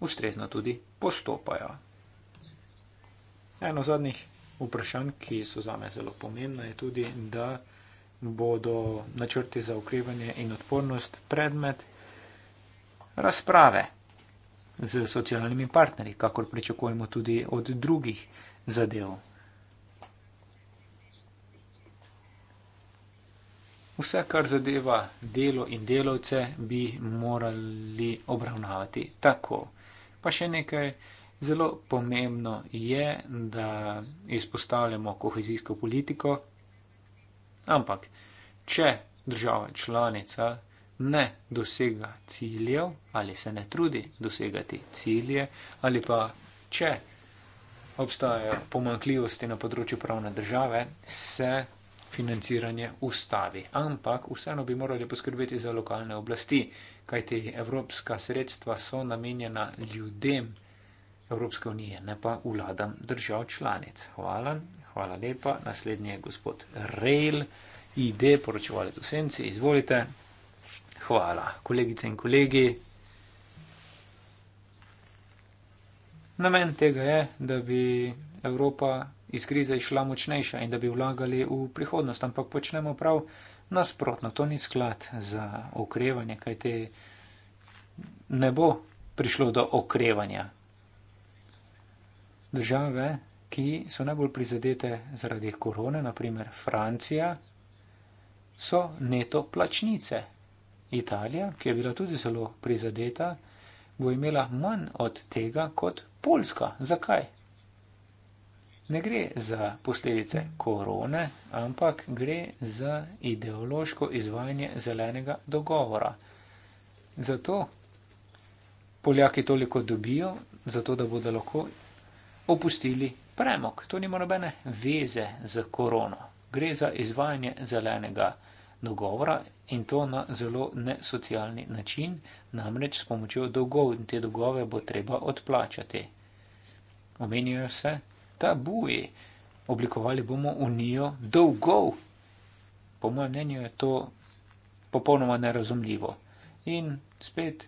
Speaker 1: ustrezno tudi postopajo. Eno zadnjih vprašanj, ki so za me zelo pomembna, je tudi, da bodo načrti za ukrevanje in odpornost predmet razprave z socialnimi partnerji, kakor pričakujemo tudi od drugih zadev. Vse, kar zadeva delo in delovce, bi morali obravnavati tako. Pa še nekaj. Zelo pomembno je, da izpostavljamo kohezijsko politiko, ampak če država članica ne dosega ciljev ali se ne trudi dosegati cilje ali pa če obstajajo pomankljivosti na področju pravne države, se financiranje ustavi. Ampak vseeno bi morali poskrbeti za lokalne oblasti, kajti evropska sredstva so namenjena ljudem. Evropske unije, ne pa vladam držav članic. Hvala, hvala lepa. Naslednji je gospod Rejl, ID, poročevalec v senci. Izvolite. Hvala, kolegice in kolegi. Namen tega je, da bi Evropa iz krize išla močnejša in da bi vlagali v prihodnost, ampak počnemo prav nasprotno. To ni sklad za okrevanje, kajte ne bo prišlo do okrevanja, države, ki so najbolj prizadete zaradi korone, naprimer Francija, so neto plačnice. Italija, ki je bila tudi zelo prizadeta, bo imela manj od tega kot Poljska. Zakaj? Ne gre za posledice korone, ampak gre za ideološko izvajanje zelenega dogovora. Zato Poljaki toliko dobijo, zato da bodo lahko opustili premog. To nima nobene veze z korono. Gre za izvajanje zelenega dogovora in to na zelo nesocialni način, namreč s pomočjo dolgov in te dolgove bo treba odplačati. Omenijo se tabuji, oblikovali bomo unijo dolgov. Po mojem mnenju je to popolnoma nerazumljivo. In spet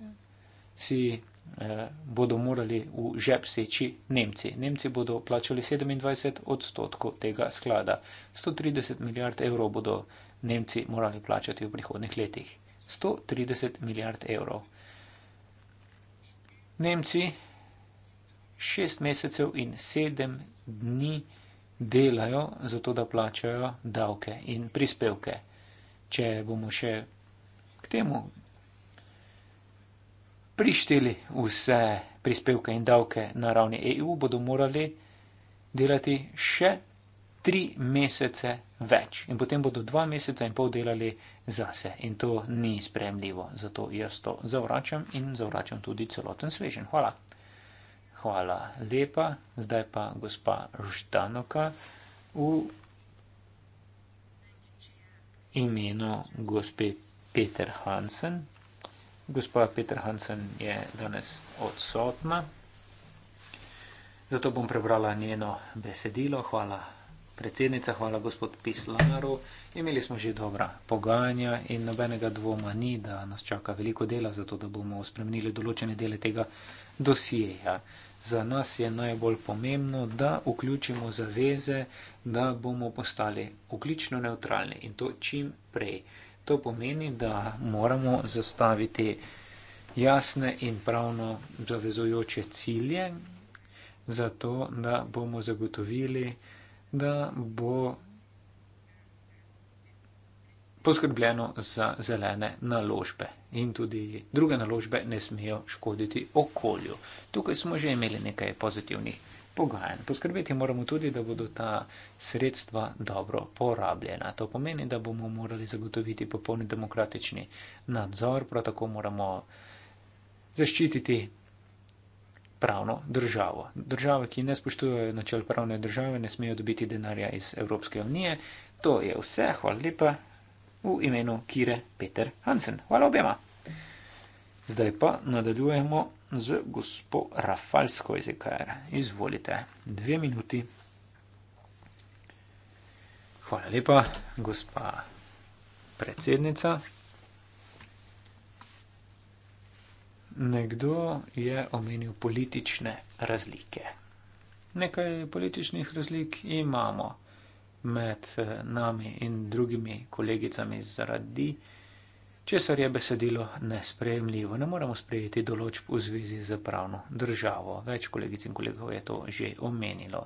Speaker 1: si Eh, bodo morali v žep seči Nemci. Nemci bodo plačali 27 odstotkov tega sklada. 130 milijard evrov bodo Nemci morali plačati v prihodnih letih. 130 milijard evrov. Nemci šest mesecev in sedem dni delajo za to, da plačajo davke in prispevke. Če bomo še k temu prišteli vse prispevke in davke na ravni EU, bodo morali delati še tri mesece več in potem bodo dva meseca in pol delali zase. In to ni spremljivo. Zato jaz to zavračam in zavračam tudi celoten svežen. Hvala. Hvala lepa. Zdaj pa gospa Ždanoka v imenu gospe Peter Hansen. Gospa Peter Hansen je danes odsotna, zato bom prebrala njeno besedilo. Hvala predsednica, hvala gospod Pislaru. Imeli smo že dobra pogajanja in nobenega dvoma ni, da nas čaka veliko dela, zato da bomo spremenili določene dele tega dosijeja. Za nas je najbolj pomembno, da vključimo zaveze, da bomo postali oklično neutralni in to čim prej. To pomeni, da moramo zastaviti jasne in pravno zavezujoče cilje, zato da bomo zagotovili, da bo poskrbljeno za zelene naložbe in tudi druge naložbe ne smejo škoditi okolju. Tukaj smo že imeli nekaj pozitivnih pogajanj. Poskrbeti moramo tudi, da bodo ta sredstva dobro porabljena. To pomeni, da bomo morali zagotoviti popolni demokratični nadzor, prav tako moramo zaščititi pravno državo. Države, ki ne spoštujejo načel pravne države, ne smejo dobiti denarja iz Evropske unije. To je vse. Hvala lepa v imenu Kire Peter Hansen. Hvala obema. Zdaj pa nadaljujemo z gospo Rafalsko jezikar. Izvolite, dve minuti. Hvala lepa, gospa predsednica. Nekdo je omenil politične razlike. Nekaj političnih razlik imamo med eh, nami in drugimi kolegicami zaradi tega, česar je besedilo nespremljivo. Ne moremo sprejeti določb v zvezi z pravno državo. Več kolegic in kolegov je to že omenilo.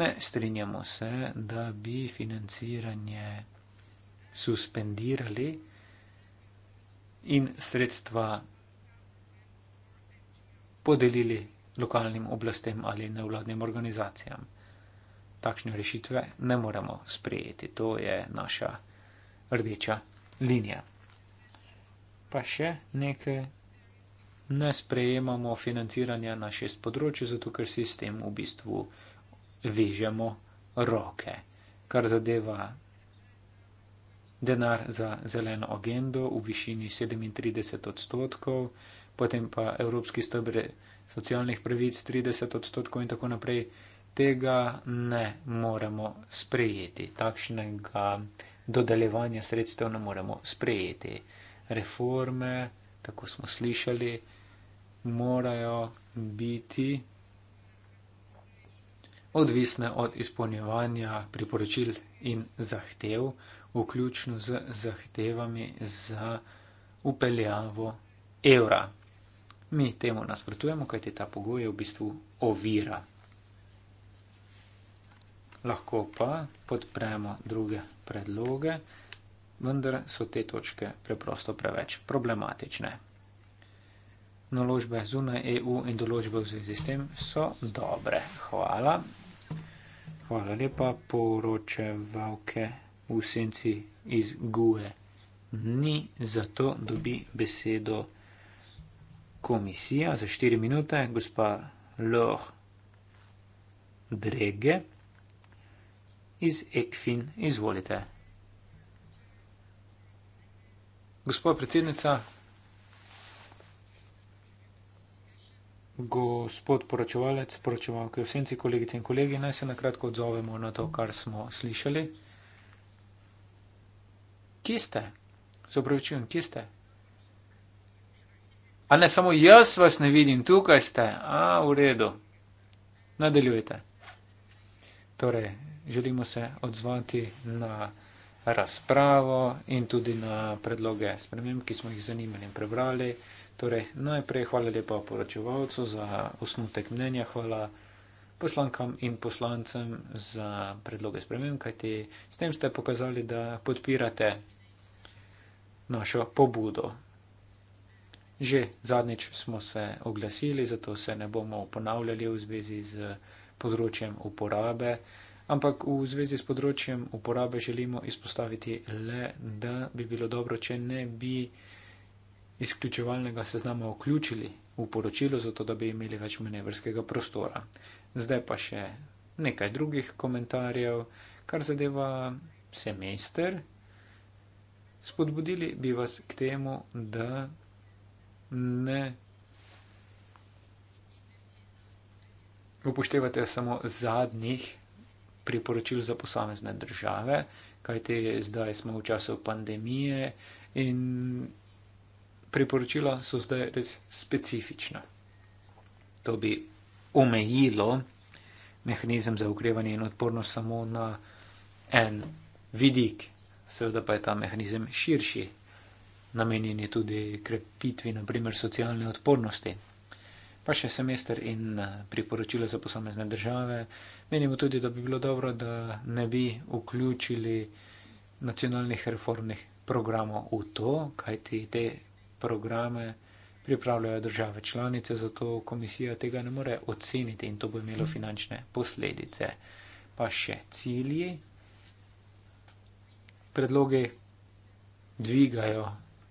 Speaker 1: Ne strinjamo se, da bi financiranje suspendirali in sredstva podelili lokalnim oblastem ali nevladnim organizacijam. Takšne rešitve ne moremo sprejeti. To je naša rdeča linija pa še nekaj, ne sprejemamo financiranja na šest področju, zato ker si s tem v bistvu vežemo roke. Kar zadeva denar za zeleno agendo v višini 37 odstotkov, potem pa Evropski stebre socialnih pravic 30 odstotkov in tako naprej, tega ne moremo sprejeti, takšnega dodelevanja sredstev ne moremo sprejeti reforme, tako smo slišali, morajo biti odvisne od izpolnjevanja priporočil in zahtev, vključno z zahtevami za upeljavo evra. Mi temu nasprotujemo, kajti ta pogoj je v bistvu ovira. Lahko pa podpremo druge predloge vendar so te točke preprosto preveč problematične. Naložbe zunaj EU in določbe v zvezi s tem so dobre. Hvala. Hvala lepa, poročevalke v senci iz GUE. Ni zato dobi besedo komisija za 4 minute, gospa Loh Drege iz Ekfin. Izvolite. Gospod predsednica, gospod poročevalec, poročevalke, vsemci, kolegice in kolegi, naj se nakratko odzovemo na to, kar smo slišali. Kje ste? Se upravičujem, kje ste? A ne samo jaz vas ne vidim, tukaj ste. A, v redu. Nadaljujte. Torej, želimo se odzvati na razpravo in tudi na predloge sprememb, ki smo jih zanimanjem prebrali. Torej, najprej hvala lepa poročevalcu za osnutek mnenja, hvala poslankam in poslancem za predloge sprememb, kajti s tem ste pokazali, da podpirate našo pobudo. Že zadnjič smo se oglasili, zato se ne bomo ponavljali v zvezi z področjem uporabe ampak v zvezi s področjem uporabe želimo izpostaviti le, da bi bilo dobro, če ne bi izključevalnega seznama vključili v poročilo, zato da bi imeli več manevrskega prostora. Zdaj pa še nekaj drugih komentarjev, kar zadeva semester. Spodbudili bi vas k temu, da ne upoštevate samo zadnjih priporočil za posamezne države, kajti zdaj smo v času pandemije in priporočila so zdaj res specifična. To bi omejilo mehanizem za ukrevanje in odpornost samo na en vidik, seveda pa je ta mehanizem širši, namenjen je tudi krepitvi, naprimer, socialne odpornosti pa še semester in eh, priporočila za posamezne države. Menimo tudi, da bi bilo dobro, da ne bi vključili nacionalnih reformnih programov v to, kaj ti te programe pripravljajo države članice, zato komisija tega ne more oceniti in to bo imelo finančne posledice. Pa še cilji. Predlogi dvigajo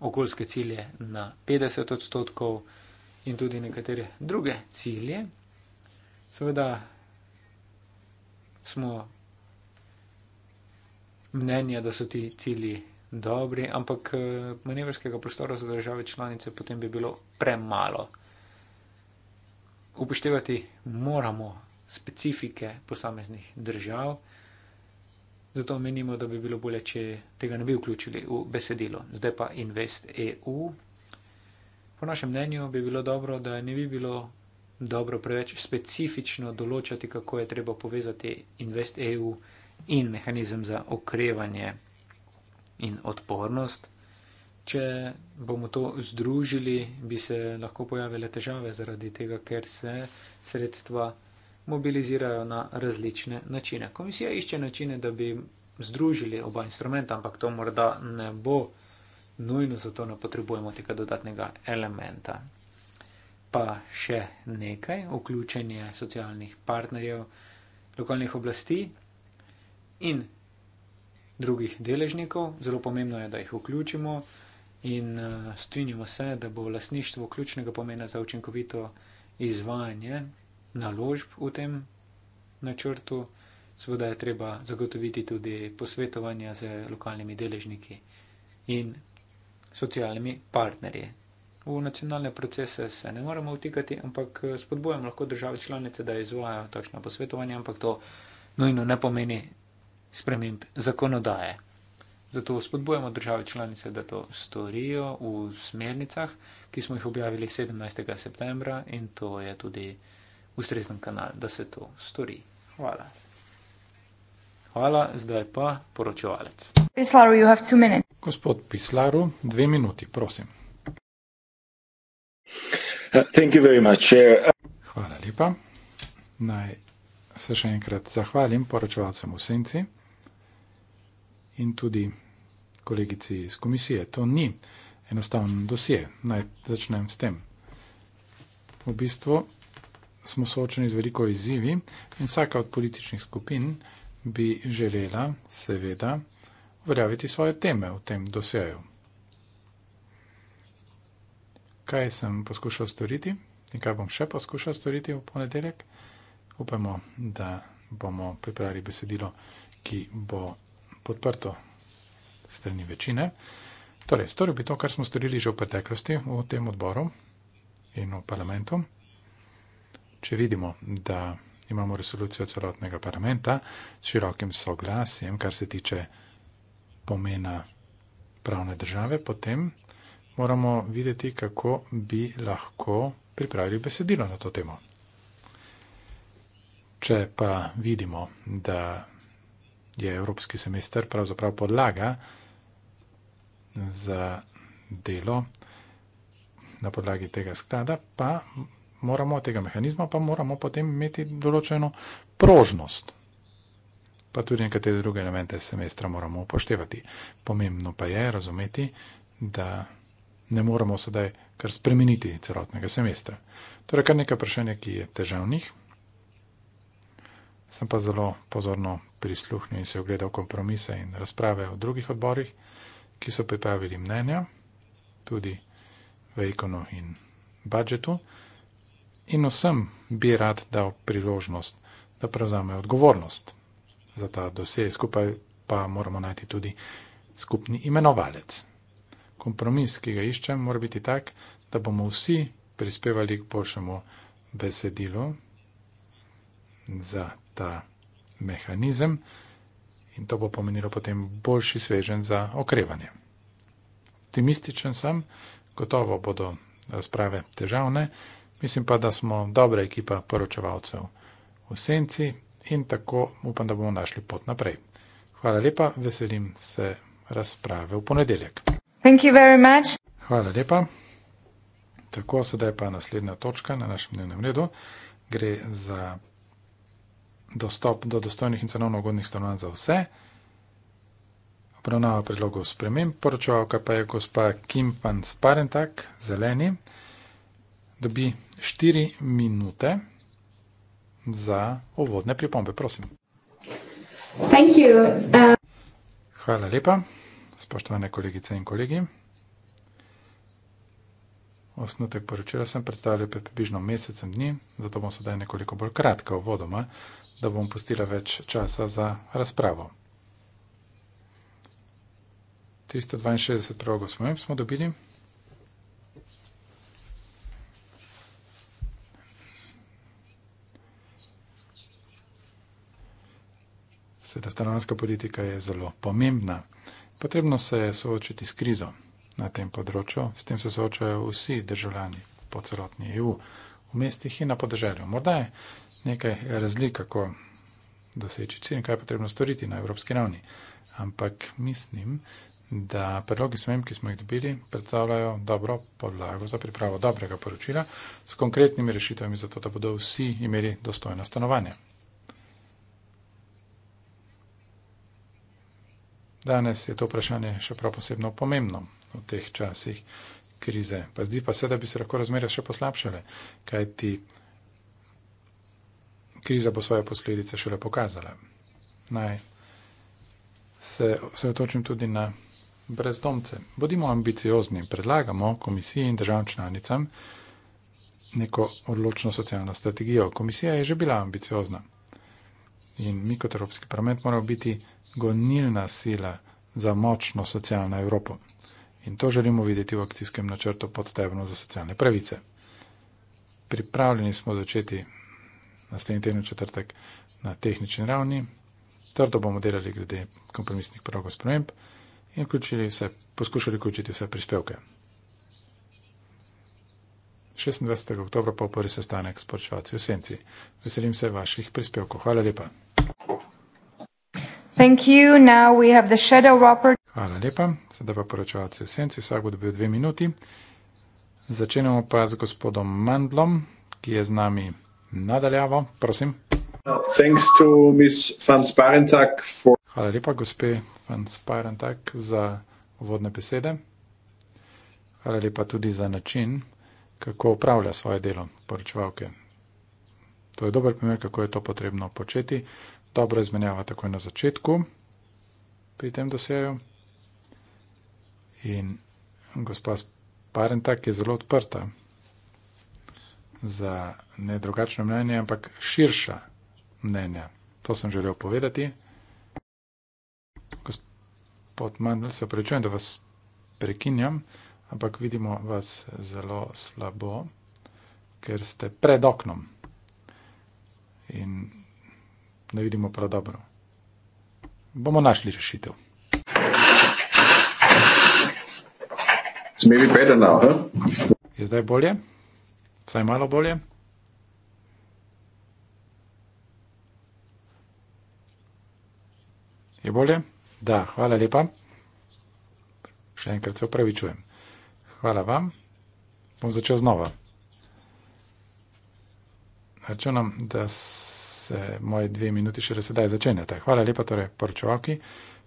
Speaker 1: okoljske cilje na 50 odstotkov in tudi nekatere druge cilje. Seveda smo mnenja, da so ti cilji dobri, ampak eh, manevrskega prostora za države članice potem bi bilo premalo. Upoštevati moramo specifike posameznih držav, zato menimo, da bi bilo bolje, če tega ne bi vključili v besedilo. Zdaj pa invest EU. Po našem mnenju bi bilo dobro, da ne bi bilo dobro preveč specifično določati, kako je treba povezati Invest EU in mehanizem za okrevanje in odpornost. Če bomo to združili, bi se lahko pojavile težave zaradi tega, ker se sredstva mobilizirajo na različne načine. Komisija išče načine, da bi združili oba instrumenta, ampak to morda ne bo nujno zato ne potrebujemo tega dodatnega elementa. Pa še nekaj, vključenje socialnih partnerjev, lokalnih oblasti in drugih deležnikov. Zelo pomembno je, da jih vključimo in eh, strinjamo se, da bo lasništvo ključnega pomena za učinkovito izvajanje naložb v tem načrtu. Seveda je treba zagotoviti tudi posvetovanja z lokalnimi deležniki in socialnimi partnerji. V nacionalne procese se ne moremo vtikati, ampak eh, spodbujam lahko države članice, da izvajo takšno posvetovanje, ampak to nujno ne pomeni sprememb zakonodaje. Zato spodbujamo države članice, da to storijo v smernicah, ki smo jih objavili 17. septembra in to je tudi ustrezen kanal, da se to stori. Hvala. Hvala, zdaj pa poročevalec.
Speaker 4: Pislaru, you have two minutes.
Speaker 5: Gospod Pislaru, dve minuti, prosim. Hvala lepa. Naj se še enkrat zahvalim poročevalcem v senci in tudi kolegici iz komisije. To ni enostavno dosje. Naj začnem s tem. V bistvu smo soočeni z veliko izzivi in vsaka od političnih skupin bi želela, seveda, uveljaviti svoje teme v tem dosjeju. Kaj sem poskušal storiti in kaj bom še poskušal storiti v ponedeljek? Upamo, da bomo pripravili besedilo, ki bo podprto strani večine. Torej, storil bi to, kar smo storili že v preteklosti v tem odboru in v parlamentu. Če vidimo, da imamo resolucijo celotnega parlamenta s širokim soglasjem, kar se tiče pomena pravne države, potem moramo videti, kako bi lahko pripravili besedilo na to temo. Če pa vidimo, da je evropski semester pravzaprav podlaga za delo na podlagi tega sklada, pa moramo tega mehanizma, pa moramo potem imeti določeno prožnost pa tudi nekatere druge elemente semestra moramo upoštevati. Pomembno pa je razumeti, da ne moramo sedaj kar spremeniti celotnega semestra. Torej, kar nekaj vprašanj, ki je težavnih, sem pa zelo pozorno prisluhnil in se ogledal kompromise in razprave v drugih odborih, ki so pripravili mnenja, tudi v ekonu in budžetu. In vsem bi rad dal priložnost, da prevzame odgovornost za ta dosež, skupaj pa moramo najti tudi skupni imenovalec. Kompromis, ki ga iščem, mora biti tak, da bomo vsi prispevali k boljšemu besedilu za ta mehanizem in to bo pomenilo potem boljši svežen za okrevanje. Optimističen sem, gotovo bodo razprave težavne, mislim pa, da smo dobra ekipa poročevalcev v senci, in tako upam, da bomo našli pot naprej. Hvala lepa, veselim se razprave v ponedeljek. Hvala lepa. Tako, sedaj pa naslednja točka na našem dnevnem redu. Gre za dostop do dostojnih in cenovno ugodnih stanovanj za vse. Obravnava predlogov sprememb, poročevalka pa je gospa Kim van Sparentak, zeleni, dobi 4 minute za uvodne pripombe. Prosim.
Speaker 6: Uh,
Speaker 5: Hvala lepa, spoštovane kolegice in kolegi. Osnutek poročila sem predstavljal pred približno mesecem dni, zato bom sedaj nekoliko bolj kratka uvodoma, da bom pustila več časa za razpravo. 362 prologov smo dobili. Seveda, stranska politika je zelo pomembna. Potrebno se je soočiti s krizo na tem področju, s tem se soočajo vsi državljani po celotni EU, v mestih in na podeželju. Morda je nekaj razlik, kako doseči cilj in kaj je potrebno storiti na evropski ravni. Ampak mislim, da predlogi smem, ki smo jih dobili, predstavljajo dobro podlago za pripravo dobrega poročila s konkretnimi rešitvami, zato da bodo vsi imeli dostojno stanovanje. Danes je to vprašanje še prav posebno pomembno v teh časih krize. Pa zdi pa se, da bi se lahko razmere še poslabšale, kaj ti kriza bo svoje posledice šele pokazala. Naj se osredotočim tudi na brezdomce. Bodimo ambiciozni, predlagamo komisiji in državam članicam neko odločno socialno strategijo. Komisija je že bila ambiciozna in mi kot Evropski parlament moramo biti gonilna sila za močno socialno Evropo. In to želimo videti v akcijskem načrtu pod stebno za socialne pravice. Pripravljeni smo začeti naslednji teden četrtek na tehnični ravni, trdo bomo delali glede kompromisnih prorogov sprememb in vse, poskušali vključiti vse prispevke. 26. oktober pa v prvi sestanek s počvaci v Senci. Veselim se vaših prispevkov. Hvala lepa. Hvala lepa, sedaj pa poročevalci v senci, vsak bo dobil dve minuti. Začenjamo pa z gospodom Mandlom, ki je z nami nadaljavo, prosim. Hvala lepa, gospe Fansparentak, za uvodne besede. Hvala lepa tudi za način, kako upravlja svoje delo poročevalke. To je dober primer, kako je to potrebno početi dobra izmenjava takoj na začetku pri tem dosjeju. In gospod Parentak je zelo odprta za ne drugačno mnenje, ampak širša mnenja. To sem želel povedati. Gospod Mandl, se prečujem, da vas prekinjam, ampak vidimo vas zelo slabo, ker ste pred oknom. In ne vidimo prav dobro. Bomo našli rešitev.
Speaker 6: Now, huh?
Speaker 5: Je zdaj bolje? Vsaj malo bolje? Je bolje? Da, hvala lepa. Še enkrat se upravičujem. Hvala vam. Bom začel znova. Računam, da se se moje dve minuti še sedaj začenjate. Hvala lepa, torej, poročovalki.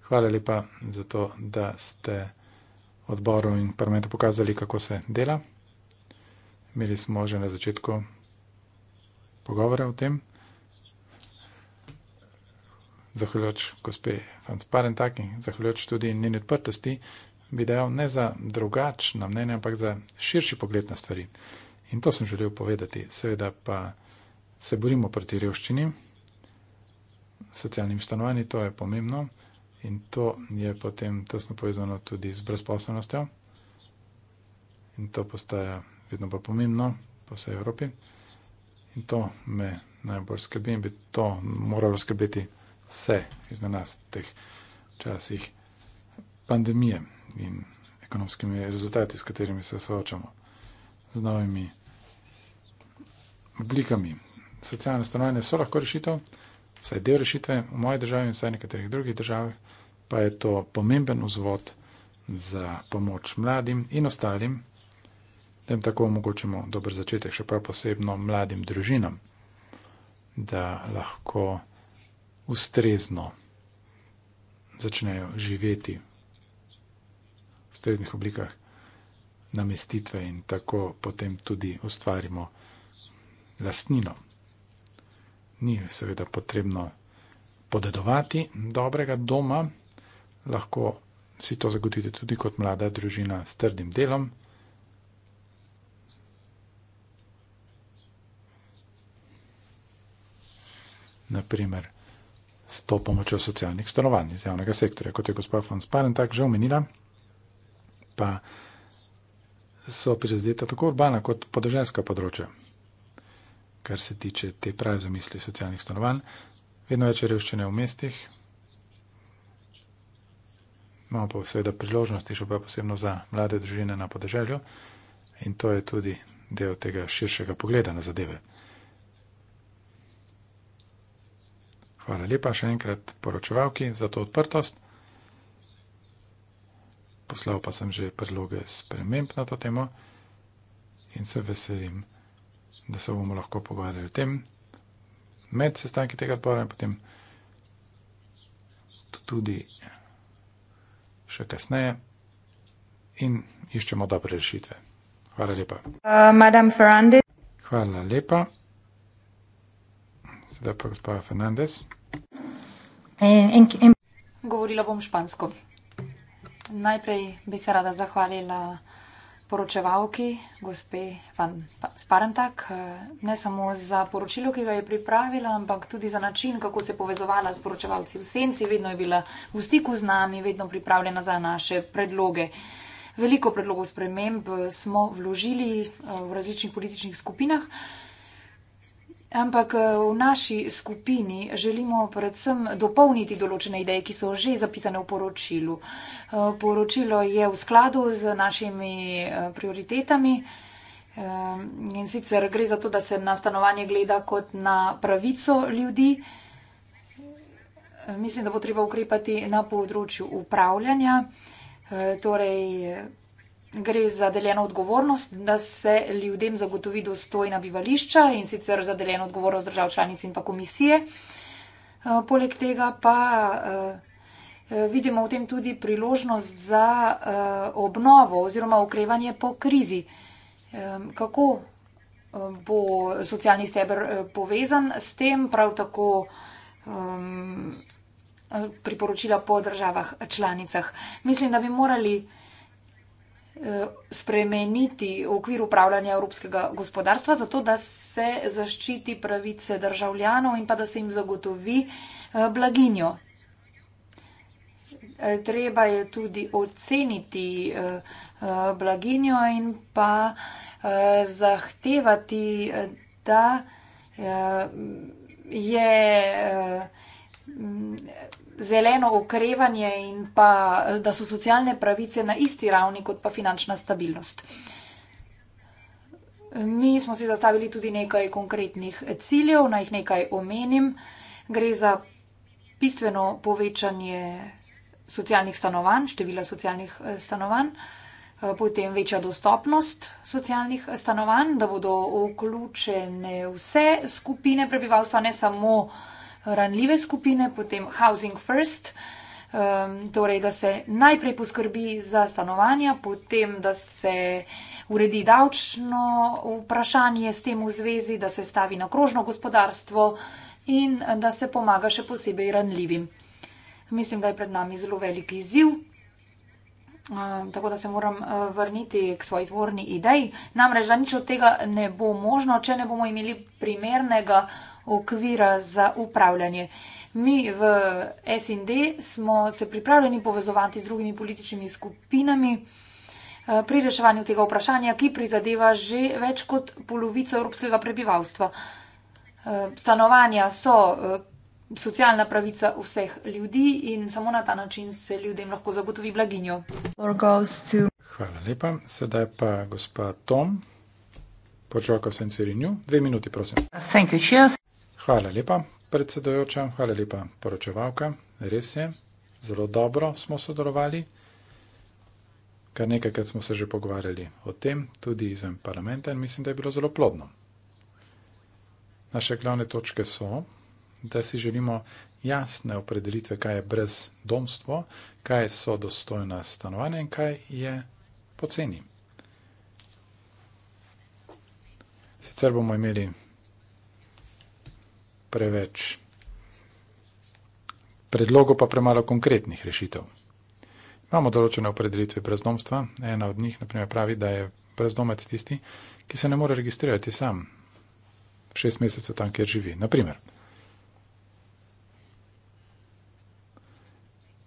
Speaker 5: Hvala lepa za to, da ste odboru in parlamentu pokazali, kako se dela. Imeli smo že na začetku pogovore o tem. Zahvaljujoč gospe Fanspantak in zahvaljujoč tudi njeni odprtosti, bi dejal ne za drugačno mnenje, ampak za širši pogled na stvari. In to sem želel povedati, seveda pa se borimo proti revščini, socialnim stanovanji, to je pomembno in to je potem tesno povezano tudi z brezposobnostjo in to postaja vedno bolj pomembno po vsej Evropi in to me najbolj skrbi in bi to moralo skrbeti vse izmed nas teh časih pandemije in ekonomskimi rezultati, s katerimi se soočamo z novimi oblikami socialne stanovanje so lahko rešitev, vsaj del rešitve v moji državi in vsaj nekaterih drugih državah, pa je to pomemben vzvod za pomoč mladim in ostalim, da jim tako omogočimo dober začetek, še prav posebno mladim družinam, da lahko ustrezno začnejo živeti v ustreznih oblikah namestitve in tako potem tudi ustvarimo lastnino ni seveda potrebno podedovati dobrega doma, lahko si to zagotovite tudi kot mlada družina s trdim delom. Naprimer, s to pomočjo socialnih stanovanj iz javnega sektorja, kot je gospod von Sparentak že omenila, pa so prizadeta tako urbana kot podeželska področja kar se tiče te prave zamisli socialnih stanovanj. Vedno več je revščine v mestih, imamo pa seveda priložnosti, še pa posebno za mlade družine na podeželju in to je tudi del tega širšega pogleda na zadeve. Hvala lepa še enkrat poročevalki za to odprtost. Poslal pa sem že predloge sprememb na to temo in se veselim da se bomo lahko pogovarjali o tem, med sestanki tega odbora in potem tudi še kasneje in iščemo dobre rešitve. Hvala lepa.
Speaker 4: Uh,
Speaker 5: Hvala lepa. Sedaj pa gospod Fernandez.
Speaker 4: In, in, in. Govorila bom špansko. Najprej bi se rada zahvalila poročevalki, gospe Van Sparentak, eh, ne samo za poročilo, ki ga je pripravila, ampak tudi za način, kako se je povezovala s poročevalci v senci, vedno je bila v stiku z nami, vedno pripravljena za naše predloge. Veliko predlogov sprememb eh, smo vložili eh, v različnih političnih skupinah. Ampak eh, v naši skupini želimo predvsem dopolniti določene ideje, ki so že zapisane v poročilu. Eh, poročilo je v skladu z našimi eh, prioritetami in sicer gre za to, da se na stanovanje gleda kot na pravico ljudi. Mislim, da bo treba ukrepati na področju upravljanja, torej gre za deljeno odgovornost, da se ljudem zagotovi dostojna bivališča in sicer za deljeno odgovornost držav članic in pa komisije. Eh, poleg tega pa eh, eh, vidimo v tem tudi priložnost za obnovo oziroma okrevanje po krizi. Kako bo socialni steber povezan s tem, prav tako priporočila po državah članicah. Mislim, da bi morali vsega, Eh, spremeniti okvir upravljanja evropskega gospodarstva, zato da se zaščiti pravice državljanov in pa da se jim zagotovi eh, blaginjo. Eh, treba je tudi oceniti blaginjo in pa zahtevati, da je zeleno okrevanje in pa, da so socialne pravice na isti ravni kot pa finančna stabilnost. Mi smo si zastavili tudi nekaj konkretnih ciljev, naj jih nekaj omenim. Gre za bistveno povečanje socialnih stanovanj, števila socialnih eh, stanovanj, eh, potem večja dostopnost socialnih eh, stanovanj, da bodo vključene vse skupine prebivalstva, ne samo uh, ranljive skupine, potem Housing First, um, torej da se najprej poskrbi za stanovanja, potem da se uredi davčno vprašanje s tem v zvezi, da se stavi na krožno gospodarstvo in da se pomaga še posebej ranljivim. Mislim, da je pred nami zelo velik izziv. Um, tako da se moram uh, vrniti k svoji izvorni ideji. Namreč, da nič od tega ne bo možno, če ne bomo imeli primernega okvira za upravljanje. Mi v SND smo se pripravljeni povezovati z drugimi političnimi skupinami eh, pri reševanju tega vprašanja, ki prizadeva že več kot polovico evropskega prebivalstva. Eh, stanovanja so eh, socialna pravica vseh ljudi in samo na ta način se ljudem lahko zagotovi blaginjo.
Speaker 5: Hvala lepa. Sedaj pa gospa Tom, počakal sem Cirinju. Dve minuti, prosim. Thank you, Hvala lepa, predsedojoča, hvala lepa, poročevalka. Res je, zelo dobro smo sodelovali. Kar nekajkrat smo se že pogovarjali o tem, tudi izven parlamenta, in mislim, da je bilo zelo plodno. Naše glavne točke so, da si želimo jasne opredelitve, kaj je brezdomstvo, kaj so dostojna stanovanja in kaj je poceni. Sicer bomo imeli preveč predlogov, pa premalo konkretnih rešitev. Imamo določene opredelitve brezdomstva. Ena od njih naprimer, pravi, da je brezdomec tisti, ki se ne more registrirati sam šest mesecev tam, kjer živi. Naprimer.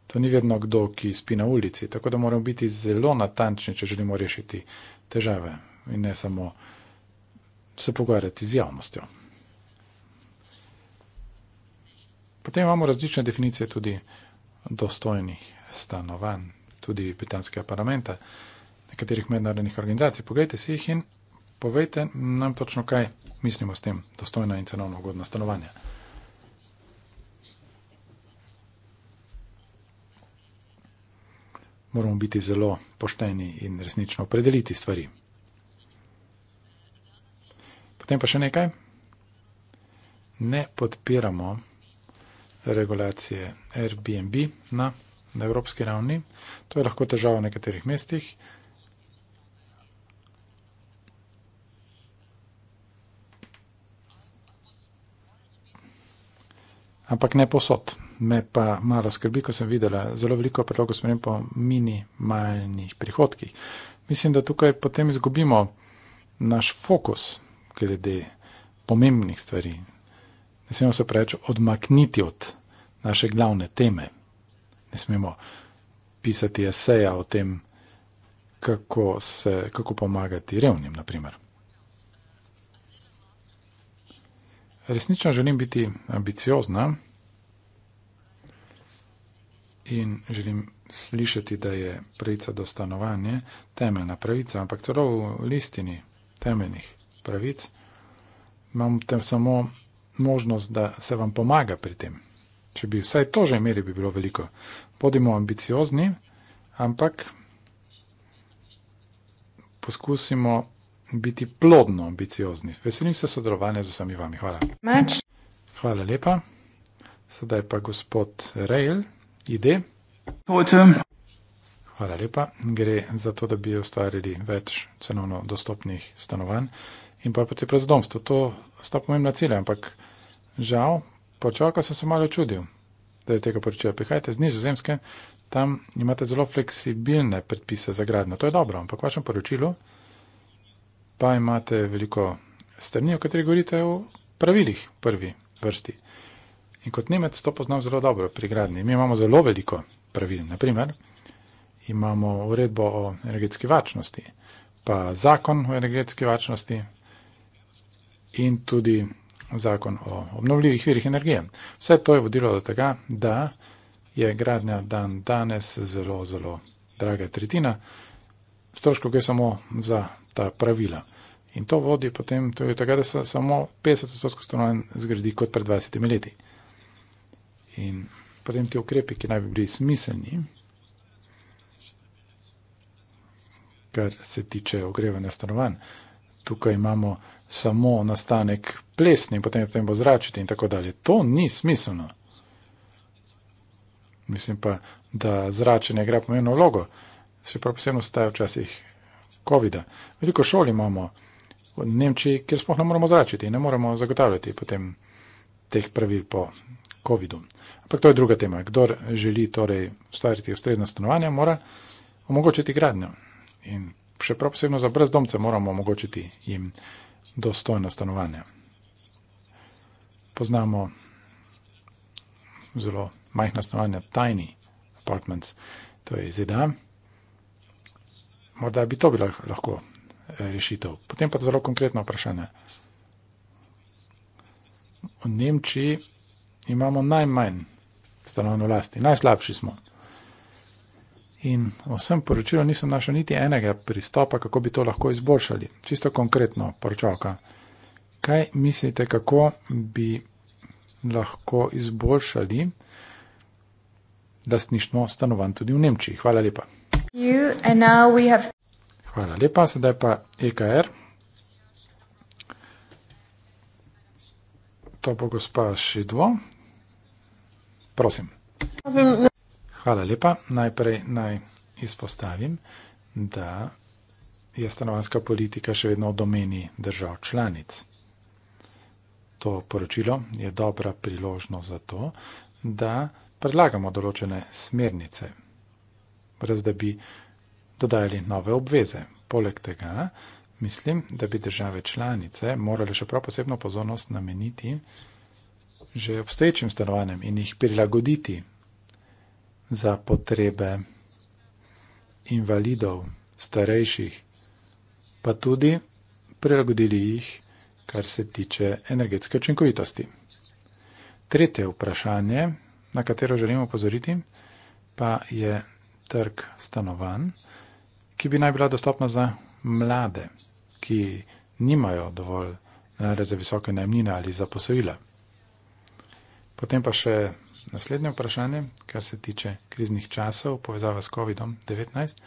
Speaker 5: To ni vedno kdo, ki spi na ulici, tako da moramo biti zelo natančni, če želimo rešiti težave in ne samo se pogovarjati z javnostjo. Potem imamo različne definicije tudi dostojnih stanovanj, tudi britanskega parlamenta, nekaterih mednarodnih organizacij. Poglejte si jih in povejte nam točno, kaj mislimo s tem dostojna in cenovno ugodna stanovanja. Moramo biti zelo pošteni in resnično opredeliti stvari. Potem pa še nekaj. Ne podpiramo regulacije Airbnb na, na evropski ravni. To je lahko težava v nekaterih mestih. Ampak ne posod. Me pa malo skrbi, ko sem videla zelo veliko predlogov spremem po minimalnih prihodkih. Mislim, da tukaj potem izgubimo naš fokus glede pomembnih stvari. Ne smemo se preveč odmakniti od naše glavne teme. Ne smemo pisati eseja o tem, kako, se, kako pomagati revnim, naprimer. Resnično želim biti ambiciozna in želim slišati, da je pravica do stanovanja temeljna pravica, ampak celo v listini temeljnih pravic imam tam samo možnost, da se vam pomaga pri tem. Če bi vsaj to že imeli, bi bilo veliko. Bodimo ambiciozni, ampak poskusimo biti plodno ambiciozni. Veselim se sodelovanja z vsemi vami. Hvala. Meč. Hvala lepa. Sedaj pa gospod Rejl, ide. Potem. Hvala lepa. Gre za to, da bi ustvarili več cenovno dostopnih stanovanj in pa poti prezdomstvo. To sta pomembna cilja, ampak žal počaka, sem se malo čudil, da je tega poročila. Prihajate z nizozemske, tam imate zelo fleksibilne predpise za gradno. To je dobro, ampak v vašem poročilu pa imate veliko strni, o kateri govorite o pravilih prvi vrsti. In kot Nemec to poznam zelo dobro pri gradni. Mi imamo zelo veliko pravil. Naprimer, imamo uredbo o energetski varčnosti, pa zakon o energetski varčnosti in tudi zakon o obnovljivih virih energije. Vse to je vodilo do tega, da je gradnja dan danes zelo, zelo draga tretjina, stroško gre samo za ta pravila. In to vodi potem tudi do tega, da se samo 50% stanovanj zgradi kot pred 20 leti. In potem ti ukrepi, ki naj bi bili smiselni, kar se tiče ogrevanja stanovanj. Tukaj imamo samo nastanek plesni in potem, potem bo zračiti in tako dalje. To ni smiselno. Mislim pa, da zračenje igra pomembno vlogo, se pa posebno staje včasih COVID-19. Veliko šol imamo v Nemčiji, kjer sploh ne moremo zračiti in ne moremo zagotavljati potem teh pravil po COVID-u. Ampak to je druga tema. Kdor želi torej ustvariti ustrezna stanovanja, mora omogočiti gradnjo. In še prav posebno za brezdomce moramo omogočiti jim gradnjo dostojno stanovanje. Poznamo zelo majhna stanovanja, tiny apartments, to je ZDA. Morda bi to bila lahko eh, rešitev. Potem pa zelo konkretno vprašanje. V Nemčiji imamo najmanj stanovanj v lasti, najslabši smo. In v vsem poročilu nisem našel niti enega pristopa, kako bi to lahko izboljšali. Čisto konkretno, poročalka, kaj mislite, kako bi lahko izboljšali lastništvo stanovanj tudi v Nemčiji? Hvala lepa. Hvala lepa, sedaj pa EKR. To bo gospa Šidvo. Prosim. Hvala lepa. Najprej naj izpostavim, da je stanovanska politika še vedno v domeni držav članic. To poročilo je dobra priložnost za to, da predlagamo določene smernice, brez da bi dodajali nove obveze. Poleg tega mislim, da bi države članice morale še prav posebno pozornost nameniti že obstoječim stanovanjem in jih prilagoditi za potrebe invalidov, starejših, pa tudi prilagodili jih, kar se tiče energetske učinkovitosti. Tretje vprašanje, na katero želimo pozoriti, pa je trg stanovanj, ki bi naj bila dostopna za mlade, ki nimajo dovolj najre za visoke najemnine ali za posojila. Potem pa še Naslednje vprašanje, kar se tiče kriznih časov, povezava s COVID-19.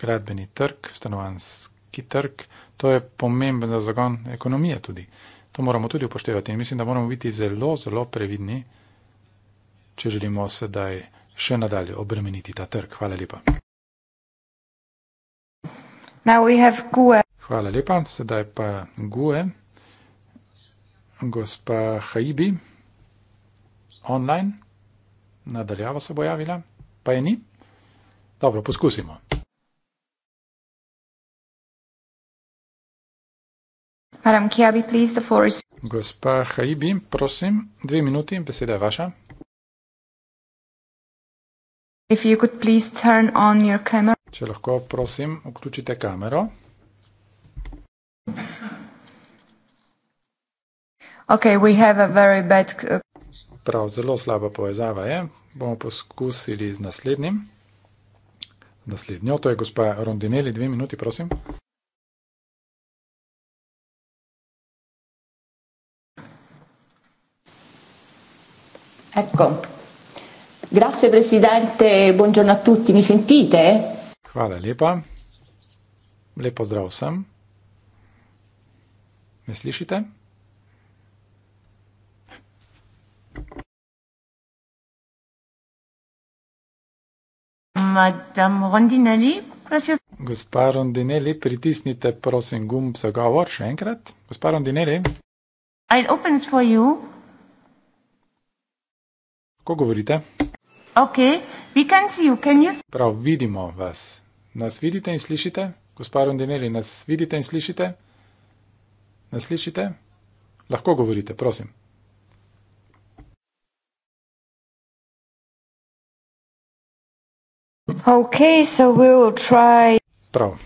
Speaker 5: Gradbeni trg, stanovanski trg, to je pomemben za zagon ekonomije tudi. To moramo tudi upoštevati in mislim, da moramo biti zelo, zelo previdni, če želimo sedaj še nadalje obremeniti ta trg. Hvala lepa. Hvala lepa, sedaj pa GUE gospa Haibi online, nadaljavo se bo javila, pa je ni. Dobro, poskusimo.
Speaker 2: Madam, can I be pleased the floor is... Gospa Haibi, prosim, dve
Speaker 5: minuti, beseda je vaša. If you could please turn on your camera. Če lahko, prosim, vključite kamero. Okay, bad... Uh, Prav, zelo slaba povezava je. Bomo poskusili z naslednjim. Naslednjo, to je gospa Rondinelli, dve minuti, prosim.
Speaker 3: Ecco. Grazie presidente, buongiorno a tutti, mi sentite?
Speaker 5: Hvala lepa, lepo zdrav vsem. Me slišite?
Speaker 3: madame Rondinelli, prosim.
Speaker 5: Gospa Rondinelli, pritisnite prosim gumb za govor še enkrat. Gospa Rondinelli.
Speaker 3: I'll open it for you. Kako govorite? Ok, we can see you, can you see?
Speaker 5: Prav, vidimo vas. Nas vidite in slišite? Gospa Rondinelli, nas vidite in slišite? Nas slišite? Lahko govorite, prosim.
Speaker 2: Okay, try...
Speaker 5: Prav.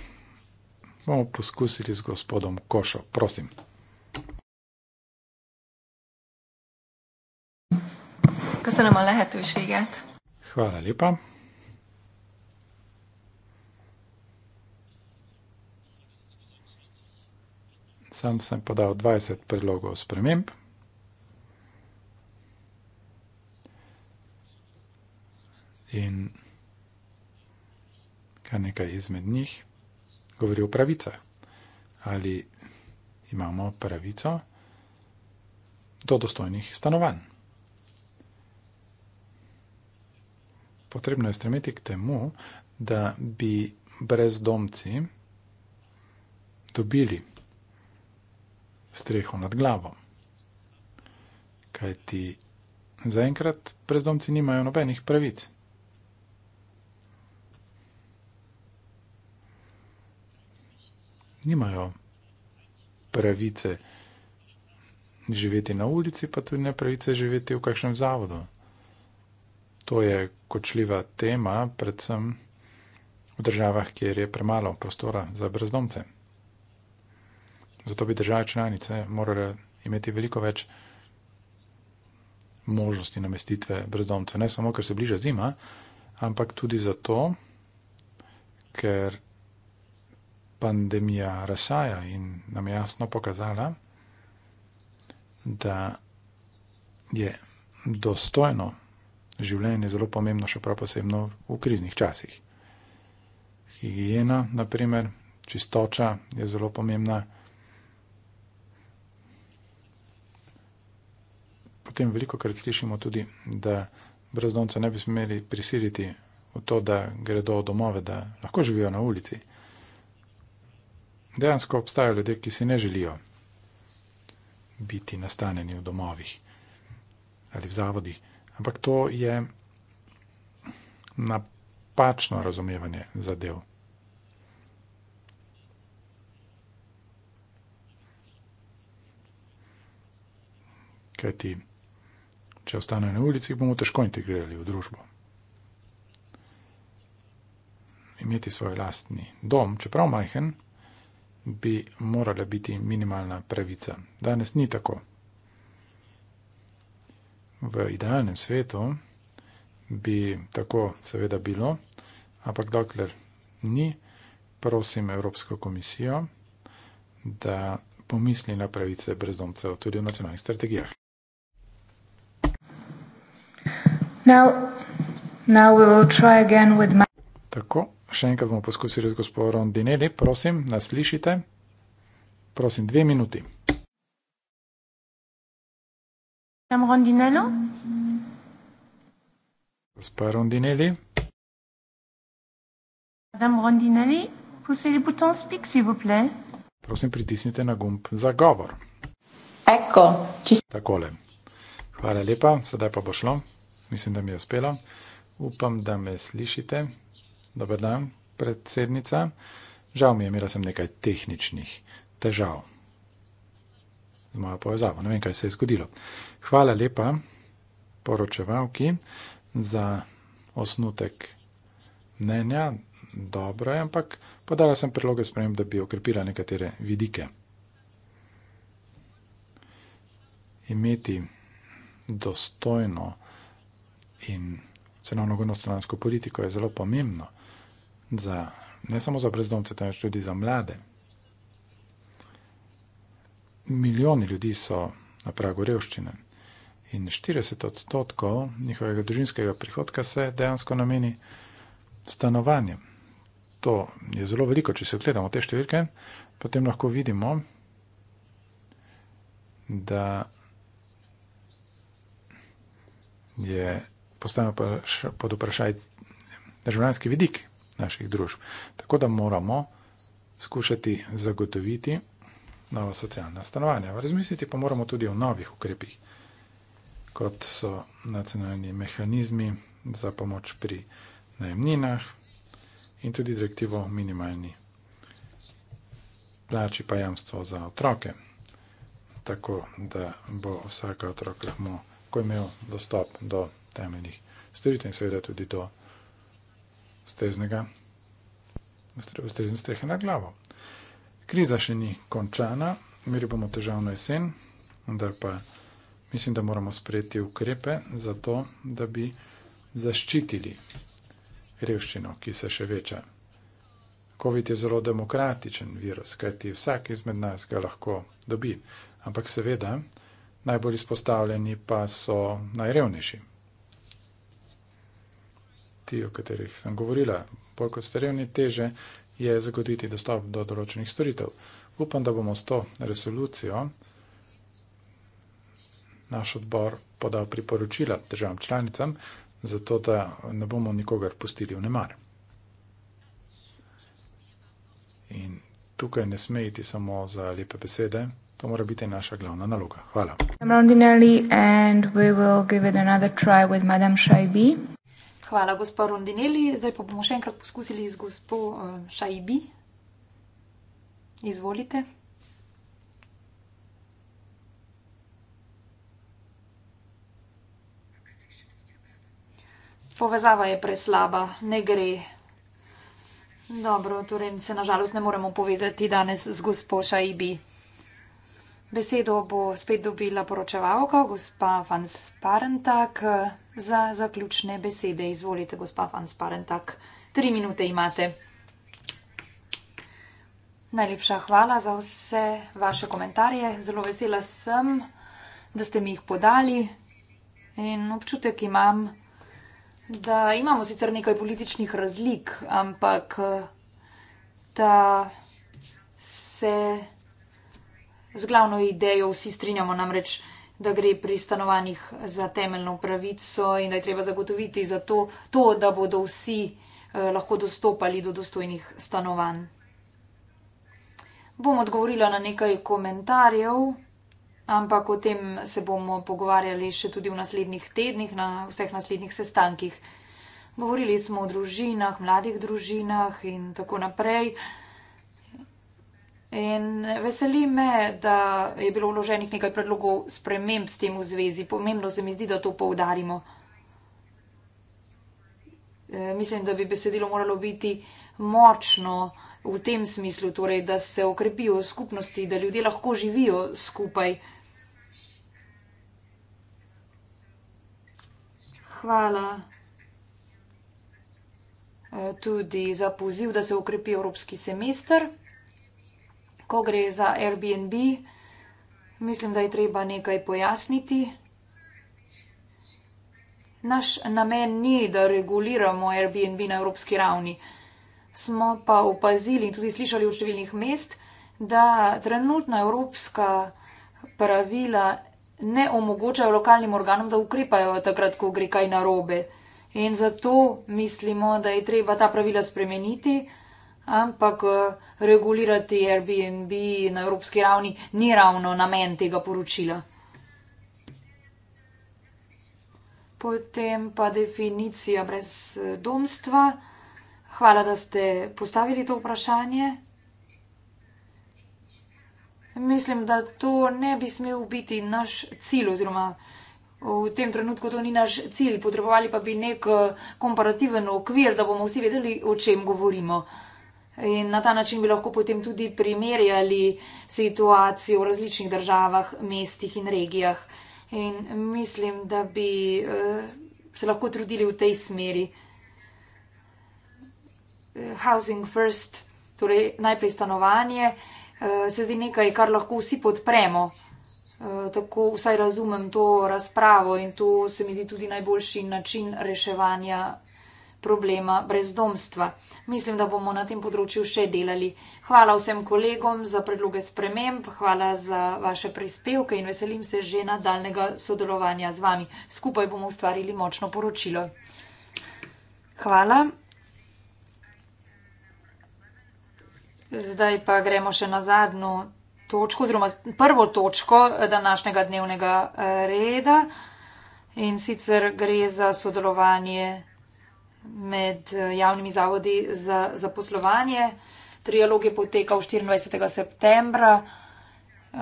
Speaker 5: Bomo poskusili z gospodom Košo, prosim.
Speaker 4: Köszönöm a lehetőséget.
Speaker 5: Hvala lepa. Sam sem podal 20 predlogov sprememb. In kar nekaj izmed njih govori o pravicah. Ali imamo pravico do dostojnih stanovanj? Potrebno je stremeti k temu, da bi brezdomci dobili streho nad glavo. Kajti zaenkrat brezdomci nimajo nobenih pravic. nimajo pravice živeti na ulici, pa tudi ne pravice živeti v kakšnem zavodu. To je kočljiva tema, predvsem v državah, kjer je premalo prostora za brezdomce. Zato bi države članice morale imeti veliko več možnosti namestitve brezdomcev, ne samo, ker se bliža zima, ampak tudi zato, ker pandemija razhaja in nam je jasno pokazala, da je dostojno življenje zelo pomembno, še prav posebno v kriznih časih. Higiena, naprimer, čistoča je zelo pomembna. Potem veliko krat slišimo tudi, da brezdomce ne bi smeli prisiliti v to, da gredo domove, da lahko živijo na ulici. Dejansko obstajajo ljudje, ki si ne želijo biti nastanjeni v domovih ali v zavodih. Ampak to je napačno razumevanje zadev. Kaj ti, če ostanejo na ulici, bomo težko integrirali v družbo. Imeti svoj lastni dom, čeprav majhen bi morala biti minimalna pravica. Danes ni tako. V idealnem svetu bi tako seveda bilo, ampak dokler ni, prosim Evropsko komisijo, da pomisli na pravice brezdomcev tudi v nacionalnih strategijah.
Speaker 4: Now, now we will try again with my...
Speaker 5: Tako, še enkrat bomo poskusili z gospodom Dinedi, prosim, nas slišite. Prosim, dve minuti.
Speaker 2: Sam Rondinello?
Speaker 5: Gospod Rondinelli?
Speaker 3: Madame Rondinelli, poussez le bouton speak, s'il vous plaît.
Speaker 5: Prosim, pritisnite na gumb za govor. Ecco, ci... Takole. Hvala lepa, sedaj pa bo šlo. Mislim, da mi je uspelo. Upam, da me slišite. Dobro dan, predsednica. Žal mi je, imela sem nekaj tehničnih težav z mojo povezavo. Ne vem, kaj se je zgodilo. Hvala lepa poročevalki za osnutek mnenja. Dobro je, ampak podala sem predloge sprejem, da bi okrepila nekatere vidike. Imeti dostojno in cenovno gonostransko politiko je zelo pomembno za, ne samo za brezdomce, temveč tudi za mlade. Milijoni ljudi so na pragu revščine in 40 odstotkov njihovega družinskega prihodka se dejansko nameni stanovanjem. To je zelo veliko, če se ogledamo te številke, potem lahko vidimo, da je postavljeno pod vprašaj državljanski vidik naših družb. Tako da moramo skušati zagotoviti nova socialna stanovanja. Razmisliti pa moramo tudi o novih ukrepih, kot so nacionalni mehanizmi za pomoč pri najemninah in tudi direktivo minimalni plači pa jamstvo za otroke, tako da bo vsaka otrok lahko imel dostop do temeljnih storitev in seveda tudi do otroke steznega, ustrezne strehe na glavo. Kriza še ni končana, imeli bomo težavno jesen, vendar pa mislim, da moramo sprejeti ukrepe za to, da bi zaščitili revščino, ki se še veča. COVID je zelo demokratičen virus, kajti vsak izmed nas ga lahko dobi, ampak seveda najbolj izpostavljeni pa so najrevnejši ti, o katerih sem govorila. Bolj kot starevni teže je zagoditi dostop do določenih storitev. Upam, da bomo s to resolucijo naš odbor podal priporočila državam članicam, zato da ne bomo nikogar pustili v nemar. In tukaj ne smejiti samo za lepe besede, to mora biti naša glavna naloga. Hvala.
Speaker 4: Hvala, gospod Rondinelli. Zdaj pa bomo še enkrat poskusili z gospod eh, Šajbi. Izvolite. Povezava je preslaba, ne gre. Dobro, torej se nažalost ne moremo povezati danes z gospod Šajbi. Besedo bo spet dobila poročevalka, gospa Fans Parentak za zaključne besede. Izvolite, gospa Fansparentak, tri minute imate. Najlepša hvala za vse vaše komentarje. Zelo vesela sem, da ste mi jih podali in občutek imam, da imamo sicer nekaj političnih razlik, ampak da se z glavno idejo vsi strinjamo namreč da gre pri stanovanjih za temeljno pravico in da je treba zagotoviti za to, to da bodo vsi eh, lahko dostopali do dostojnih stanovanj. Bom odgovorila na nekaj komentarjev, ampak o tem se bomo pogovarjali še tudi v naslednjih tednih, na vseh naslednjih sestankih. Govorili smo o družinah, mladih družinah in tako naprej. In veseli me, da je bilo vloženih nekaj predlogov sprememb s tem v zvezi. Pomembno se mi zdi, da to poudarimo. E, mislim, da bi besedilo moralo biti močno v tem smislu, torej, da se okrepijo skupnosti, da ljudje lahko živijo skupaj. Hvala e, tudi za poziv, da se okrepi evropski semester ko gre za Airbnb, mislim, da je treba nekaj pojasniti. Naš namen ni, da reguliramo Airbnb na evropski ravni. Smo pa opazili in tudi slišali v številnih mest, da trenutna evropska pravila ne omogočajo lokalnim organom, da ukrepajo takrat, ko gre kaj narobe. In zato mislimo, da je treba ta pravila spremeniti ampak eh, regulirati Airbnb na evropski ravni ni ravno namen tega poročila. Potem pa definicija brezdomstva. Hvala, da ste postavili to vprašanje. Mislim, da to ne bi smel biti naš cilj oziroma v tem trenutku to ni naš cilj. Potrebovali pa bi nek eh, komparativen okvir, da bomo vsi vedeli, o čem govorimo. In na ta način bi lahko potem tudi primerjali situacijo v različnih državah, mestih in regijah. In mislim, da bi eh, se lahko trudili v tej smeri. Eh, housing first, torej najprej stanovanje, eh, se zdi nekaj, kar lahko vsi podpremo. Tako vsaj razumem to razpravo in to se mi zdi tudi najboljši način reševanja problema brezdomstva. Mislim, da bomo na tem področju še delali. Hvala vsem kolegom za predloge sprememb, hvala za vaše prispevke in veselim se že nadaljnega sodelovanja z vami. Skupaj bomo ustvarili močno poročilo. Hvala. Zdaj pa gremo še na zadnjo točko, oziroma prvo točko današnjega dnevnega eh, reda in sicer gre za sodelovanje med eh, javnimi zavodi za zaposlovanje. Trialog je potekal 24. septembra.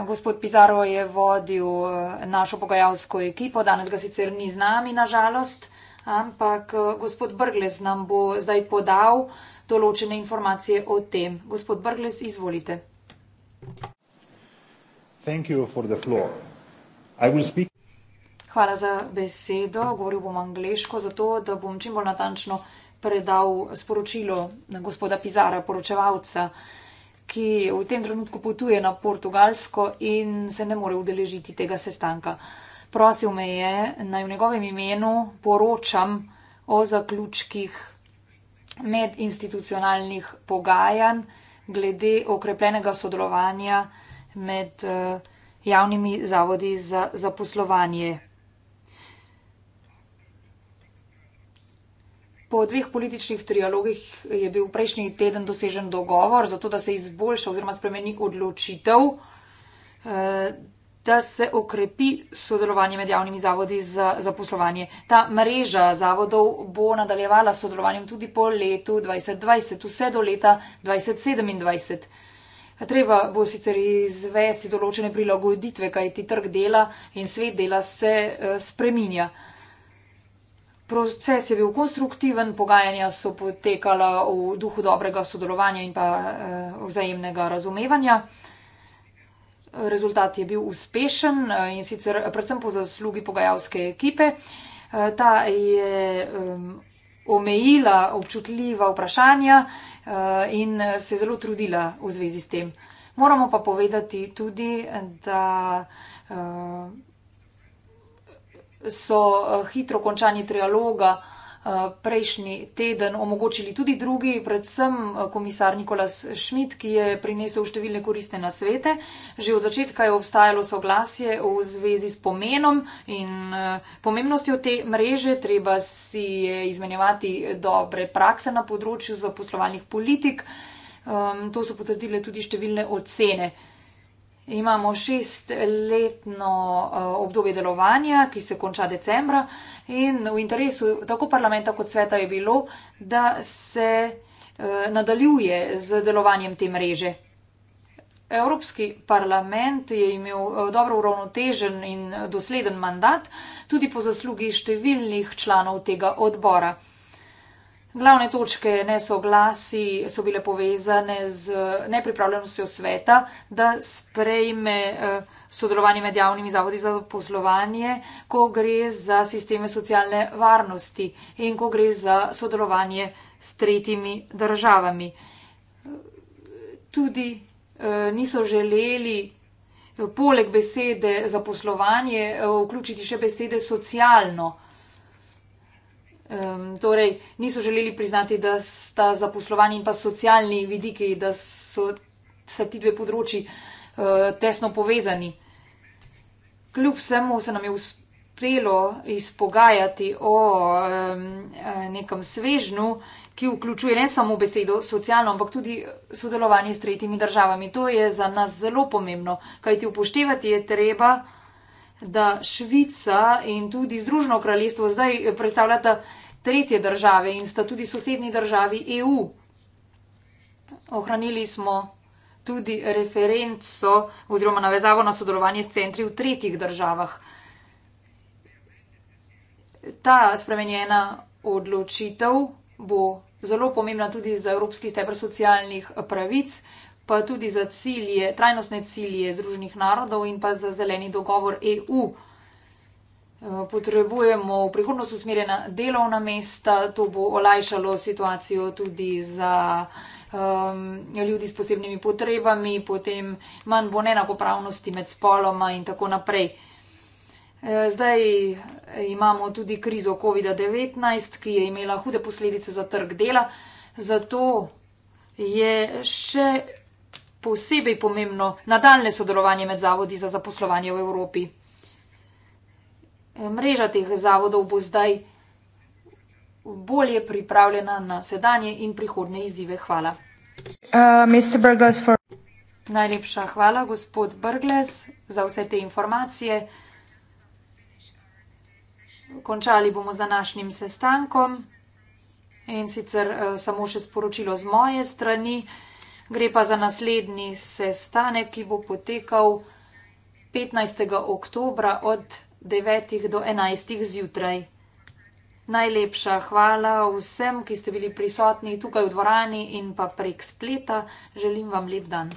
Speaker 4: Gospod Pizarro je vodil eh, našo pogajalsko ekipo, danes ga sicer ni z nami, nažalost, ampak eh, gospod Brgles nam bo zdaj podal določene informacije o tem. Gospod Brgles, izvolite.
Speaker 6: Thank you for the floor. I will speak
Speaker 4: Hvala za besedo. Govoril bom angliško, zato da bom čim bolj natančno predal sporočilo gospoda Pizara, poročevalca, ki v tem trenutku potuje na Portugalsko in se ne more udeležiti tega sestanka. Prosil me je, naj v njegovem imenu poročam o zaključkih medinstitucionalnih pogajanj glede okrepljenega sodelovanja med eh, javnimi zavodi za zaposlovanje. Po dveh političnih trialogih je bil prejšnji teden dosežen dogovor, zato da se izboljša oziroma spremeni odločitev, eh, da se okrepi sodelovanje med javnimi zavodi za zaposlovanje. Ta mreža zavodov bo nadaljevala s sodelovanjem tudi po letu 2020, vse do leta 2027. Treba bo sicer izvesti določene prilagoditve, kajti trg dela in svet dela se eh, spreminja. Proces je bil konstruktiven, pogajanja so potekala v duhu dobrega sodelovanja in pa eh, vzajemnega razumevanja. Rezultat je bil uspešen eh, in sicer predvsem po zaslugi pogajalske ekipe. Eh, ta je omejila občutljiva vprašanja in se zelo trudila v zvezi s tem. Moramo pa povedati tudi, da so eh, hitro končanje trialoga eh, prejšnji teden omogočili tudi drugi, predvsem eh, komisar Nikolas Šmit, ki je prinesel številne koristne nasvete. Že od začetka je obstajalo soglasje v zvezi s pomenom in pomembnostjo te mreže. Treba si je izmenjevati dobre prakse na področju zaposlovalnih politik. Ehm, to so potrdile tudi številne ocene. Imamo šestletno eh, obdobje delovanja, ki se konča decembra in v interesu tako parlamenta kot sveta je bilo, da se eh, nadaljuje z delovanjem te mreže. Evropski parlament je imel eh, dobro uravnotežen in dosleden mandat, tudi po zaslugi številnih članov tega odbora. Glavne točke nesoglasi so bile povezane z nepripravljenostjo sveta, da sprejme eh, sodelovanje med javnimi zavodi za poslovanje, ko gre za sisteme socialne varnosti in ko gre za sodelovanje s tretjimi državami. Tudi eh, niso želeli eh, poleg besede za poslovanje vključiti še besede socialno. Um, torej, niso želeli priznati, da sta zaposlovanje in pa socialni vidiki, da so se ti dve področji uh, tesno povezani. Kljub vsemu se nam je uspelo izpogajati o um, nekem svežnu, ki vključuje ne samo besedo socialno, ampak tudi sodelovanje s tretjimi državami. To je za nas zelo pomembno, kajti upoštevati je treba, da Švica in tudi Združeno kraljestvo zdaj predstavljata tretje države in sta tudi sosednji državi EU. Ohranili smo tudi referenco oziroma navezavo na sodelovanje s centri v tretjih državah. Ta spremenjena odločitev bo zelo pomembna tudi za Evropski stebr socialnih pravic, pa tudi za cilje, trajnostne cilje Združenih narodov in pa za zeleni dogovor EU. Eh, potrebujemo v prihodnost usmerjena delovna mesta, to bo olajšalo situacijo tudi za um, ljudi s posebnimi potrebami, potem manj bo neenakopravnosti med spoloma in tako naprej. Eh, zdaj imamo tudi krizo COVID-19, ki je imela hude posledice za trg dela, zato je še posebej pomembno nadaljne sodelovanje med zavodi za zaposlovanje v Evropi. Eh, mreža teh zavodov bo zdaj bolje pripravljena na sedanje in prihodne izzive. Hvala. Uh, for... Najlepša hvala, gospod Brgles, za vse te informacije. Končali bomo z današnjim sestankom in sicer uh, samo še sporočilo z moje strani. Gre pa za naslednji sestanek, ki bo potekal 15. oktobra od 9 do 11 zjutraj. Najlepša hvala vsem, ki ste bili prisotni tukaj v dvorani in pa prek spleta. Želim vam lep dan.